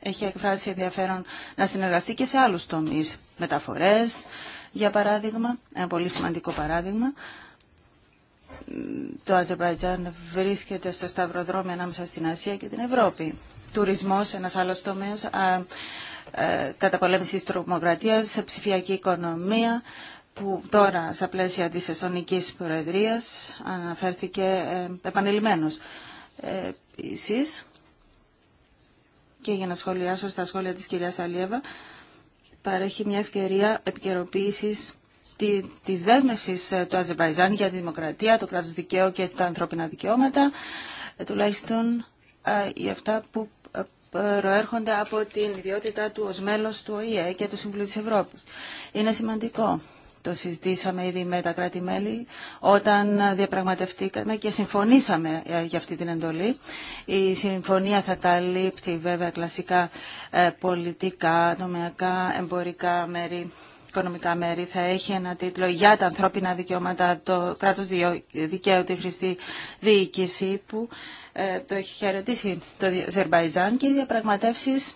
έχει εκφράσει ενδιαφέρον να συνεργαστεί και σε άλλους τομείς μεταφορές για παράδειγμα, ένα πολύ σημαντικό παράδειγμα το Αζερβαϊτζάν βρίσκεται στο σταυροδρόμιο ανάμεσα στην Ασία και την Ευρώπη. Τουρισμός, ένας άλλος τομέας, ε, καταπολέμησης τρομοκρατίας, ψηφιακή οικονομία, που τώρα στα πλαίσια της εσωνικής προεδρίας αναφέρθηκε ε, επανειλημμένος. Επίσης, και για να σχολιάσω στα σχόλια της κυρίας Αλίεβα, παρέχει μια ευκαιρία επικαιροποίησης της δέσμευσης ε, του Αζερβαϊζάν για τη δημοκρατία, το κράτος δικαίου και τα ανθρώπινα δικαιώματα, τουλάχιστον για αυτά που προέρχονται από την ιδιότητά του ως μέλος του ΟΗΕ και του Συμβουλίου της Ευρώπης. Είναι σημαντικό. Το συζητήσαμε ήδη με τα κράτη-μέλη όταν διαπραγματευτήκαμε και συμφωνήσαμε ε, για αυτή την εντολή. Η συμφωνία θα καλύπτει βέβαια κλασικά ε, πολιτικά, νομιακά, εμπορικά μέρη οικονομικά μέρη θα έχει ένα τίτλο για τα ανθρώπινα δικαιώματα, το κράτος δικαίου, τη χρηστή διοίκηση που ε, το έχει χαιρετήσει το Ζερμπαϊζάν και οι διαπραγματεύσεις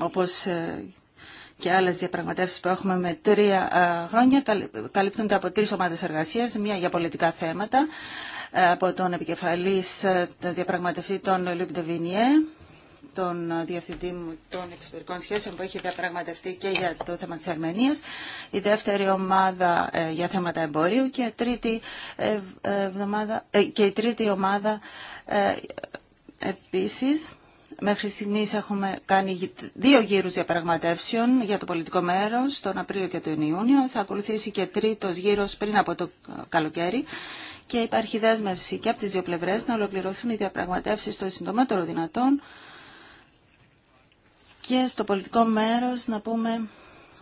όπως ε, και άλλες διαπραγματεύσεις που έχουμε με τρία ε, χρόνια καλύπτονται από τρεις ομάδες εργασίας, μία για πολιτικά θέματα από τον επικεφαλής διαπραγματευτή τον Λουκ Ντεβινιέ τον Διευθυντή μου των Εξωτερικών Σχέσεων που έχει διαπραγματευτεί και για το θέμα της Αρμενίας, η δεύτερη ομάδα ε, για θέματα εμπορίου και, τρίτη ε, εβδομάδα, ε, και η τρίτη ομάδα επίσης. Μέχρι στιγμή έχουμε κάνει δύο γύρους διαπραγματεύσεων για το πολιτικό μέρος, τον Απρίλιο και τον Ιούνιο. Θα ακολουθήσει και τρίτος γύρος πριν από το καλοκαίρι και υπάρχει δέσμευση και από τις δύο πλευρές να ολοκληρωθούν οι διαπραγματεύσεις στο συντομότερο δυνατόν και στο πολιτικό μέρος να πούμε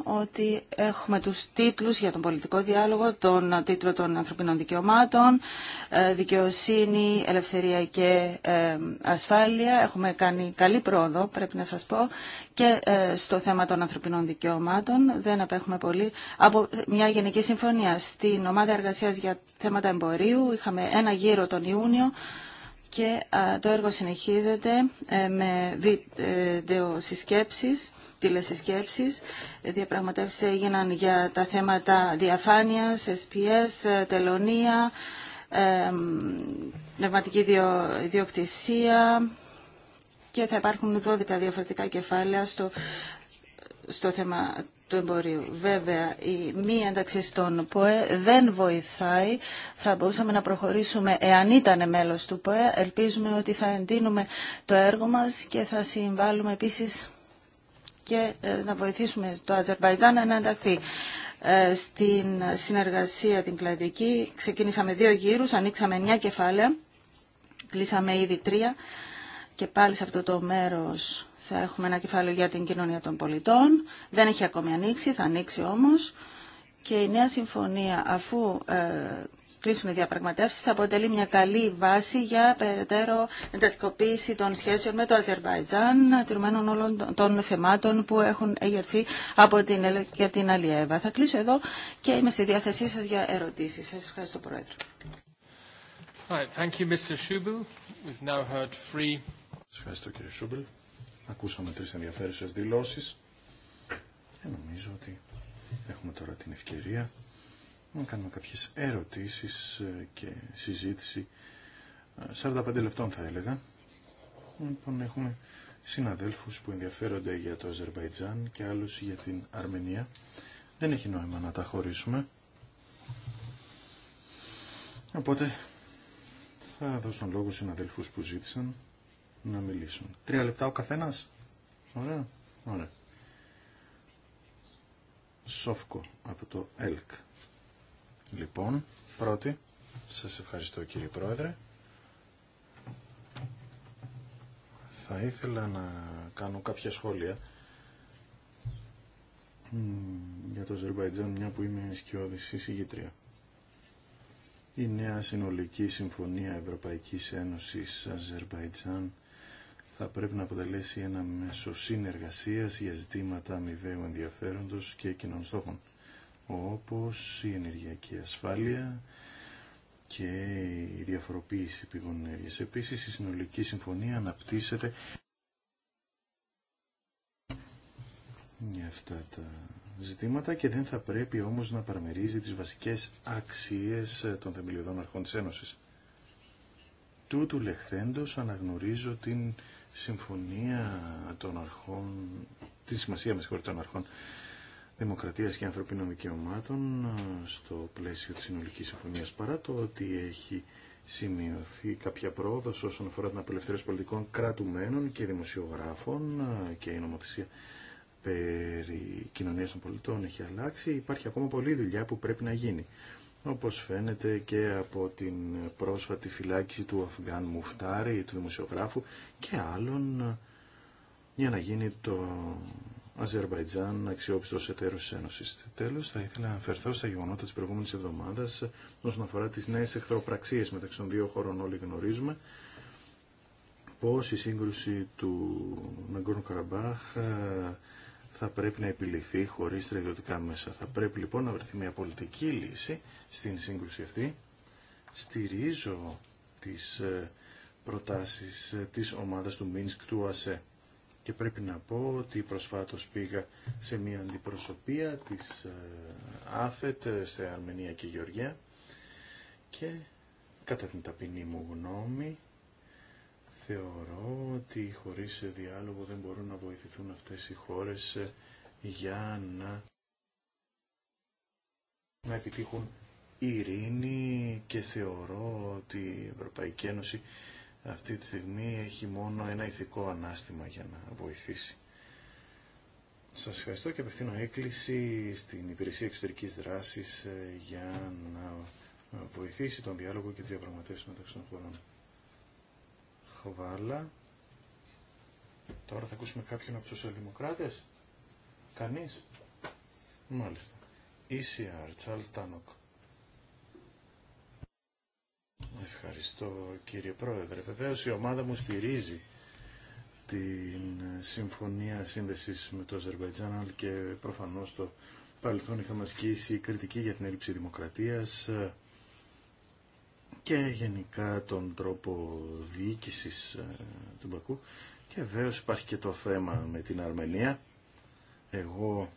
ότι έχουμε τους τίτλους για τον πολιτικό διάλογο, τον τίτλο των ανθρωπινών δικαιωμάτων, ε, δικαιοσύνη, ελευθερία και ε, ασφάλεια. Έχουμε κάνει καλή πρόοδο, πρέπει να σας πω, και ε, στο θέμα των ανθρωπινών δικαιωμάτων. Δεν απέχουμε πολύ από μια γενική συμφωνία. Στην ομάδα εργασίας για θέματα εμπορίου είχαμε ένα γύρο τον Ιούνιο και το έργο συνεχίζεται ε, με βίντεο ε, συσκέψεις, τηλεσυσκέψεις. Ε, διαπραγματεύσεις έγιναν για τα θέματα διαφάνειας, SPS, τελωνία, πνευματική ιδιοκτησία και θα υπάρχουν 12 διαφορετικά κεφάλαια στο, στο θέμα του εμπορίου. Βέβαια, η μη ένταξη στον ΠΟΕ δεν βοηθάει. Θα μπορούσαμε να προχωρήσουμε εάν ήταν μέλος του ΠΟΕ. Ελπίζουμε ότι θα εντείνουμε το έργο μας και θα συμβάλλουμε επίσης και ε, να βοηθήσουμε το Αζερβαϊτζάν να ενταχθεί ε, στην συνεργασία την κλαδική. Ξεκίνησαμε δύο γύρους, ανοίξαμε μια κεφάλαια, κλείσαμε ήδη τρία και πάλι σε αυτό το μέρος θα έχουμε ένα κεφάλαιο για την κοινωνία των πολιτών. Δεν έχει ακόμη ανοίξει, θα ανοίξει όμως. Και η νέα συμφωνία, αφού ε, κλείσουν οι διαπραγματεύσεις, θα αποτελεί μια καλή βάση για περαιτέρω εντατικοποίηση των σχέσεων με το Αζερβαϊτζάν, τηρουμένων όλων των θεμάτων που έχουν εγερθεί από την ΕΛΕ Θα κλείσω εδώ και είμαι στη διάθεσή σας για ερωτήσεις. Σας ευχαριστώ, Πρόεδρε. Right, thank you, Mr. Σας ευχαριστώ, κύριε Ακούσαμε τρεις ενδιαφέρουσες δηλώσεις. Και νομίζω ότι έχουμε τώρα την ευκαιρία να κάνουμε κάποιες ερωτήσεις ε, και συζήτηση. 45 λεπτών θα έλεγα. Λοιπόν, έχουμε συναδέλφους που ενδιαφέρονται για το Αζερβαϊτζάν και άλλους για την Αρμενία. Δεν έχει νόημα να τα χωρίσουμε. Οπότε θα δώσω τον λόγο στους συναδέλφους που ζήτησαν να μιλήσουν. Τρία λεπτά ο καθένας. Ωραία. Ωραία. Σόφκο από το ΕΛΚ. Λοιπόν, πρώτη, σας ευχαριστώ κύριε Πρόεδρε. Θα ήθελα να κάνω κάποια σχόλια για το Ζερβαϊτζάν, μια που είμαι σκιώδης εισηγήτρια. Η νέα συνολική συμφωνία Ευρωπαϊκής Ένωσης Αζερβαϊτζάν θα πρέπει να αποτελέσει ένα μέσο συνεργασία για ζητήματα αμοιβαίου ενδιαφέροντο και κοινών στόχων, όπως η ενεργειακή ασφάλεια και η διαφοροποίηση πηγών ενέργεια. Επίση, η συνολική συμφωνία αναπτύσσεται για αυτά τα ζητήματα και δεν θα πρέπει όμως να παραμερίζει τις βασικές αξίες των θεμελιωδών αρχών της Ένωσης. Τούτου λεχθέντος αναγνωρίζω την συμφωνία των αρχών, τη σημασία με συγχωρείτε των αρχών δημοκρατίας και ανθρωπίνων δικαιωμάτων ε, στο πλαίσιο της συνολικής συμφωνίας παρά το ότι έχει σημειωθεί κάποια πρόοδος όσον αφορά την απελευθέρωση πολιτικών κρατουμένων και δημοσιογράφων ε, και η νομοθεσία περί κοινωνίας των πολιτών έχει αλλάξει. Υπάρχει ακόμα πολλή δουλειά που πρέπει να γίνει όπως φαίνεται και από την πρόσφατη φυλάκιση του Αφγάν Μουφτάρη, του δημοσιογράφου και άλλων, για να γίνει το Αζερβαϊτζάν αξιόπιστος εταίρος της Ένωσης. Τέλος, θα ήθελα να αναφερθώ στα γεγονότα της προηγούμενης εβδομάδας όσον αφορά τις νέες εχθροπραξίες μεταξύ των δύο χωρών. Όλοι γνωρίζουμε πως η σύγκρουση του Ναγκόρν Καραμπάχ θα πρέπει να επιληθεί χωρίς στρατιωτικά μέσα. Θα πρέπει λοιπόν να βρεθεί μια πολιτική λύση στην σύγκρουση αυτή. Στηρίζω τις ε, προτάσεις ε, της ομάδας του Μίνσκ του ΑΣΕ. Και πρέπει να πω ότι προσφάτως πήγα σε μια αντιπροσωπεία της ε, ΑΦΕΤ σε Αρμενία και Γεωργία και κατά την ταπεινή μου γνώμη θεωρώ ότι χωρίς διάλογο δεν μπορούν να βοηθηθούν αυτές οι χώρες για να, να επιτύχουν ειρήνη και θεωρώ ότι η Ευρωπαϊκή Ένωση αυτή τη στιγμή έχει μόνο ένα ηθικό ανάστημα για να βοηθήσει. Σας ευχαριστώ και απευθύνω έκκληση στην Υπηρεσία Εξωτερικής Δράσης για να βοηθήσει τον διάλογο και τις διαπραγματεύσεις μεταξύ των χωρών. Χοβάλα. Τώρα θα ακούσουμε κάποιον από τους σοσιαλδημοκράτες. Κανείς. Μάλιστα. ECR, Charles Τάνοκ. Ευχαριστώ κύριε Πρόεδρε. Βεβαίω η ομάδα μου στηρίζει την συμφωνία σύνδεσης με το Αζερβαϊτζάν και προφανώς το παρελθόν είχαμε ασκήσει κριτική για την έλλειψη δημοκρατίας, και γενικά τον τρόπο διοίκησης ε, του Μπακού και βέβαια υπάρχει και το θέμα με την Αρμενία. Εγώ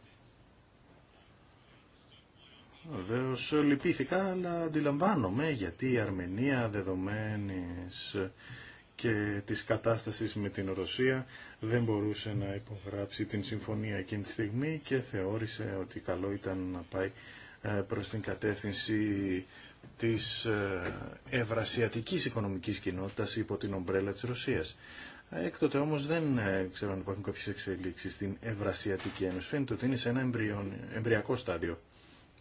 Βεβαίω λυπήθηκα, αλλά αντιλαμβάνομαι γιατί η Αρμενία δεδομένης και της κατάστασης με την Ρωσία δεν μπορούσε να υπογράψει την συμφωνία εκείνη τη στιγμή και θεώρησε ότι καλό ήταν να πάει ε, προς την κατεύθυνση της ε, ευρασιατικής οικονομικής κοινότητας υπό την ομπρέλα της Ρωσίας. Έκτοτε όμως δεν ε, ξέρω αν υπάρχουν κάποιες εξελίξεις στην Ευρασιατική Ένωση. Φαίνεται ότι είναι σε ένα εμβριακό στάδιο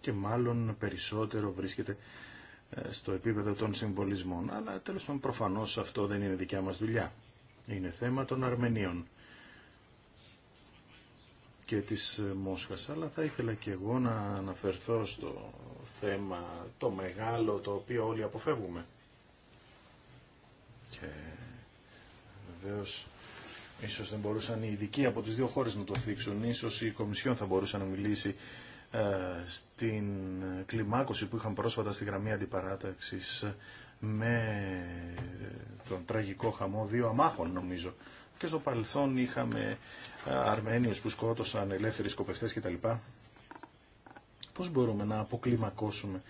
και μάλλον περισσότερο βρίσκεται ε, στο επίπεδο των συμβολισμών. Αλλά τέλος πάντων προφανώς αυτό δεν είναι δικιά μας δουλειά. Είναι θέμα των Αρμενίων και της Μόσχας. Αλλά θα ήθελα και εγώ να αναφερθώ στο θέμα το μεγάλο το οποίο όλοι αποφεύγουμε. Και βεβαίω ίσως δεν μπορούσαν οι ειδικοί από τις δύο χώρες να το θίξουν. Ίσως η Κομισιόν θα μπορούσε να μιλήσει ε, στην κλιμάκωση που είχαν πρόσφατα στη γραμμή αντιπαράταξης με τον τραγικό χαμό δύο αμάχων νομίζω. Και στο παρελθόν είχαμε ε, Αρμένιους που σκότωσαν ελεύθεροι σκοπευτές κτλ. Πώς μπορούμε να αποκλιμακώσουμε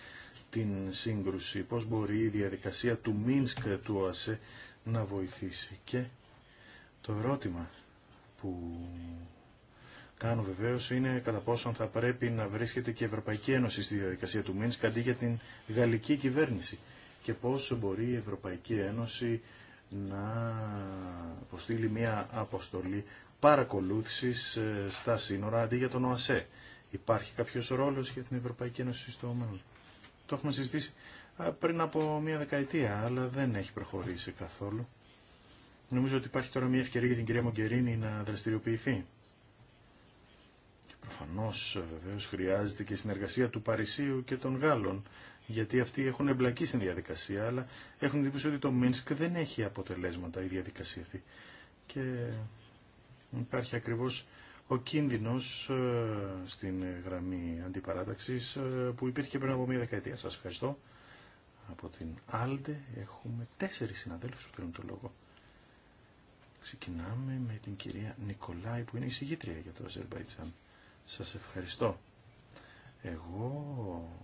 την σύγκρουση, πώς μπορεί η διαδικασία του Μίνσκ του ΟΑΣΕ να βοηθήσει. Και το ερώτημα που κάνω βεβαίω είναι κατά πόσον θα πρέπει να βρίσκεται και η Ευρωπαϊκή Ένωση στη διαδικασία του Μίνσκ αντί για την γαλλική κυβέρνηση και πώς μπορεί η Ευρωπαϊκή Ένωση να αποστείλει μια αποστολή παρακολούθησης ε, στα σύνορα αντί για τον ΟΑΣΕ. Υπάρχει κάποιος ρόλος για την Ευρωπαϊκή Ένωση στο μέλλον. Το έχουμε συζητήσει πριν από μία δεκαετία, αλλά δεν έχει προχωρήσει καθόλου. Νομίζω ότι υπάρχει τώρα μια ευκαιρία για την κυρία Μογκερίνη να δραστηριοποιηθεί. Και προφανώς ε, βεβαίω χρειάζεται και συνεργασία του Παρισίου και των Γάλλων, γιατί αυτοί έχουν εμπλακεί στην διαδικασία, αλλά έχουν εντύπωση ότι το Μίνσκ δεν έχει αποτελέσματα η διαδικασία αυτή. Και υπάρχει ακριβώς ο κίνδυνος ε, στην γραμμή αντιπαράταξης ε, που υπήρχε πριν από μία δεκαετία. Σας ευχαριστώ. Από την Άλντε έχουμε τέσσερις συναδέλφους που θέλουν το λόγο. Ξεκινάμε με την κυρία Νικολάη που είναι η συγγήτρια για το Αζερβαϊτζάν. Σας ευχαριστώ. Εγώ...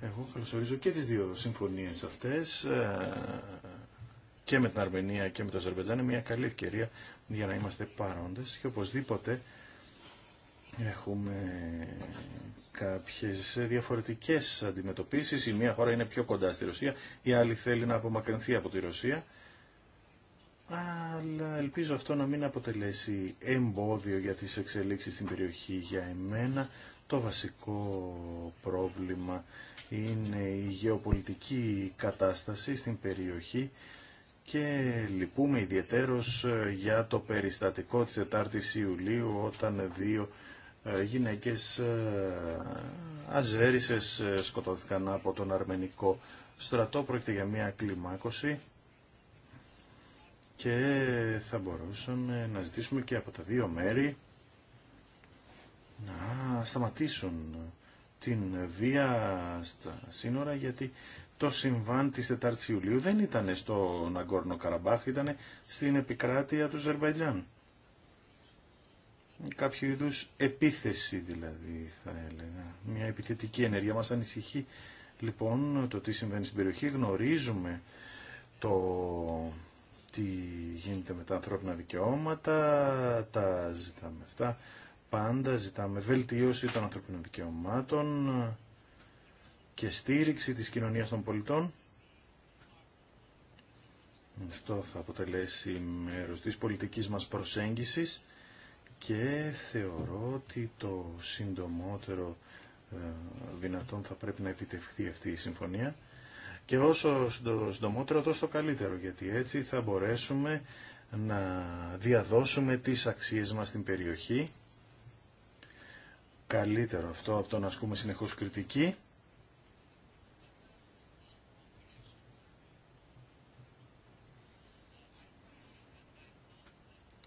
Εγώ καλωσορίζω και τις δύο συμφωνίες αυτές ε, και με την Αρμενία και με το Αζερβαϊτζάν είναι μια καλή ευκαιρία για να είμαστε παρόντες και οπωσδήποτε έχουμε κάποιες διαφορετικές αντιμετωπίσεις. Η μία χώρα είναι πιο κοντά στη Ρωσία, η άλλη θέλει να απομακρυνθεί από τη Ρωσία. Αλλά ελπίζω αυτό να μην αποτελέσει εμπόδιο για τις εξελίξεις στην περιοχή. Για εμένα το βασικό πρόβλημα είναι η γεωπολιτική κατάσταση στην περιοχή και λυπούμε ιδιαιτέρως ε, για το περιστατικό της 4ης Ιουλίου όταν δύο ε, γυναίκες ε, αζέρισες σκοτώθηκαν από τον αρμενικό στρατό. Πρόκειται για μια κλιμάκωση και θα μπορούσαμε να ζητήσουμε και από τα δύο μέρη να σταματήσουν την βία στα σύνορα γιατί το συμβάν της 4ης Ιουλίου δεν ήταν στο Ναγκόρνο Καραμπάχ, ήταν στην επικράτεια του Ζερβαϊτζάν. Κάποιο είδου επίθεση δηλαδή θα έλεγα, μια επιθετική ενέργεια. Μας ανησυχεί λοιπόν το τι συμβαίνει στην περιοχή, γνωρίζουμε το τι γίνεται με τα ανθρώπινα δικαιώματα, τα ζητάμε αυτά, πάντα ζητάμε βελτίωση των ανθρώπινων δικαιωμάτων, και στήριξη της κοινωνίας των πολιτών. Αυτό θα αποτελέσει μέρος της πολιτικής μας προσέγγισης και θεωρώ ότι το συντομότερο ε, δυνατόν θα πρέπει να επιτευχθεί αυτή η συμφωνία και όσο συντομότερο τόσο το καλύτερο γιατί έτσι θα μπορέσουμε να διαδώσουμε τις αξίες μας στην περιοχή καλύτερο αυτό από το να ασκούμε συνεχώς κριτική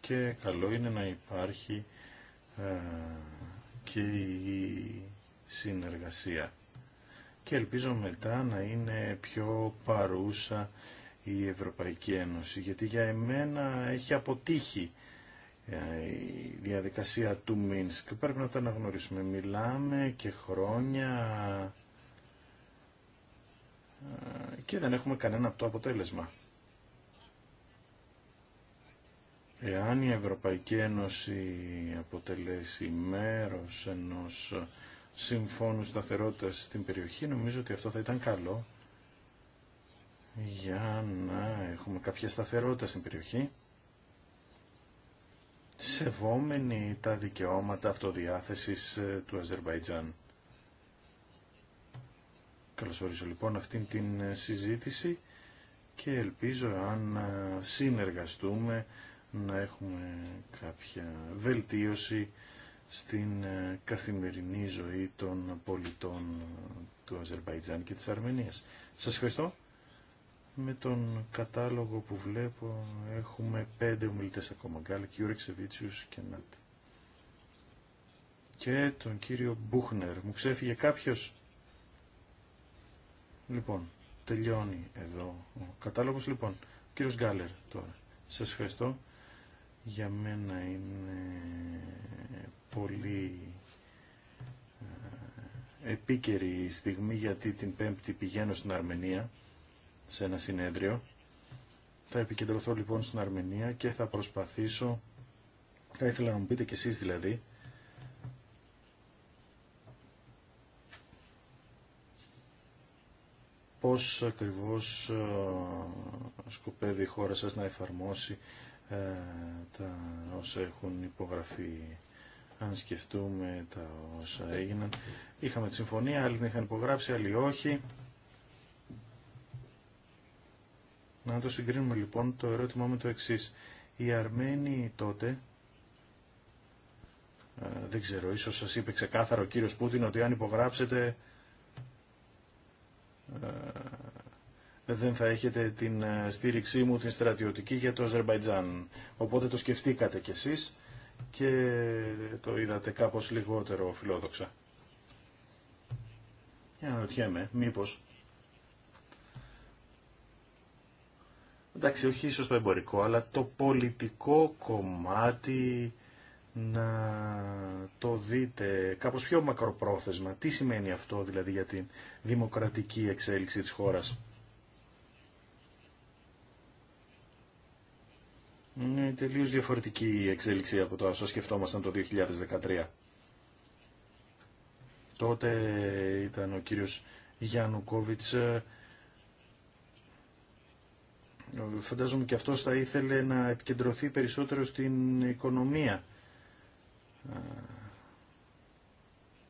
και καλό είναι να υπάρχει ε, και η συνεργασία. Και ελπίζω μετά να είναι πιο παρούσα η Ευρωπαϊκή Ένωση, γιατί για εμένα έχει αποτύχει ε, η διαδικασία του Μίνσκ. Πρέπει να τα αναγνωρίσουμε. Μιλάμε και χρόνια ε, και δεν έχουμε κανένα από το αποτέλεσμα. Εάν η Ευρωπαϊκή Ένωση αποτελέσει μέρος ενός συμφώνου σταθερότητας στην περιοχή, νομίζω ότι αυτό θα ήταν καλό για να έχουμε κάποια σταθερότητα στην περιοχή, σεβόμενοι τα δικαιώματα αυτοδιάθεσης ε, του Αζερβαϊτζάν. Καλωσορίζω λοιπόν αυτήν την ε, συζήτηση και ελπίζω αν ε, συνεργαστούμε να έχουμε κάποια βελτίωση στην ε, καθημερινή ζωή των πολιτών ε, του Αζερβαϊτζάν και της Αρμενίας. Σας ευχαριστώ. Με τον κατάλογο που βλέπω έχουμε πέντε ομιλητές ακόμα. Γκάλ, Κιούρε, και Νάτ. Και τον κύριο Μπούχνερ. Μου ξέφυγε κάποιος. Λοιπόν, τελειώνει εδώ ο κατάλογος. Λοιπόν, κύριος Γκάλερ τώρα. Σας ευχαριστώ για μένα είναι πολύ ε, επίκαιρη η στιγμή γιατί την Πέμπτη πηγαίνω στην Αρμενία σε ένα συνέδριο. Θα επικεντρωθώ λοιπόν στην Αρμενία και θα προσπαθήσω, θα ήθελα να μου πείτε κι εσείς δηλαδή, πώς ακριβώς ε, σκοπεύει η χώρα σας να εφαρμόσει ε, τα όσα έχουν υπογραφεί αν σκεφτούμε τα όσα έγιναν. Είχαμε τη συμφωνία, άλλοι την είχαν υπογράψει, άλλοι όχι. Να το συγκρίνουμε λοιπόν το ερώτημά με το εξή. Οι Αρμένοι τότε, ε, δεν ξέρω, ίσως σας είπε ξεκάθαρο ο κύριος Πούτιν ότι αν υπογράψετε ε, δεν θα έχετε την ε, στήριξή μου την στρατιωτική για το Αζερβαϊτζάν. Οπότε το σκεφτήκατε κι εσείς και το είδατε κάπως λιγότερο φιλόδοξα. Για να ρωτιέμαι, μήπως. Εντάξει, όχι ίσως το εμπορικό, αλλά το πολιτικό κομμάτι να το δείτε κάπως πιο μακροπρόθεσμα. Τι σημαίνει αυτό δηλαδή για την δημοκρατική εξέλιξη της χώρας. Είναι τελείως διαφορετική η εξέλιξη από το όσο σκεφτόμασταν το 2013. Τότε ήταν ο κύριος Γιάννου Κόβιτς. Ε, φαντάζομαι και αυτός θα ήθελε να επικεντρωθεί περισσότερο στην οικονομία. Ε,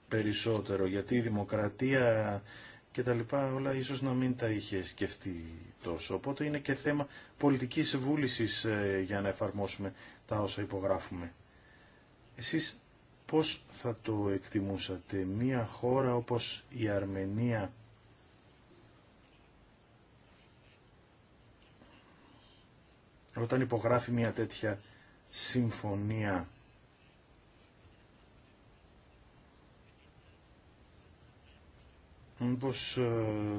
περισσότερο, γιατί η δημοκρατία και τα λοιπά, όλα ίσως να μην τα είχε σκεφτεί τόσο. Οπότε είναι και θέμα πολιτικής βούλησης ε, για να εφαρμόσουμε τα όσα υπογράφουμε. Εσείς πώς θα το εκτιμούσατε, μια χώρα όπως η Αρμενία όταν υπογράφει μια τέτοια συμφωνία μήπως ε,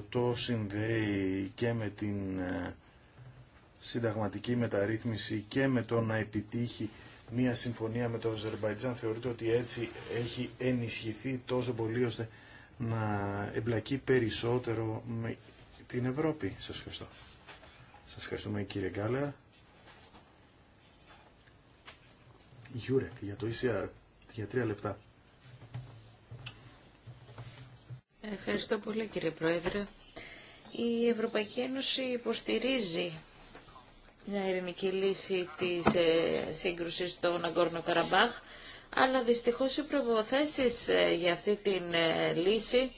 το συνδέει και με την ε, συνταγματική μεταρρύθμιση και με το να επιτύχει μια συμφωνία με το Αζερβαϊτζάν θεωρείται ότι έτσι έχει ενισχυθεί τόσο πολύ ώστε να εμπλακεί περισσότερο με την Ευρώπη. Σας ευχαριστώ. Σας ευχαριστούμε κύριε Γκάλεα. Γιούρεκ για το ECR για τρία λεπτά. Ευχαριστώ πολύ κύριε Πρόεδρε. Η Ευρωπαϊκή Ένωση υποστηρίζει μια ειρηνική λύση της ε, σύγκρουσης στο Ναγκόρνο Καραμπάχ, αλλά δυστυχώς οι προποθέσεις ε, για αυτή την ε, λύση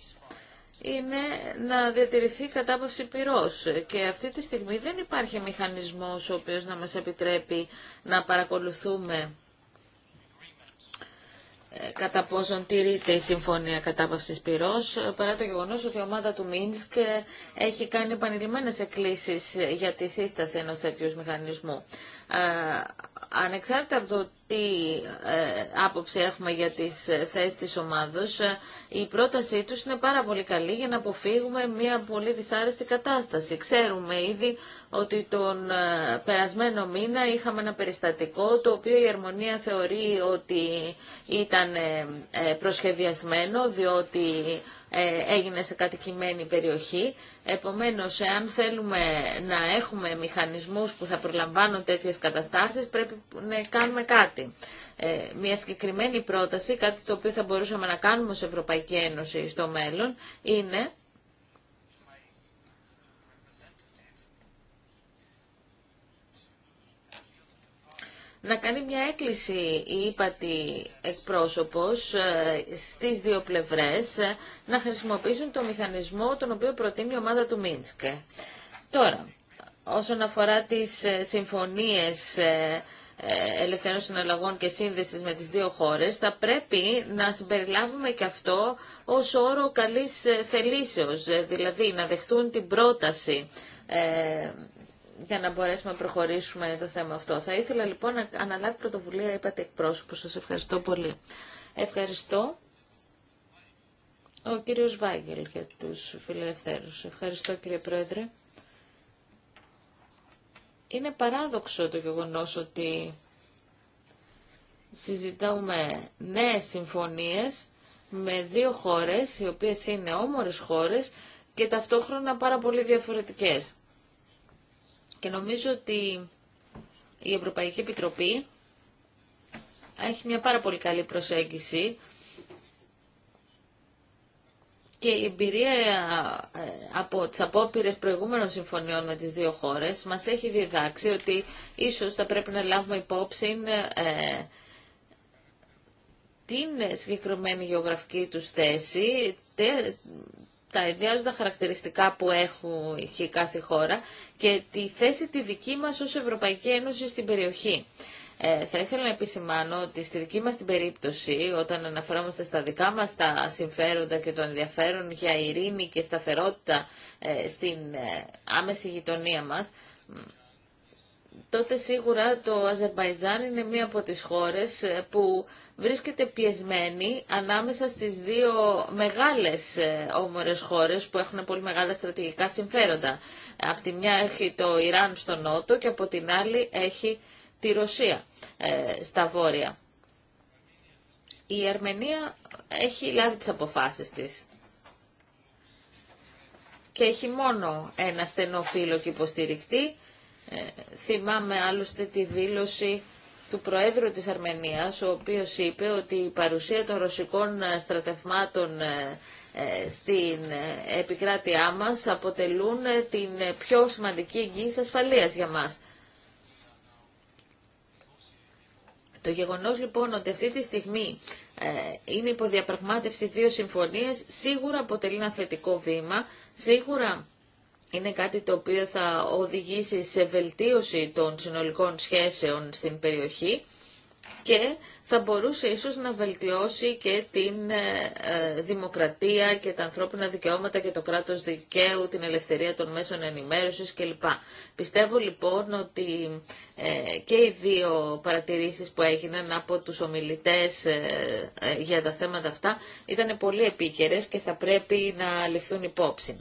είναι να διατηρηθεί η κατάπαυση πυρός και αυτή τη στιγμή δεν υπάρχει μηχανισμός ο οποίος να μας επιτρέπει να παρακολουθούμε κατά πόσον τηρείται η Συμφωνία κατάπαυση Πυρός, παρά το γεγονό ότι η ομάδα του Μίνσκ έχει κάνει επανειλημμένες εκκλήσει για τη σύσταση ενό τέτοιου μηχανισμού. Ε, ανεξάρτητα από το τι ε, άποψη έχουμε για τις ε, θέσεις της ομάδος, η πρότασή τους είναι πάρα πολύ καλή για να αποφύγουμε μια πολύ δυσάρεστη κατάσταση. Ξέρουμε ήδη ότι τον περασμένο μήνα είχαμε ένα περιστατικό το οποίο η Ερμονία θεωρεί ότι ήταν προσχεδιασμένο διότι ε, έγινε σε κατοικημένη περιοχή. Επομένως, εάν θέλουμε να έχουμε μηχανισμούς που θα προλαμβάνουν τέτοιες καταστάσεις, πρέπει να κάνουμε κάτι. Ε, μια συγκεκριμένη πρόταση, κάτι το οποίο θα μπορούσαμε να κάνουμε σε Ευρωπαϊκή Ένωση στο μέλλον, είναι να κάνει μια έκκληση η ύπατη εκπρόσωπος ε, στις δύο πλευρές ε, να χρησιμοποιήσουν το μηχανισμό τον οποίο προτείνει η ομάδα του Μίνσκ. Τώρα, όσον αφορά τις ε, συμφωνίες ελευθερών συναλλαγών και σύνδεσης με τις δύο χώρες, θα πρέπει να συμπεριλάβουμε και αυτό ως όρο καλής θελήσεως, δηλαδή να δεχτούν την πρόταση για να μπορέσουμε να προχωρήσουμε το θέμα αυτό. Θα ήθελα λοιπόν να αναλάβει πρωτοβουλία, είπατε εκπρόσωπο. Σα ευχαριστώ πολύ. Ευχαριστώ. Ο κύριος Βάγγελ για τους φιλελευθέρους. Ευχαριστώ κύριε Πρόεδρε. Είναι παράδοξο το γεγονός ότι συζητάμε νέες συμφωνίες με δύο χώρες, οι οποίες είναι όμορες χώρες και ταυτόχρονα πάρα πολύ διαφορετικές. Και νομίζω ότι η Ευρωπαϊκή Επιτροπή έχει μια πάρα πολύ καλή προσέγγιση και η εμπειρία ε, από τις απόπειρε προηγούμενων συμφωνιών με τις δύο χώρες μας έχει διδάξει ότι ίσως θα πρέπει να λάβουμε υπόψη ε, την συγκεκριμένη γεωγραφική τους θέση, τα ιδιάζοντα χαρακτηριστικά που έχουν η κάθε χώρα και τη θέση τη δική μας ως Ευρωπαϊκή Ένωση στην περιοχή. Ε, θα ήθελα να επισημάνω ότι στη δική μας την περίπτωση, όταν αναφερόμαστε στα δικά μας τα συμφέροντα και το ενδιαφέρον για ειρήνη και σταθερότητα ε, στην ε, άμεση γειτονία μας, τότε σίγουρα το Αζερβαϊτζάν είναι μία από τις χώρες ε, που βρίσκεται πιεσμένη ανάμεσα στις δύο μεγάλες ε, όμορες χώρες που έχουν πολύ μεγάλα στρατηγικά συμφέροντα. Από τη μια έχει το Ιράν στο νότο και από την άλλη έχει τη Ρωσία ε, στα βόρεια. Η Αρμενία έχει λάβει τις αποφάσεις της και έχει μόνο ένα στενό φίλο και υποστηρικτή ε, θυμάμαι άλλωστε τη δήλωση του Προέδρου της Αρμενίας, ο οποίος είπε ότι η παρουσία των ρωσικών ε, στρατευμάτων ε, στην επικράτειά μας αποτελούν την πιο σημαντική εγγύηση ασφαλείας για μας. Το γεγονός λοιπόν ότι αυτή τη στιγμή είναι υποδιαπραγμάτευση δύο συμφωνίες σίγουρα αποτελεί ένα θετικό βήμα, σίγουρα είναι κάτι το οποίο θα οδηγήσει σε βελτίωση των συνολικών σχέσεων στην περιοχή και θα μπορούσε ίσως να βελτιώσει και την ε, ε, δημοκρατία και τα ανθρώπινα δικαιώματα και το κράτος δικαίου, την ελευθερία των μέσων ενημέρωσης κλπ. Πιστεύω λοιπόν ότι ε, και οι δύο παρατηρήσεις που έγιναν από τους ομιλητές για τα θέματα αυτά ήταν πολύ επίκαιρες και θα πρέπει να ληφθούν υπόψη.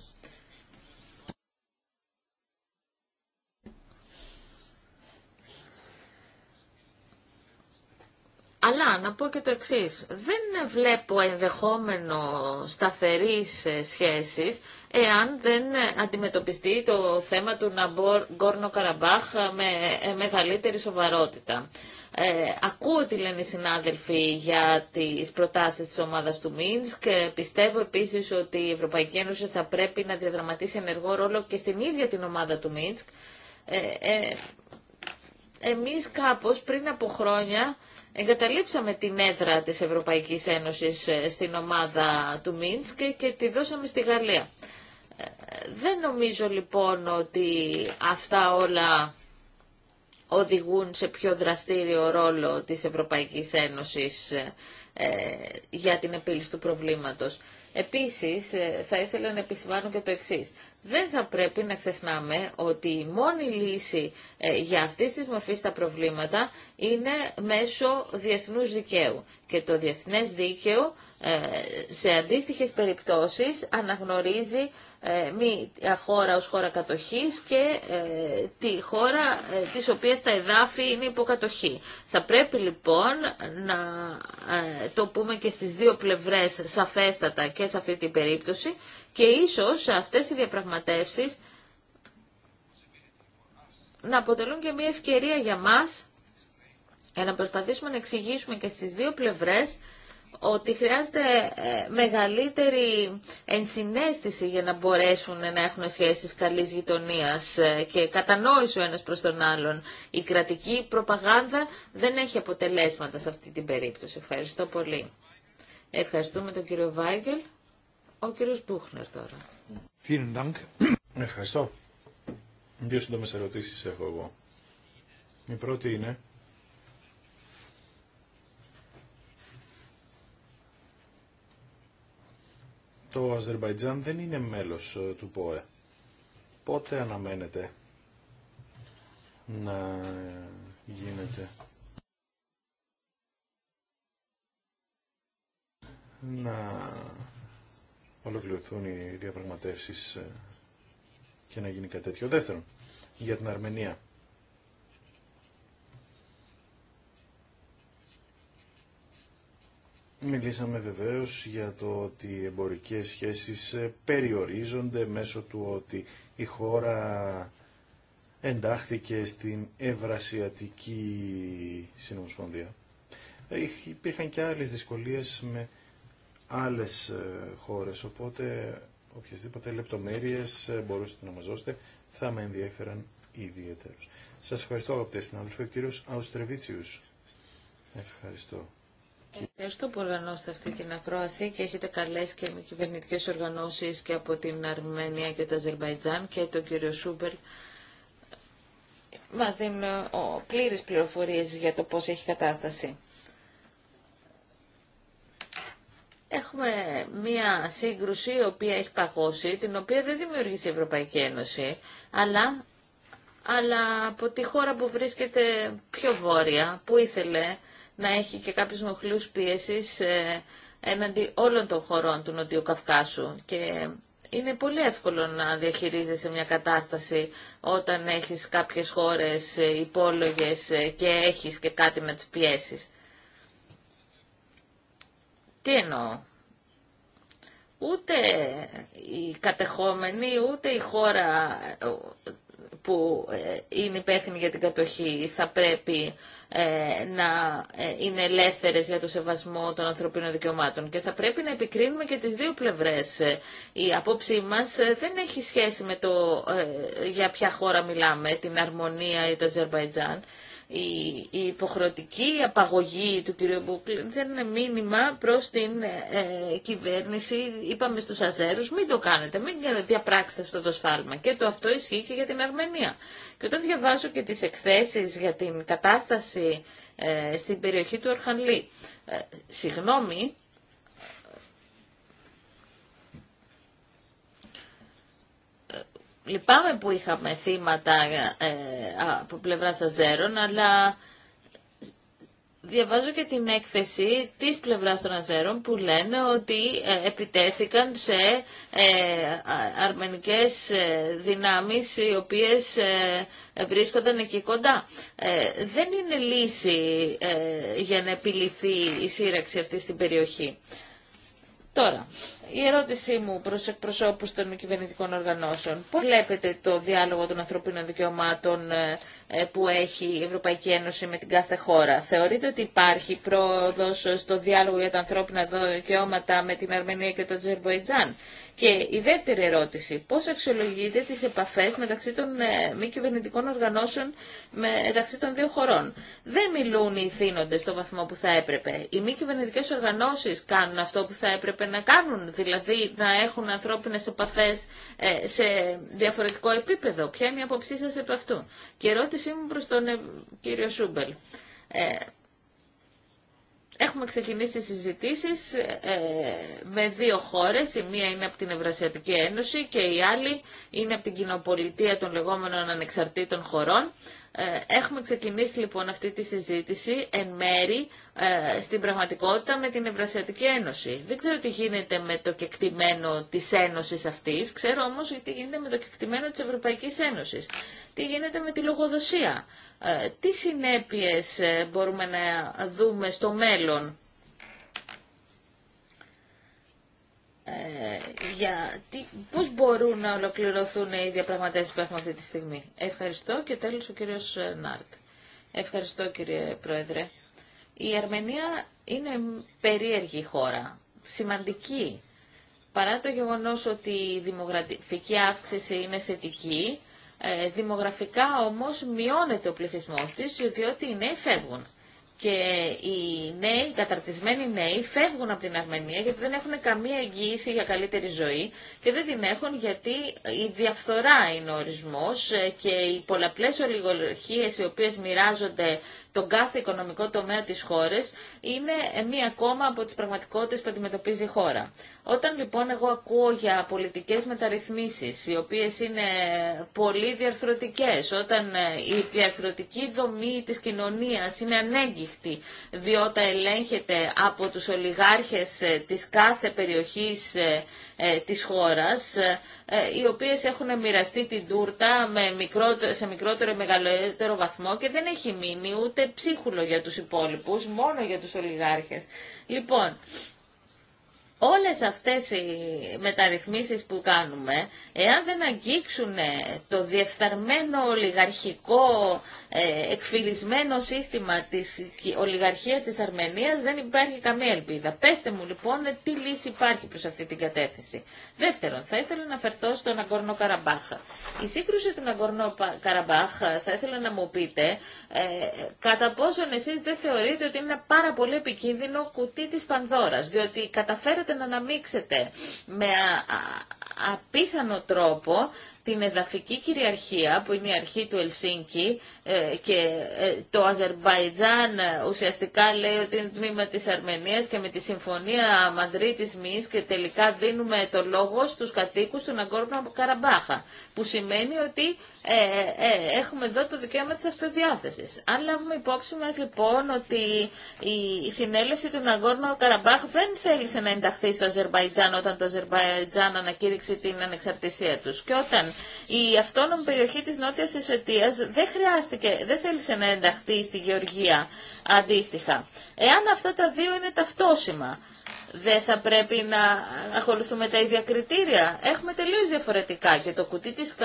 Αλλά να πω και το εξή. Δεν βλέπω ενδεχόμενο σταθερή ε, σχέσης εάν δεν αντιμετωπιστεί το θέμα του Γκόρνο Καραμπάχ ε, με ε, μεγαλύτερη σοβαρότητα. Ε, ακούω τι λένε οι συνάδελφοι για τις προτάσεις της ομάδας του Μίνσκ πιστεύω επίσης ότι η Ευρωπαϊκή Ένωση θα πρέπει να διαδραματίσει ενεργό ρόλο και στην ίδια την ομάδα του Μίνσκ. Ε, ε, εμείς κάπως πριν από χρόνια Εγκαταλείψαμε την έδρα της Ευρωπαϊκής Ένωσης ε, στην ομάδα του Μίνσκ και τη δώσαμε στη Γαλλία. Ε, δεν νομίζω λοιπόν ότι αυτά όλα οδηγούν σε πιο δραστήριο ρόλο της Ευρωπαϊκής Ένωσης ε, για την επίλυση του προβλήματος. Επίσης, ε, θα ήθελα να επισημάνω και το εξής. Δεν θα πρέπει να ξεχνάμε ότι η μόνη λύση ε, για αυτή τη μορφή τα προβλήματα είναι μέσω διεθνούς δικαίου. Και το διεθνές δίκαιο ε, σε αντίστοιχες περιπτώσεις αναγνωρίζει ε, μη χώρα ως χώρα κατοχής και ε, τη χώρα της οποίας τα εδάφη είναι υποκατοχή. Θα πρέπει λοιπόν να το πούμε και στις δύο πλευρές σαφέστατα και σε αυτή την περίπτωση και ίσως αυτές οι διαπραγματεύσεις να αποτελούν και μία ευκαιρία για μας για να προσπαθήσουμε να εξηγήσουμε και στις δύο πλευρές ότι χρειάζεται ε, μεγαλύτερη ενσυναίσθηση για να μπορέσουν να έχουν σχέσεις καλής γειτονίας ε, και κατανόηση ο ένας προς τον άλλον. Η κρατική προπαγάνδα δεν έχει αποτελέσματα σε αυτή την περίπτωση. Ευχαριστώ πολύ. Ευχαριστούμε τον κύριο Βάγκελ. Ο κύριος Μπούχνερ τώρα. Ευχαριστώ. Δύο σύντομες ερωτήσεις έχω εγώ. Η πρώτη είναι το Αζερβαϊτζάν δεν είναι μέλος ε, του ΠΟΕ. Πότε αναμένεται να γίνεται να ολοκληρωθούν οι διαπραγματεύσεις ε, και να γίνει κάτι τέτοιο. Δεύτερον, για την Αρμενία. Μιλήσαμε βεβαίως για το ότι οι εμπορικές σχέσεις ε, περιορίζονται μέσω του ότι η χώρα εντάχθηκε στην Ευρασιατική Συνομοσπονδία. Ε, υπήρχαν και άλλες δυσκολίες με άλλες ε, χώρες, οπότε οποιασδήποτε λεπτομέρειες μπορούσατε να μας δώσετε, θα με ενδιαφέραν ιδιαίτερως. Σας ευχαριστώ αγαπητέ συνάδελφοι, ο κύριος Αουστρεβίτσιους. Ευχαριστώ Ευχαριστώ που οργανώσετε αυτή την ακρόαση και έχετε καλέσει και με κυβερνητικέ οργανώσει και από την Αρμενία και το Αζερβαϊτζάν και τον κύριο Σούμπερ. Μα δίνουν ε, πλήρε πληροφορίε για το πώ έχει κατάσταση. Έχουμε μία σύγκρουση η οποία έχει παγώσει, την οποία δεν δημιούργησε η Ευρωπαϊκή Ένωση, αλλά, αλλά από τη χώρα που βρίσκεται πιο βόρεια, που ήθελε να έχει και κάποιους μοχλούς πίεσης ε, έναντι όλων των χωρών του Νοτιού Καυκάσου. Και είναι πολύ εύκολο να διαχειρίζεσαι μια κατάσταση όταν έχεις κάποιες χώρες ε, υπόλογες ε, και έχεις και κάτι να τις πιέσεις. Τι εννοώ. Ούτε οι κατεχόμενοι, ούτε η χώρα που ε, είναι υπεύθυνοι για την κατοχή θα πρέπει ε, να ε, είναι ελεύθερες για το σεβασμό των ανθρωπίνων δικαιωμάτων και θα πρέπει να επικρίνουμε και τις δύο πλευρές. Η απόψή μας δεν έχει σχέση με το για ποια χώρα μιλάμε, την Αρμονία ή το Αζερβαϊτζάν η υποχρεωτική απαγωγή του κ. δεν είναι μήνυμα προς την ε, κυβέρνηση. Είπαμε στους Αζέρους μην το κάνετε, μην διαπράξετε αυτό το σφάλμα. Και το αυτό ισχύει και για την Αρμενία. Και όταν διαβάζω και τις εκθέσεις για την κατάσταση ε, στην περιοχή του Ορχανλή, ε, συγγνώμη, Λυπάμαι που είχαμε θύματα ε, από πλευρά Αζέρων, αλλά διαβάζω και την έκθεση της πλευράς των Αζέρων που λένε ότι ε, επιτέθηκαν σε ε, αρμενικές δυνάμεις οι οποίες βρίσκονταν εκεί κοντά. Δεν είναι λύση για να επιληθεί η σύραξη αυτή στην περιοχή. Τώρα, η ερώτησή μου προς εκπροσώπους των κυβερνητικών οργανώσεων. Πώς βλέπετε το διάλογο των ανθρωπίνων δικαιωμάτων ε, ε, που έχει η Ευρωπαϊκή Ένωση με την κάθε χώρα. Θεωρείτε ότι υπάρχει πρόοδος στο διάλογο για τα ανθρώπινα δικαιώματα με την Αρμενία και το Τζερβοϊτζάν. Και η δεύτερη ερώτηση, πώς αξιολογείτε τις επαφές μεταξύ των ε, μη κυβερνητικών οργανώσεων μεταξύ των δύο χωρών. Δεν μιλούν οι θύνοντες στο βαθμό που θα έπρεπε. Οι μη κυβερνητικέ οργανώσεις κάνουν αυτό που θα έπρεπε να κάνουν, δηλαδή να έχουν ανθρώπινες επαφές ε, σε διαφορετικό επίπεδο. Ποια είναι η άποψή σας επ' αυτού. Και ερώτησή μου προς τον ε, κύριο Σούμπελ. Έχουμε ξεκινήσει συζητήσεις ε, με δύο χώρες, η μία είναι από την Ευρασιατική Ένωση και η άλλη είναι από την Κοινοπολιτεία των λεγόμενων ανεξαρτήτων χωρών. Ε, έχουμε ξεκινήσει λοιπόν αυτή τη συζήτηση εν μέρη ε, στην πραγματικότητα με την Ευρασιατική Ένωση. Δεν ξέρω τι γίνεται με το κεκτημένο της Ένωσης αυτής, ξέρω όμως τι γίνεται με το κεκτημένο της Ευρωπαϊκής Ένωσης. Τι γίνεται με τη λογοδοσία. Ε, τι συνέπειες μπορούμε να δούμε στο μέλλον ε, για τι, πώς μπορούν να ολοκληρωθούν οι διαπραγματεύσεις που έχουμε αυτή τη στιγμή. Ευχαριστώ και τέλος ο κύριος ε, Νάρτ. Ευχαριστώ κύριε Πρόεδρε. Η Αρμενία είναι περίεργη χώρα, σημαντική. Παρά το γεγονός ότι η δημογραφική αύξηση είναι θετική, ε, δημογραφικά όμως μειώνεται ο πληθυσμός της, διότι οι νέοι φεύγουν. Και οι νέοι, οι καταρτισμένοι νέοι φεύγουν από την Αρμενία γιατί δεν έχουν καμία εγγύηση για καλύτερη ζωή και δεν την έχουν γιατί η διαφθορά είναι ο ορισμός ε, και οι πολλαπλές ολιγορχίες οι οποίες μοιράζονται τον κάθε οικονομικό τομέα της χώρας είναι μία ακόμα από τις πραγματικότητες που αντιμετωπίζει η χώρα. Όταν λοιπόν εγώ ακούω για πολιτικές μεταρρυθμίσεις, οι οποίες είναι πολύ διαρθρωτικές, όταν ε, η διαρθρωτική δομή της κοινωνίας είναι ανέγγιχτη, διότι ελέγχεται από τους ολιγάρχες ε, της κάθε περιοχής ε, ε, της χώρας, ε, ε, οι οποίες έχουν μοιραστεί την τούρτα με σε μικρότερο ή μεγαλύτερο βαθμό και δεν έχει μείνει ούτε ψίχουλο για τους υπόλοιπους, μόνο για τους ολιγάρχες. Λοιπόν, όλες αυτές οι μεταρρυθμίσεις που κάνουμε, εάν δεν αγγίξουν το διεφθαρμένο ολιγαρχικό ε, εκφυλισμένο σύστημα της ολιγαρχίας της Αρμενίας δεν υπάρχει καμία ελπίδα. Πέστε μου λοιπόν τι λύση υπάρχει προς αυτή την κατεύθυνση. Δεύτερον, θα ήθελα να αφαιρθώ στον Αγκορνό Καραμπάχα. Η σύγκρουση του Αγκορνό Καραμπάχα θα ήθελα να μου πείτε ε, κατά πόσον εσείς δεν θεωρείτε ότι είναι ένα πάρα πολύ επικίνδυνο κουτί της Πανδώρας, διότι καταφέρετε να αναμίξετε με α, απίθανο τρόπο την εδαφική κυριαρχία που είναι η αρχή του Ελσίνκη ε, και ε, το Αζερμπαϊτζάν ε, ουσιαστικά λέει ότι είναι τμήμα της Αρμενίας και με τη συμφωνία Μαδρίτης Μης και τελικά δίνουμε το λόγο στους κατοίκους του από Καραμπάχα που σημαίνει ότι ε, ε, έχουμε εδώ το δικαίωμα της αυτοδιάθεσης. Αν λάβουμε υπόψη μας λοιπόν ότι η συνέλευση του Ναγκόρνο Καραμπάχ δεν θέλησε να ενταχθεί στο Αζερβαϊτζάν όταν το Αζερβαϊτζάν ανακήρυξε την ανεξαρτησία τους και όταν η αυτόνομη περιοχή της Νότιας Ισοτίας δεν χρειάστηκε, δεν θέλησε να ενταχθεί στη Γεωργία αντίστοιχα. Εάν αυτά τα δύο είναι ταυτόσημα δεν θα πρέπει να ακολουθούμε τα ίδια κριτήρια. Έχουμε τελείως διαφορετικά και το κουτί της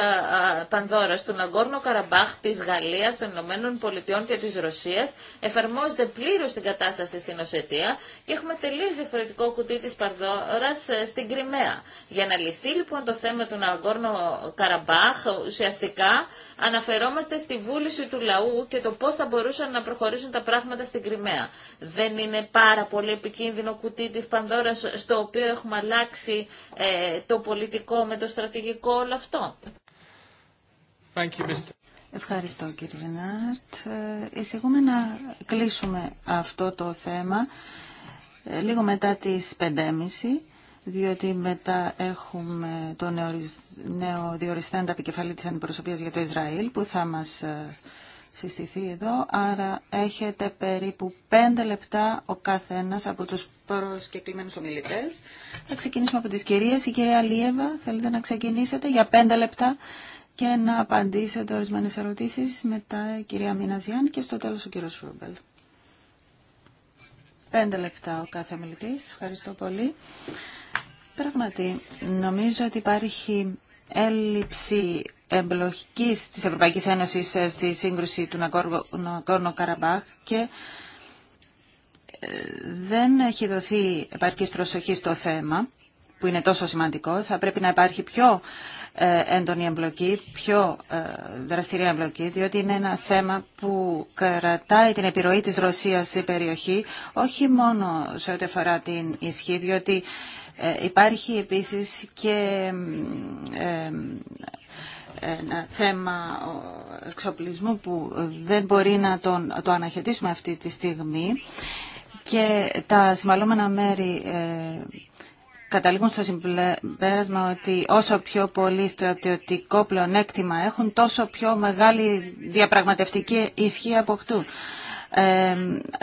Πανδώρας του Ναγκόρνο Καραμπάχ, της Γαλλίας, των Ηνωμένων Πολιτειών και της Ρωσίας εφαρμόζεται πλήρως την κατάσταση στην Οσετία και έχουμε τελείως διαφορετικό κουτί της Πανδώρας ε, στην Κρυμαία. Για να λυθεί λοιπόν το θέμα του Ναγκόρνο Καραμπάχ ουσιαστικά αναφερόμαστε στη βούληση του λαού και το πώς θα μπορούσαν να προχωρήσουν τα πράγματα στην Κρυμαία. Δεν είναι πάρα πολύ επικίνδυνο κουτί της στο οποίο έχουμε αλλάξει ε, το πολιτικό με το στρατηγικό όλο αυτό. Ευχαριστώ κύριε Βενάρτ. Ε, εισηγούμε να κλείσουμε αυτό το θέμα ε, λίγο μετά τις 5.30 διότι μετά έχουμε το νέο διοριστέντα επικεφαλή της αντιπροσωπείας για το Ισραήλ που θα μας συστηθεί εδώ, άρα έχετε περίπου πέντε λεπτά ο καθένας από τους προσκεκλημένους ομιλητές. Θα ξεκινήσουμε από τις κυρίες. Η κυρία Λίεβα, θέλετε να ξεκινήσετε για πέντε λεπτά και να απαντήσετε ορισμένες ερωτήσεις. Μετά η κυρία Μιναζιάν και στο τέλος ο κύριος Σούμπελ. Πέντε λεπτά ο κάθε ομιλητής. Ευχαριστώ πολύ. Πραγματι, νομίζω ότι υπάρχει έλλειψη εμπλοκής της Ευρωπαϊκής Ένωσης ε, στη σύγκρουση του Ναγκόρνο Καραμπάχ και ε, δεν έχει δοθεί επαρκής προσοχή στο θέμα που είναι τόσο σημαντικό. Θα πρέπει να υπάρχει πιο ε, έντονη εμπλοκή, πιο δραστηρία εμπλοκή, διότι είναι ένα θέμα που κρατάει την επιρροή της Ρωσίας στην περιοχή, όχι μόνο σε ό,τι αφορά την ισχύ, διότι υπάρχει επίσης και ένα θέμα εξοπλισμού που δεν μπορεί να τον, το αναχαιτήσουμε αυτή τη στιγμή και τα συμβαλόμενα μέρη ε, καταλήγουν στο συμπέρασμα ότι όσο πιο πολύ στρατιωτικό πλεονέκτημα έχουν, τόσο πιο μεγάλη διαπραγματευτική ισχύ αποκτούν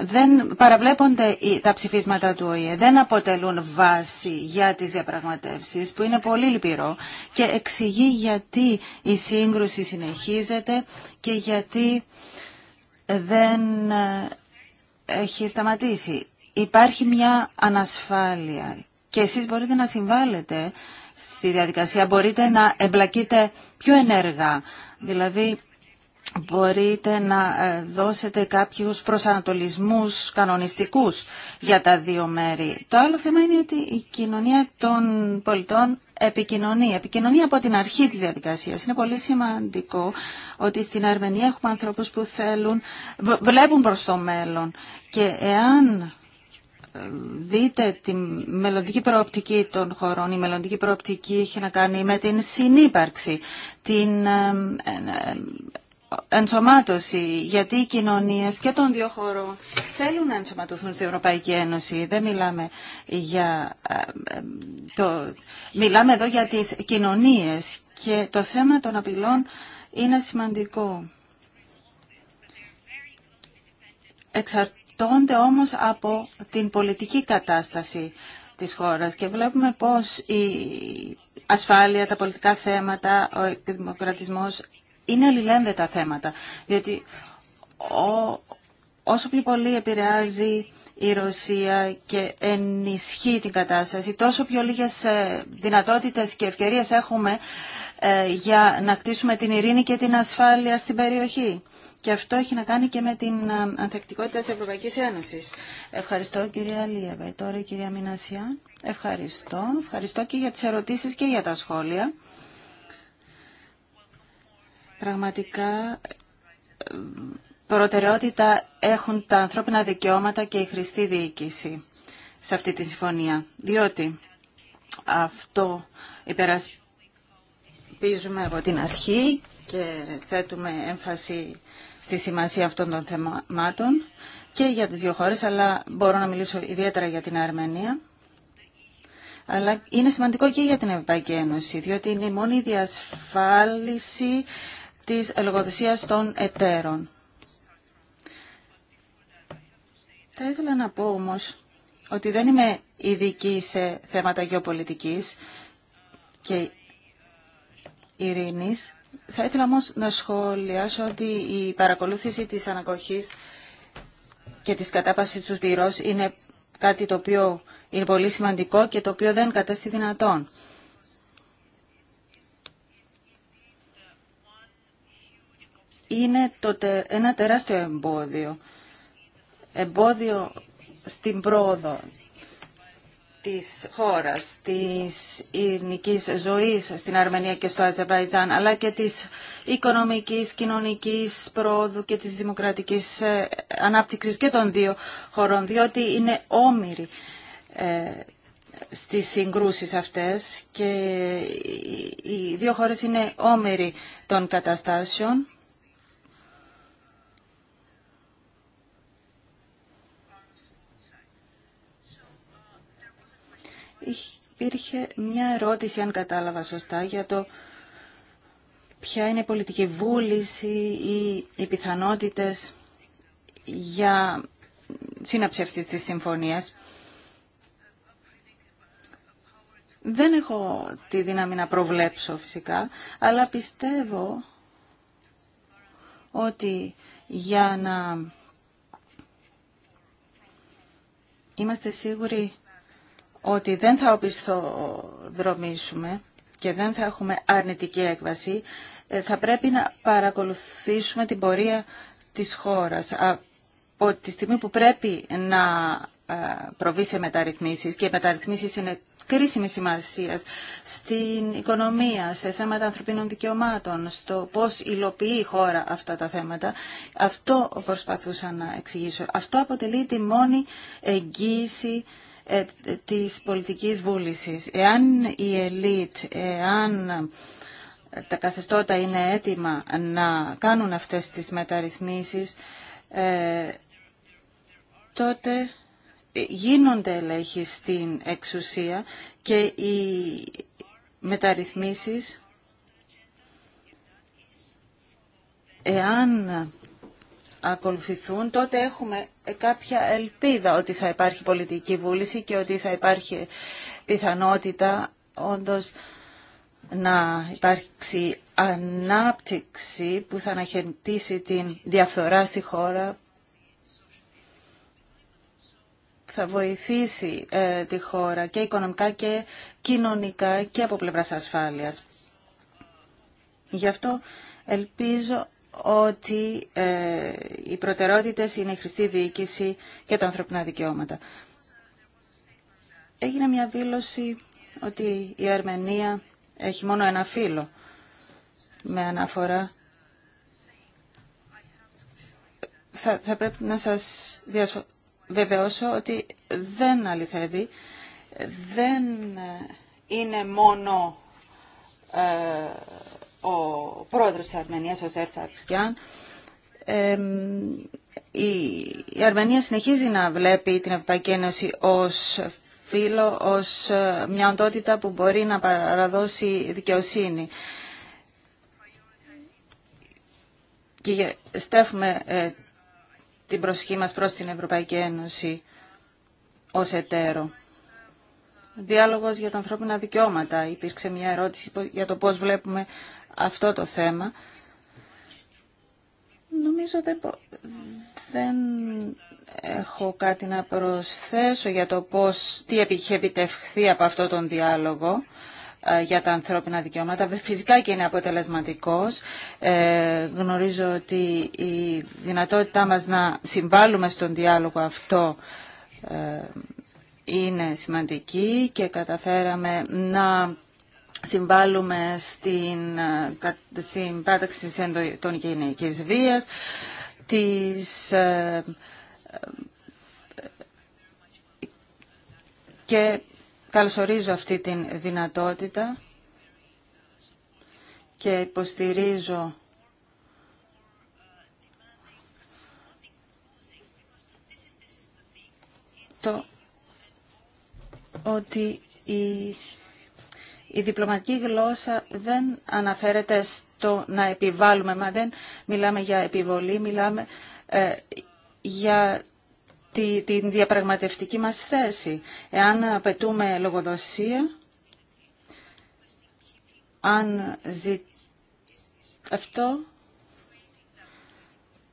δεν παραβλέπονται τα ψηφίσματα του ΟΗΕ, δεν αποτελούν βάση για τις διαπραγματεύσεις, που είναι πολύ λυπηρό και εξηγεί γιατί η σύγκρουση συνεχίζεται και γιατί δεν ε, έχει σταματήσει. Υπάρχει μια ανασφάλεια και εσείς μπορείτε να συμβάλλετε στη διαδικασία, μπορείτε να εμπλακείτε πιο ενεργά. Δηλαδή, μπορείτε να ε, δώσετε κάποιους προσανατολισμούς κανονιστικούς για τα δύο μέρη. Το άλλο θέμα είναι ότι η κοινωνία των πολιτών επικοινωνεί. Επικοινωνεί από την αρχή της διαδικασίας. Είναι πολύ σημαντικό ότι στην Αρμενία έχουμε ανθρώπους που θέλουν, βλέπουν προς το μέλλον και εάν ε, δείτε τη μελλοντική προοπτική των χωρών. Η μελλοντική προοπτική έχει να κάνει με την συνύπαρξη, την ε, ενσωμάτωση, γιατί οι κοινωνίες και των δύο χωρών θέλουν να ενσωματωθούν στην Ευρωπαϊκή Ένωση. Δεν μιλάμε για... Ε, το, μιλάμε εδώ για τις κοινωνίες και το θέμα των απειλών είναι σημαντικό. Εξαρτώνται όμως από την πολιτική κατάσταση της χώρας και βλέπουμε πώς η ασφάλεια, τα πολιτικά θέματα, ο δημοκρατισμός είναι αλληλένδετα θέματα, διότι όσο πιο πολύ επηρεάζει η Ρωσία και ενισχύει την κατάσταση, τόσο πιο λίγες ε, δυνατότητες και ευκαιρίες έχουμε ε, για να κτίσουμε την ειρήνη και την ασφάλεια στην περιοχή. Και αυτό έχει να κάνει και με την ε, ανθεκτικότητα της Ευρωπαϊκής Ένωσης. Ευχαριστώ κυρία Λίεβα. Τώρα η κυρία Μινασιά. Ευχαριστώ. Ευχαριστώ και για τις ερωτήσεις και για τα σχόλια. Πραγματικά προτεραιότητα έχουν τα ανθρώπινα δικαιώματα και η χρηστή διοίκηση σε αυτή τη συμφωνία. Διότι αυτό υπερασπίζουμε από την αρχή και θέτουμε έμφαση στη σημασία αυτών των θεμάτων και για τις δύο χώρες, αλλά μπορώ να μιλήσω ιδιαίτερα για την Αρμενία. Αλλά είναι σημαντικό και για την Ευρωπαϊκή Ένωση, διότι είναι η μόνη διασφάλιση της λογοδοσίας των εταίρων. Θα ήθελα να πω όμως ότι δεν είμαι ειδική σε θέματα γεωπολιτικής και ειρήνης. Θα ήθελα όμως να σχολιάσω ότι η παρακολούθηση της ανακοχής και της κατάπασης του πυρός είναι κάτι το οποίο είναι πολύ σημαντικό και το οποίο δεν κατέστη δυνατόν. είναι τότε ένα τεράστιο εμπόδιο. Εμπόδιο στην πρόοδο της χώρας, της ειρηνικής ζωής στην Αρμενία και στο Αζερβαϊτζάν, αλλά και της οικονομικής, κοινωνικής πρόοδου και της δημοκρατικής ε, ανάπτυξης και των δύο χωρών, διότι είναι όμοιροι ε, στις συγκρούσεις αυτές και οι δύο χώρες είναι όμοιροι των καταστάσεων υπήρχε μια ερώτηση, αν κατάλαβα σωστά, για το ποια είναι η πολιτική βούληση ή οι πιθανότητες για σύναψη αυτής της συμφωνίας. Δεν έχω τη δύναμη να προβλέψω φυσικά, αλλά πιστεύω ότι για να είμαστε σίγουροι ότι δεν θα οπισθοδρομήσουμε και δεν θα έχουμε αρνητική έκβαση. Ε, θα πρέπει να παρακολουθήσουμε την πορεία της χώρας. Από τη στιγμή που πρέπει να ε, προβεί σε μεταρρυθμίσεις και οι μεταρρυθμίσεις είναι κρίσιμη σημασία στην οικονομία, σε θέματα ανθρωπίνων δικαιωμάτων, στο πώς υλοποιεί η χώρα αυτά τα θέματα. Αυτό προσπαθούσα να εξηγήσω. Αυτό αποτελεί τη μόνη εγγύηση ε, της πολιτικής βούλησης. Εάν η ελίτ, εάν τα καθεστώτα είναι έτοιμα να κάνουν αυτές τις μεταρρυθμίσεις, ε, τότε γίνονται ελέγχοι στην εξουσία και οι μεταρρυθμίσεις, εάν ακολουθηθούν, τότε έχουμε κάποια ελπίδα ότι θα υπάρχει πολιτική βούληση και ότι θα υπάρχει πιθανότητα όντως να υπάρξει ανάπτυξη που θα αναχαιρετήσει την διαφθορά στη χώρα, θα βοηθήσει ε, τη χώρα και οικονομικά και κοινωνικά και από πλευράς ασφάλειας. Γι' αυτό ελπίζω ότι ε, οι προτεραιότητες είναι η χρηστή διοίκηση και τα ανθρωπινά δικαιώματα. Έγινε μια δήλωση ότι η Αρμενία έχει μόνο ένα φύλλο με αναφορά. Θα, πρέπει να σας βεβαιώσω ότι δεν αληθεύει, δεν ε, είναι μόνο ε, ο πρόεδρος της Αρμενίας, ο Ζέρ η Αρμενία συνεχίζει να βλέπει την Ευρωπαϊκή Ένωση ως φίλο, ως ε, μια οντότητα που μπορεί να παραδώσει δικαιοσύνη. Και στρέφουμε ε, την προσοχή μας προς την Ευρωπαϊκή Ένωση ως εταίρο. Διάλογος για τα ανθρώπινα δικαιώματα. Υπήρξε μια ερώτηση για το πώς βλέπουμε αυτό το θέμα. Νομίζω δεν, δεν έχω κάτι να προσθέσω για το πώς, τι είχε επιτευχθεί από αυτό τον διάλογο ε, για τα ανθρώπινα δικαιώματα. Φυσικά και είναι αποτελεσματικός. Ε, γνωρίζω ότι η δυνατότητά μας να συμβάλλουμε στον διάλογο αυτό ε, είναι σημαντική και καταφέραμε να συμβάλλουμε στην, ε, στην πάταξη των γυναικής βίας, της, ε, ε, και καλωσορίζω αυτή τη δυνατότητα και υποστηρίζω το ότι η η διπλωματική γλώσσα δεν αναφέρεται στο να επιβάλλουμε, μα δεν μιλάμε για επιβολή, μιλάμε ε, για τη, την διαπραγματευτική μας θέση. Εάν απαιτούμε λογοδοσία, αν ζη... αυτό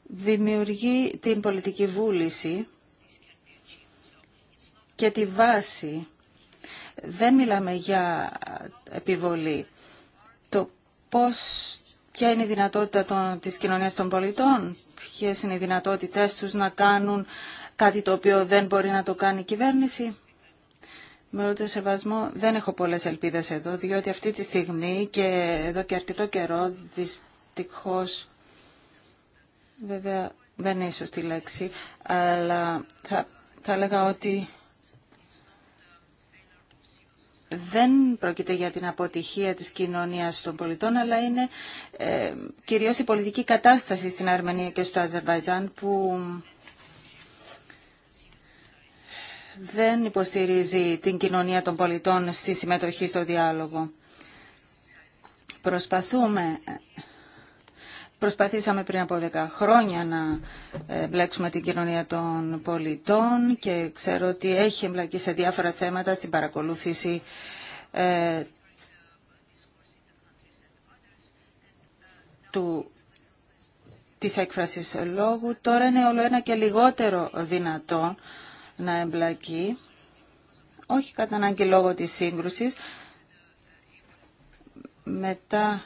δημιουργεί την πολιτική βούληση και τη βάση δεν μιλάμε για επιβολή. Το πώς, ποια είναι η δυνατότητα των, της κοινωνίας των πολιτών, ποιες είναι οι δυνατότητές τους να κάνουν κάτι το οποίο δεν μπορεί να το κάνει η κυβέρνηση. Με όλο το σεβασμό δεν έχω πολλές ελπίδες εδώ, διότι αυτή τη στιγμή και εδώ και αρκετό καιρό δυστυχώς βέβαια δεν είναι η τη λέξη, αλλά θα, θα έλεγα ότι δεν πρόκειται για την αποτυχία της κοινωνίας των πολιτών, αλλά είναι ε, κυρίως η πολιτική κατάσταση στην Αρμενία και στο Αζερβαϊτζάν που δεν υποστηρίζει την κοινωνία των πολιτών στη συμμετοχή στο διάλογο. Προσπαθούμε Προσπαθήσαμε πριν από 10 χρόνια να ε, μπλέξουμε την κοινωνία των πολιτών και ξέρω ότι έχει εμπλακεί σε διάφορα θέματα στην παρακολούθηση ε, του της έκφρασης λόγου. Τώρα είναι όλο ένα και λιγότερο δυνατό να εμπλακεί, όχι κατά ανάγκη λόγω της σύγκρουσης, μετά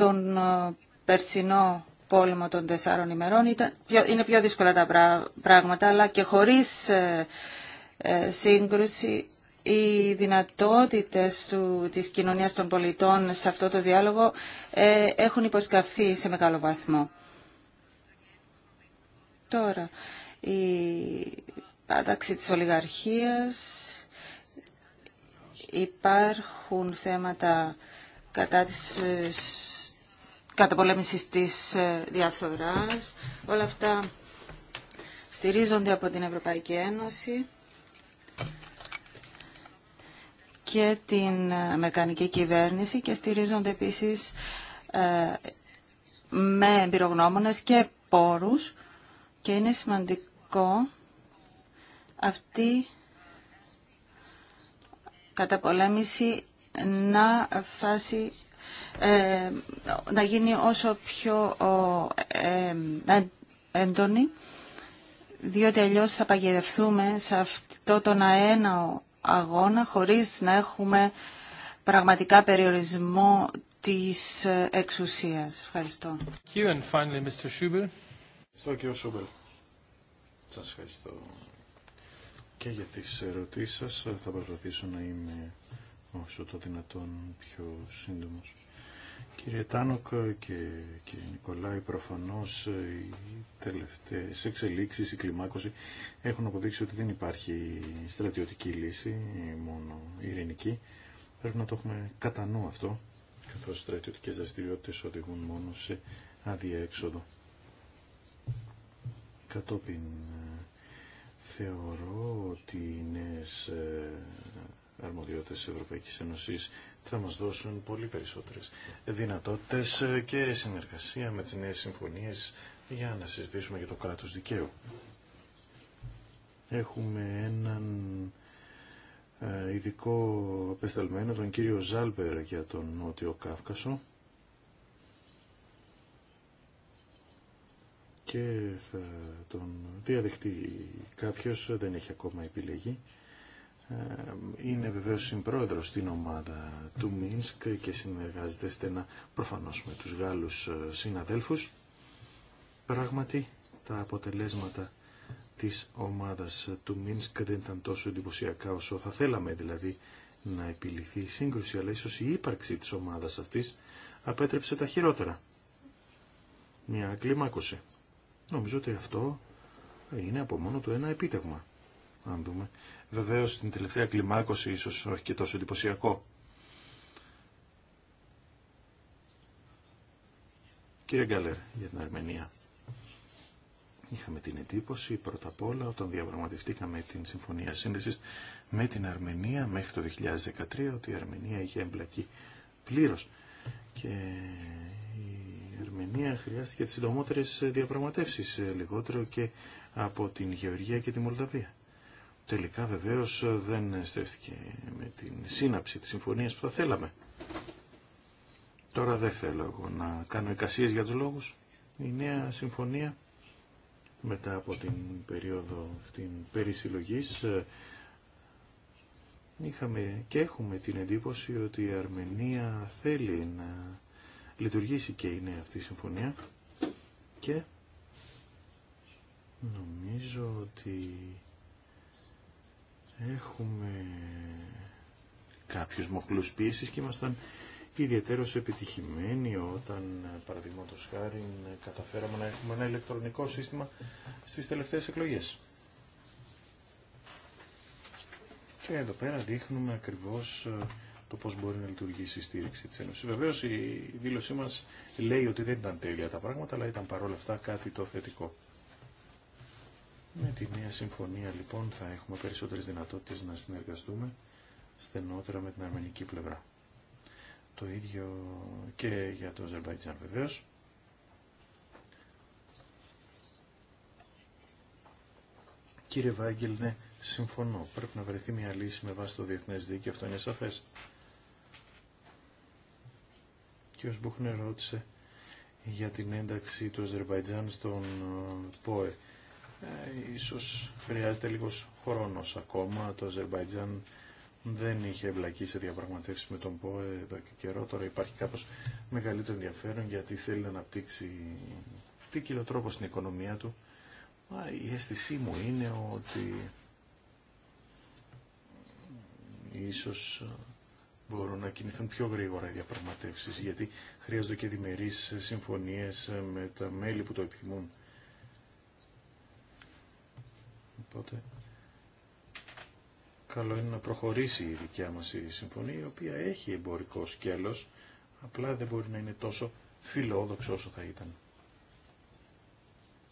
τον ε, περσινό πόλεμο των τεσσάρων ημερών είναι πιο δύσκολα τα πράγματα, αλλά και χωρίς ε, ε, σύγκρουση οι δυνατότητες του, της κοινωνίας των πολιτών σε αυτό το διάλογο έχουν υποσκαφθεί σε μεγάλο βαθμό. Τώρα, η πάταξη της ολιγαρχίας, υπάρχουν θέματα κατά της καταπολέμησης της ε, διαφθοράς. Όλα αυτά στηρίζονται από την Ευρωπαϊκή Ένωση και την Αμερικανική κυβέρνηση και στηρίζονται επίσης ε, με εμπειρογνώμονες και πόρους και είναι σημαντικό αυτή η καταπολέμηση να φτάσει ε, να γίνει όσο πιο έντονη, διότι αλλιώς θα παγιδευτούμε σε αυτό τον αέναο αγώνα χωρίς να έχουμε πραγματικά περιορισμό της ε, εξουσίας. Ευχαριστώ. And finally, Mr. Schubel. Ευχαριστώ κύριο Σας ευχαριστώ και για τις ερωτήσεις σας. Θα προσπαθήσω να είμαι όσο το δυνατόν πιο σύντομος. Κύριε Τάνοκ και κύριε Νικολάη, προφανώς οι τελευταίες εξελίξεις, η κλιμάκωση έχουν αποδείξει ότι δεν υπάρχει στρατιωτική λύση, μόνο ειρηνική. Πρέπει να το έχουμε κατά νου αυτό, καθώς οι στρατιωτικές δραστηριότητες οδηγούν μόνο σε αδιέξοδο. Κατόπιν ε, θεωρώ ότι οι ε, αρμοδιότητες της Ευρωπαϊκής Ένωσης θα μας δώσουν πολύ περισσότερες δυνατότητες και συνεργασία με τις νέες συμφωνίες για να συζητήσουμε για το κράτος δικαίου. Έχουμε έναν ε, ειδικό απεσταλμένο, τον κύριο Ζάλπερ για τον Νότιο Κάφκασο και θα τον διαδεχτεί κάποιος, δεν έχει ακόμα επιλεγεί είναι βεβαίως συμπρόεδρος στην ομάδα του Μίνσκ και συνεργάζεται στενά προφανώς με τους Γάλλους ε, συναδέλφους. Πράγματι τα αποτελέσματα της ομάδας του Μίνσκ δεν ήταν τόσο εντυπωσιακά όσο θα θέλαμε δηλαδή να επιληθεί η σύγκρουση, αλλά ίσως η ύπαρξη της ομάδας αυτής απέτρεψε τα χειρότερα. Μια κλιμάκωση. Νομίζω ότι αυτό είναι από μόνο του ένα επίτευγμα. Αν δούμε Βεβαίω στην τελευταία κλιμάκωση ίσως όχι και τόσο εντυπωσιακό. Κύριε Γκάλερ, για την Αρμενία. Είχαμε την εντύπωση πρώτα απ' όλα όταν διαπραγματευτήκαμε την Συμφωνία Σύνδεσης με την Αρμενία μέχρι το 2013 ότι η Αρμενία είχε εμπλακεί πλήρως και η Αρμενία χρειάστηκε τις συντομότερες διαπραγματεύσεις λιγότερο και από την Γεωργία και τη Μολδαβία τελικά βεβαίως δεν στέφθηκε με την σύναψη της συμφωνίας που θα θέλαμε. Τώρα δεν θέλω εγώ να κάνω εικασίες για τους λόγους. Η νέα συμφωνία μετά από την περίοδο αυτήν περισυλλογής είχαμε και έχουμε την εντύπωση ότι η Αρμενία θέλει να λειτουργήσει και η νέα αυτή συμφωνία και νομίζω ότι Έχουμε κάποιους μοχλούς πίεσης και ήμασταν ιδιαίτερο επιτυχημένοι όταν, παραδείγματο χάρη, καταφέραμε να έχουμε ένα ηλεκτρονικό σύστημα στις τελευταίες εκλογές. Και εδώ πέρα δείχνουμε ακριβώς ε, το πώς μπορεί να λειτουργήσει η στήριξη της Ένωσης. Βεβαίως η δήλωσή μας λέει ότι δεν ήταν τέλεια τα πράγματα, αλλά ήταν παρόλα αυτά κάτι το θετικό. Με τη νέα συμφωνία λοιπόν θα έχουμε περισσότερες δυνατότητες να συνεργαστούμε στενότερα με την αρμενική πλευρά. Το ίδιο και για το Αζερβαϊτζάν βεβαίως. Κύριε Βάγγελ, ναι, συμφωνώ. Πρέπει να βρεθεί μια λύση με βάση το διεθνές δίκαιο, αυτό είναι σαφές. Και ο ρώτησε για την ένταξη του Αζερβαϊτζάν στον ΠΟΕ ε, ίσως χρειάζεται λίγος χρόνος ακόμα. Το Αζερβαϊτζάν δεν είχε εμπλακεί σε διαπραγματεύσει με τον ΠΟΕ εδώ και καιρό. Τώρα υπάρχει κάπως μεγαλύτερο ενδιαφέρον γιατί θέλει να αναπτύξει ποικίλο τρόπο στην οικονομία του. Μα η αίσθησή μου είναι ότι ίσως μπορούν να κινηθούν πιο γρήγορα οι διαπραγματεύσεις γιατί χρειάζονται και διμερείς συμφωνίες με τα μέλη που το επιθυμούν Οπότε καλό είναι να προχωρήσει η δικιά μας η συμφωνία, η οποία έχει εμπορικό σκέλος, απλά δεν μπορεί να είναι τόσο φιλόδοξο όσο θα ήταν.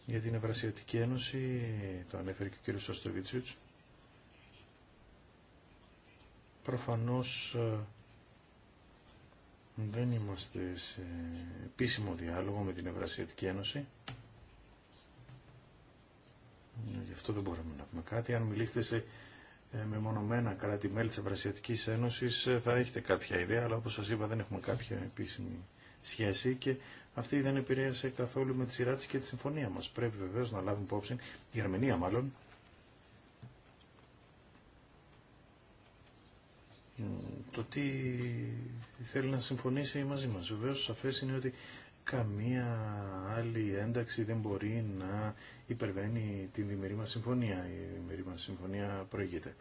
Για την Ευρασιατική Ένωση, το ανέφερε και ο κ. Σαστοβίτσιουτς, προφανώς ε, δεν είμαστε σε επίσημο διάλογο με την Ευρασιατική Ένωση. Ε, γι' αυτό δεν μπορούμε να πούμε κάτι. Αν μιλήσετε σε ε, μεμονωμένα κράτη-μέλη της Ένωση, Ένωσης ε, θα έχετε κάποια ιδέα, αλλά όπω σα είπα δεν έχουμε κάποια επίσημη σχέση και αυτή δεν επηρέασε καθόλου με τη σειρά τη και τη συμφωνία μας. Πρέπει βεβαίω να λάβουμε υπόψη, η Γερμανία μάλλον, το τι θέλει να συμφωνήσει μαζί μας. Βεβαίως σαφές είναι ότι καμία άλλη ένταξη δεν μπορεί να υπερβαίνει την διμερή μας συμφωνία. Η δημιουργή μας συμφωνία προηγείται.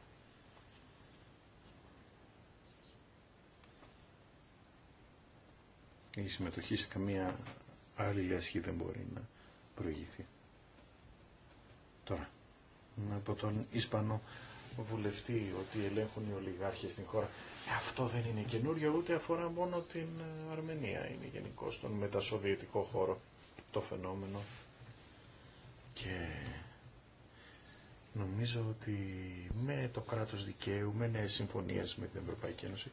Η συμμετοχή σε καμία άλλη λέσχη δεν μπορεί να προηγηθεί. Τώρα, από τον Ισπανό βουλευτή ότι ελέγχουν οι ολιγάρχες στην χώρα. Ε, αυτό δεν είναι καινούριο, ούτε αφορά μόνο την ε, Αρμενία. Είναι γενικό στον μετασοβιετικό χώρο το φαινόμενο. Και νομίζω ότι με το κράτος δικαίου, με νέες συμφωνίες με την Ευρωπαϊκή Ένωση,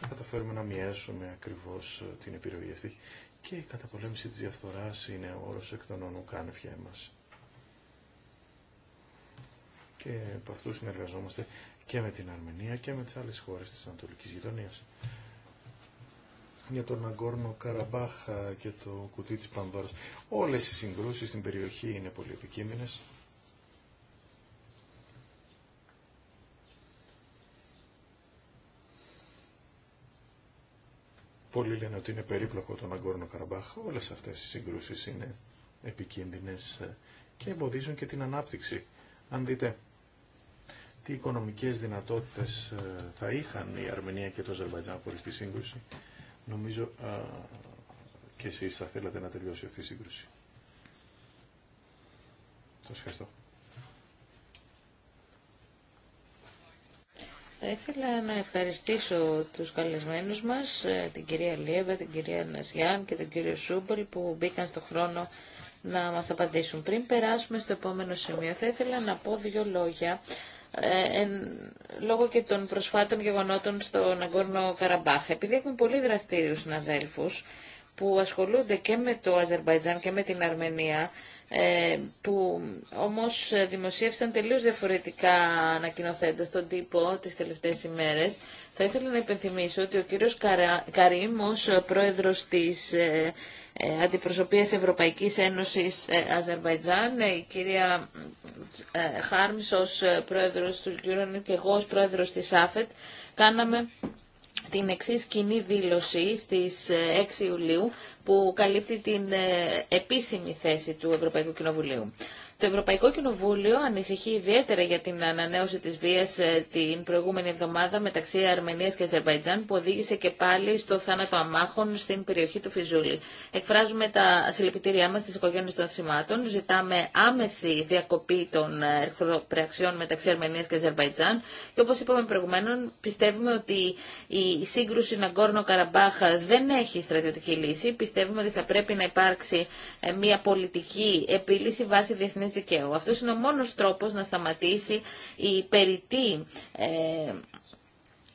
θα καταφέρουμε να μοιέσουμε ακριβώς ε, την επιρροή αυτή. Και η καταπολέμηση της διαφθοράς είναι όρος εκ των όνων μας και από αυτού συνεργαζόμαστε και με την Αρμενία και με τις άλλες χώρες της Ανατολική Γειτονία. Για τον Αγκόρνο Καραμπάχ και το κουτί τη Πανδώρας. Όλες οι συγκρούσεις στην περιοχή είναι πολύ επικίνδυνε. Πολλοί λένε ότι είναι περίπλοκο τον Αγκόρνο Καραμπάχ. Όλες αυτές οι συγκρούσεις είναι επικίνδυνες και εμποδίζουν και την ανάπτυξη. Αν δείτε τι οικονομικές δυνατότητες ε, θα είχαν η Αρμενία και το Αζερβαϊτζάν από αυτή τη σύγκρουση. Νομίζω και εσείς θα θέλατε να τελειώσει αυτή η σύγκρουση. Σας ευχαριστώ. Θα ήθελα να ευχαριστήσω τους καλεσμένους μας, ε, την κυρία Λίεβα, την κυρία Νασιάν και τον κύριο Σούμπολ που μπήκαν στο χρόνο να μας απαντήσουν. Πριν περάσουμε στο επόμενο σημείο, θα ήθελα να πω δύο λόγια ε, λόγω και των προσφάτων γεγονότων στο Ναγκόρνο Καραμπάχ. Επειδή έχουμε πολύ δραστήριους συναδέλφους που ασχολούνται και με το Αζερβαϊτζάν και με την Αρμενία, ε, που όμως δημοσίευσαν τελείως διαφορετικά ανακοινοθέντα στον τύπο τις τελευταίες ημέρες. Θα ήθελα να υπενθυμίσω ότι ο κύριος Καρίμ πρόεδρος της ε, ε, αντιπροσωπείας Ευρωπαϊκής Ένωσης ε, Αζερβαϊτζάν, ε, η κυρία Χάρμς ως πρόεδρος του Λιούρανου και εγώ ως πρόεδρος της ΑΦΕΤ, κάναμε την εξή κοινή δήλωση στις 6 Ιουλίου που καλύπτει την επίσημη θέση του Ευρωπαϊκού Κοινοβουλίου. Το Ευρωπαϊκό Κοινοβούλιο ανησυχεί ιδιαίτερα για την ανανέωση της βίας ε, την προηγούμενη εβδομάδα μεταξύ Αρμενίας και Αζερβαϊτζάν που οδήγησε και πάλι στο θάνατο αμάχων στην περιοχή του Φιζούλη. Εκφράζουμε τα συλληπιτήριά μας στις οικογένειες των θυμάτων, ζητάμε άμεση διακοπή των εχθροπραξιών μεταξύ Αρμενίας και Αζερβαϊτζάν και όπως είπαμε προηγουμένως πιστεύουμε ότι η σύγκρουση Ναγκόρνο Καραμπάχ δεν έχει στρατιωτική λύση. Πιστεύουμε ότι θα πρέπει να υπάρξει ε, μια πολιτική επίλυση βάσει διεθνή δικαίου. Αυτός είναι ο μόνος τρόπος να σταματήσει η περιττή ε,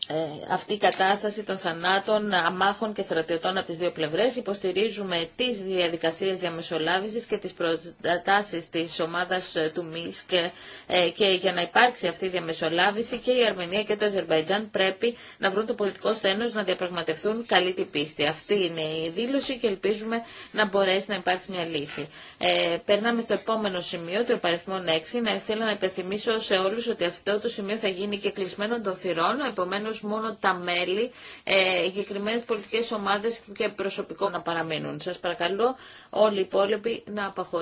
ε, αυτή η κατάσταση των θανάτων αμάχων και στρατιωτών από τις δύο πλευρές. Υποστηρίζουμε τις διαδικασίες διαμεσολάβησης και τις προτάσεις της ομάδας ε, του ΜΙΣΚ ε, και για να υπάρξει αυτή η διαμεσολάβηση και η Αρμενία και το Αζερβαϊτζάν πρέπει να βρουν το πολιτικό στένος να διαπραγματευτούν καλή την πίστη. Αυτή είναι η δήλωση και ελπίζουμε να μπορέσει να υπάρξει μια λύση. Ε, περνάμε στο επόμενο σημείο, το παρεθμό 6. Να θέλω να υπενθυμίσω σε όλους ότι αυτό το σημείο θα γίνει και κλεισμένο των θυρών, επομένως μόνο τα μέλη, ε, εγκεκριμένε πολιτικές ομάδες και προσωπικό να παραμείνουν. Σας παρακαλώ όλοι οι υπόλοιποι να απαχωρήσουν.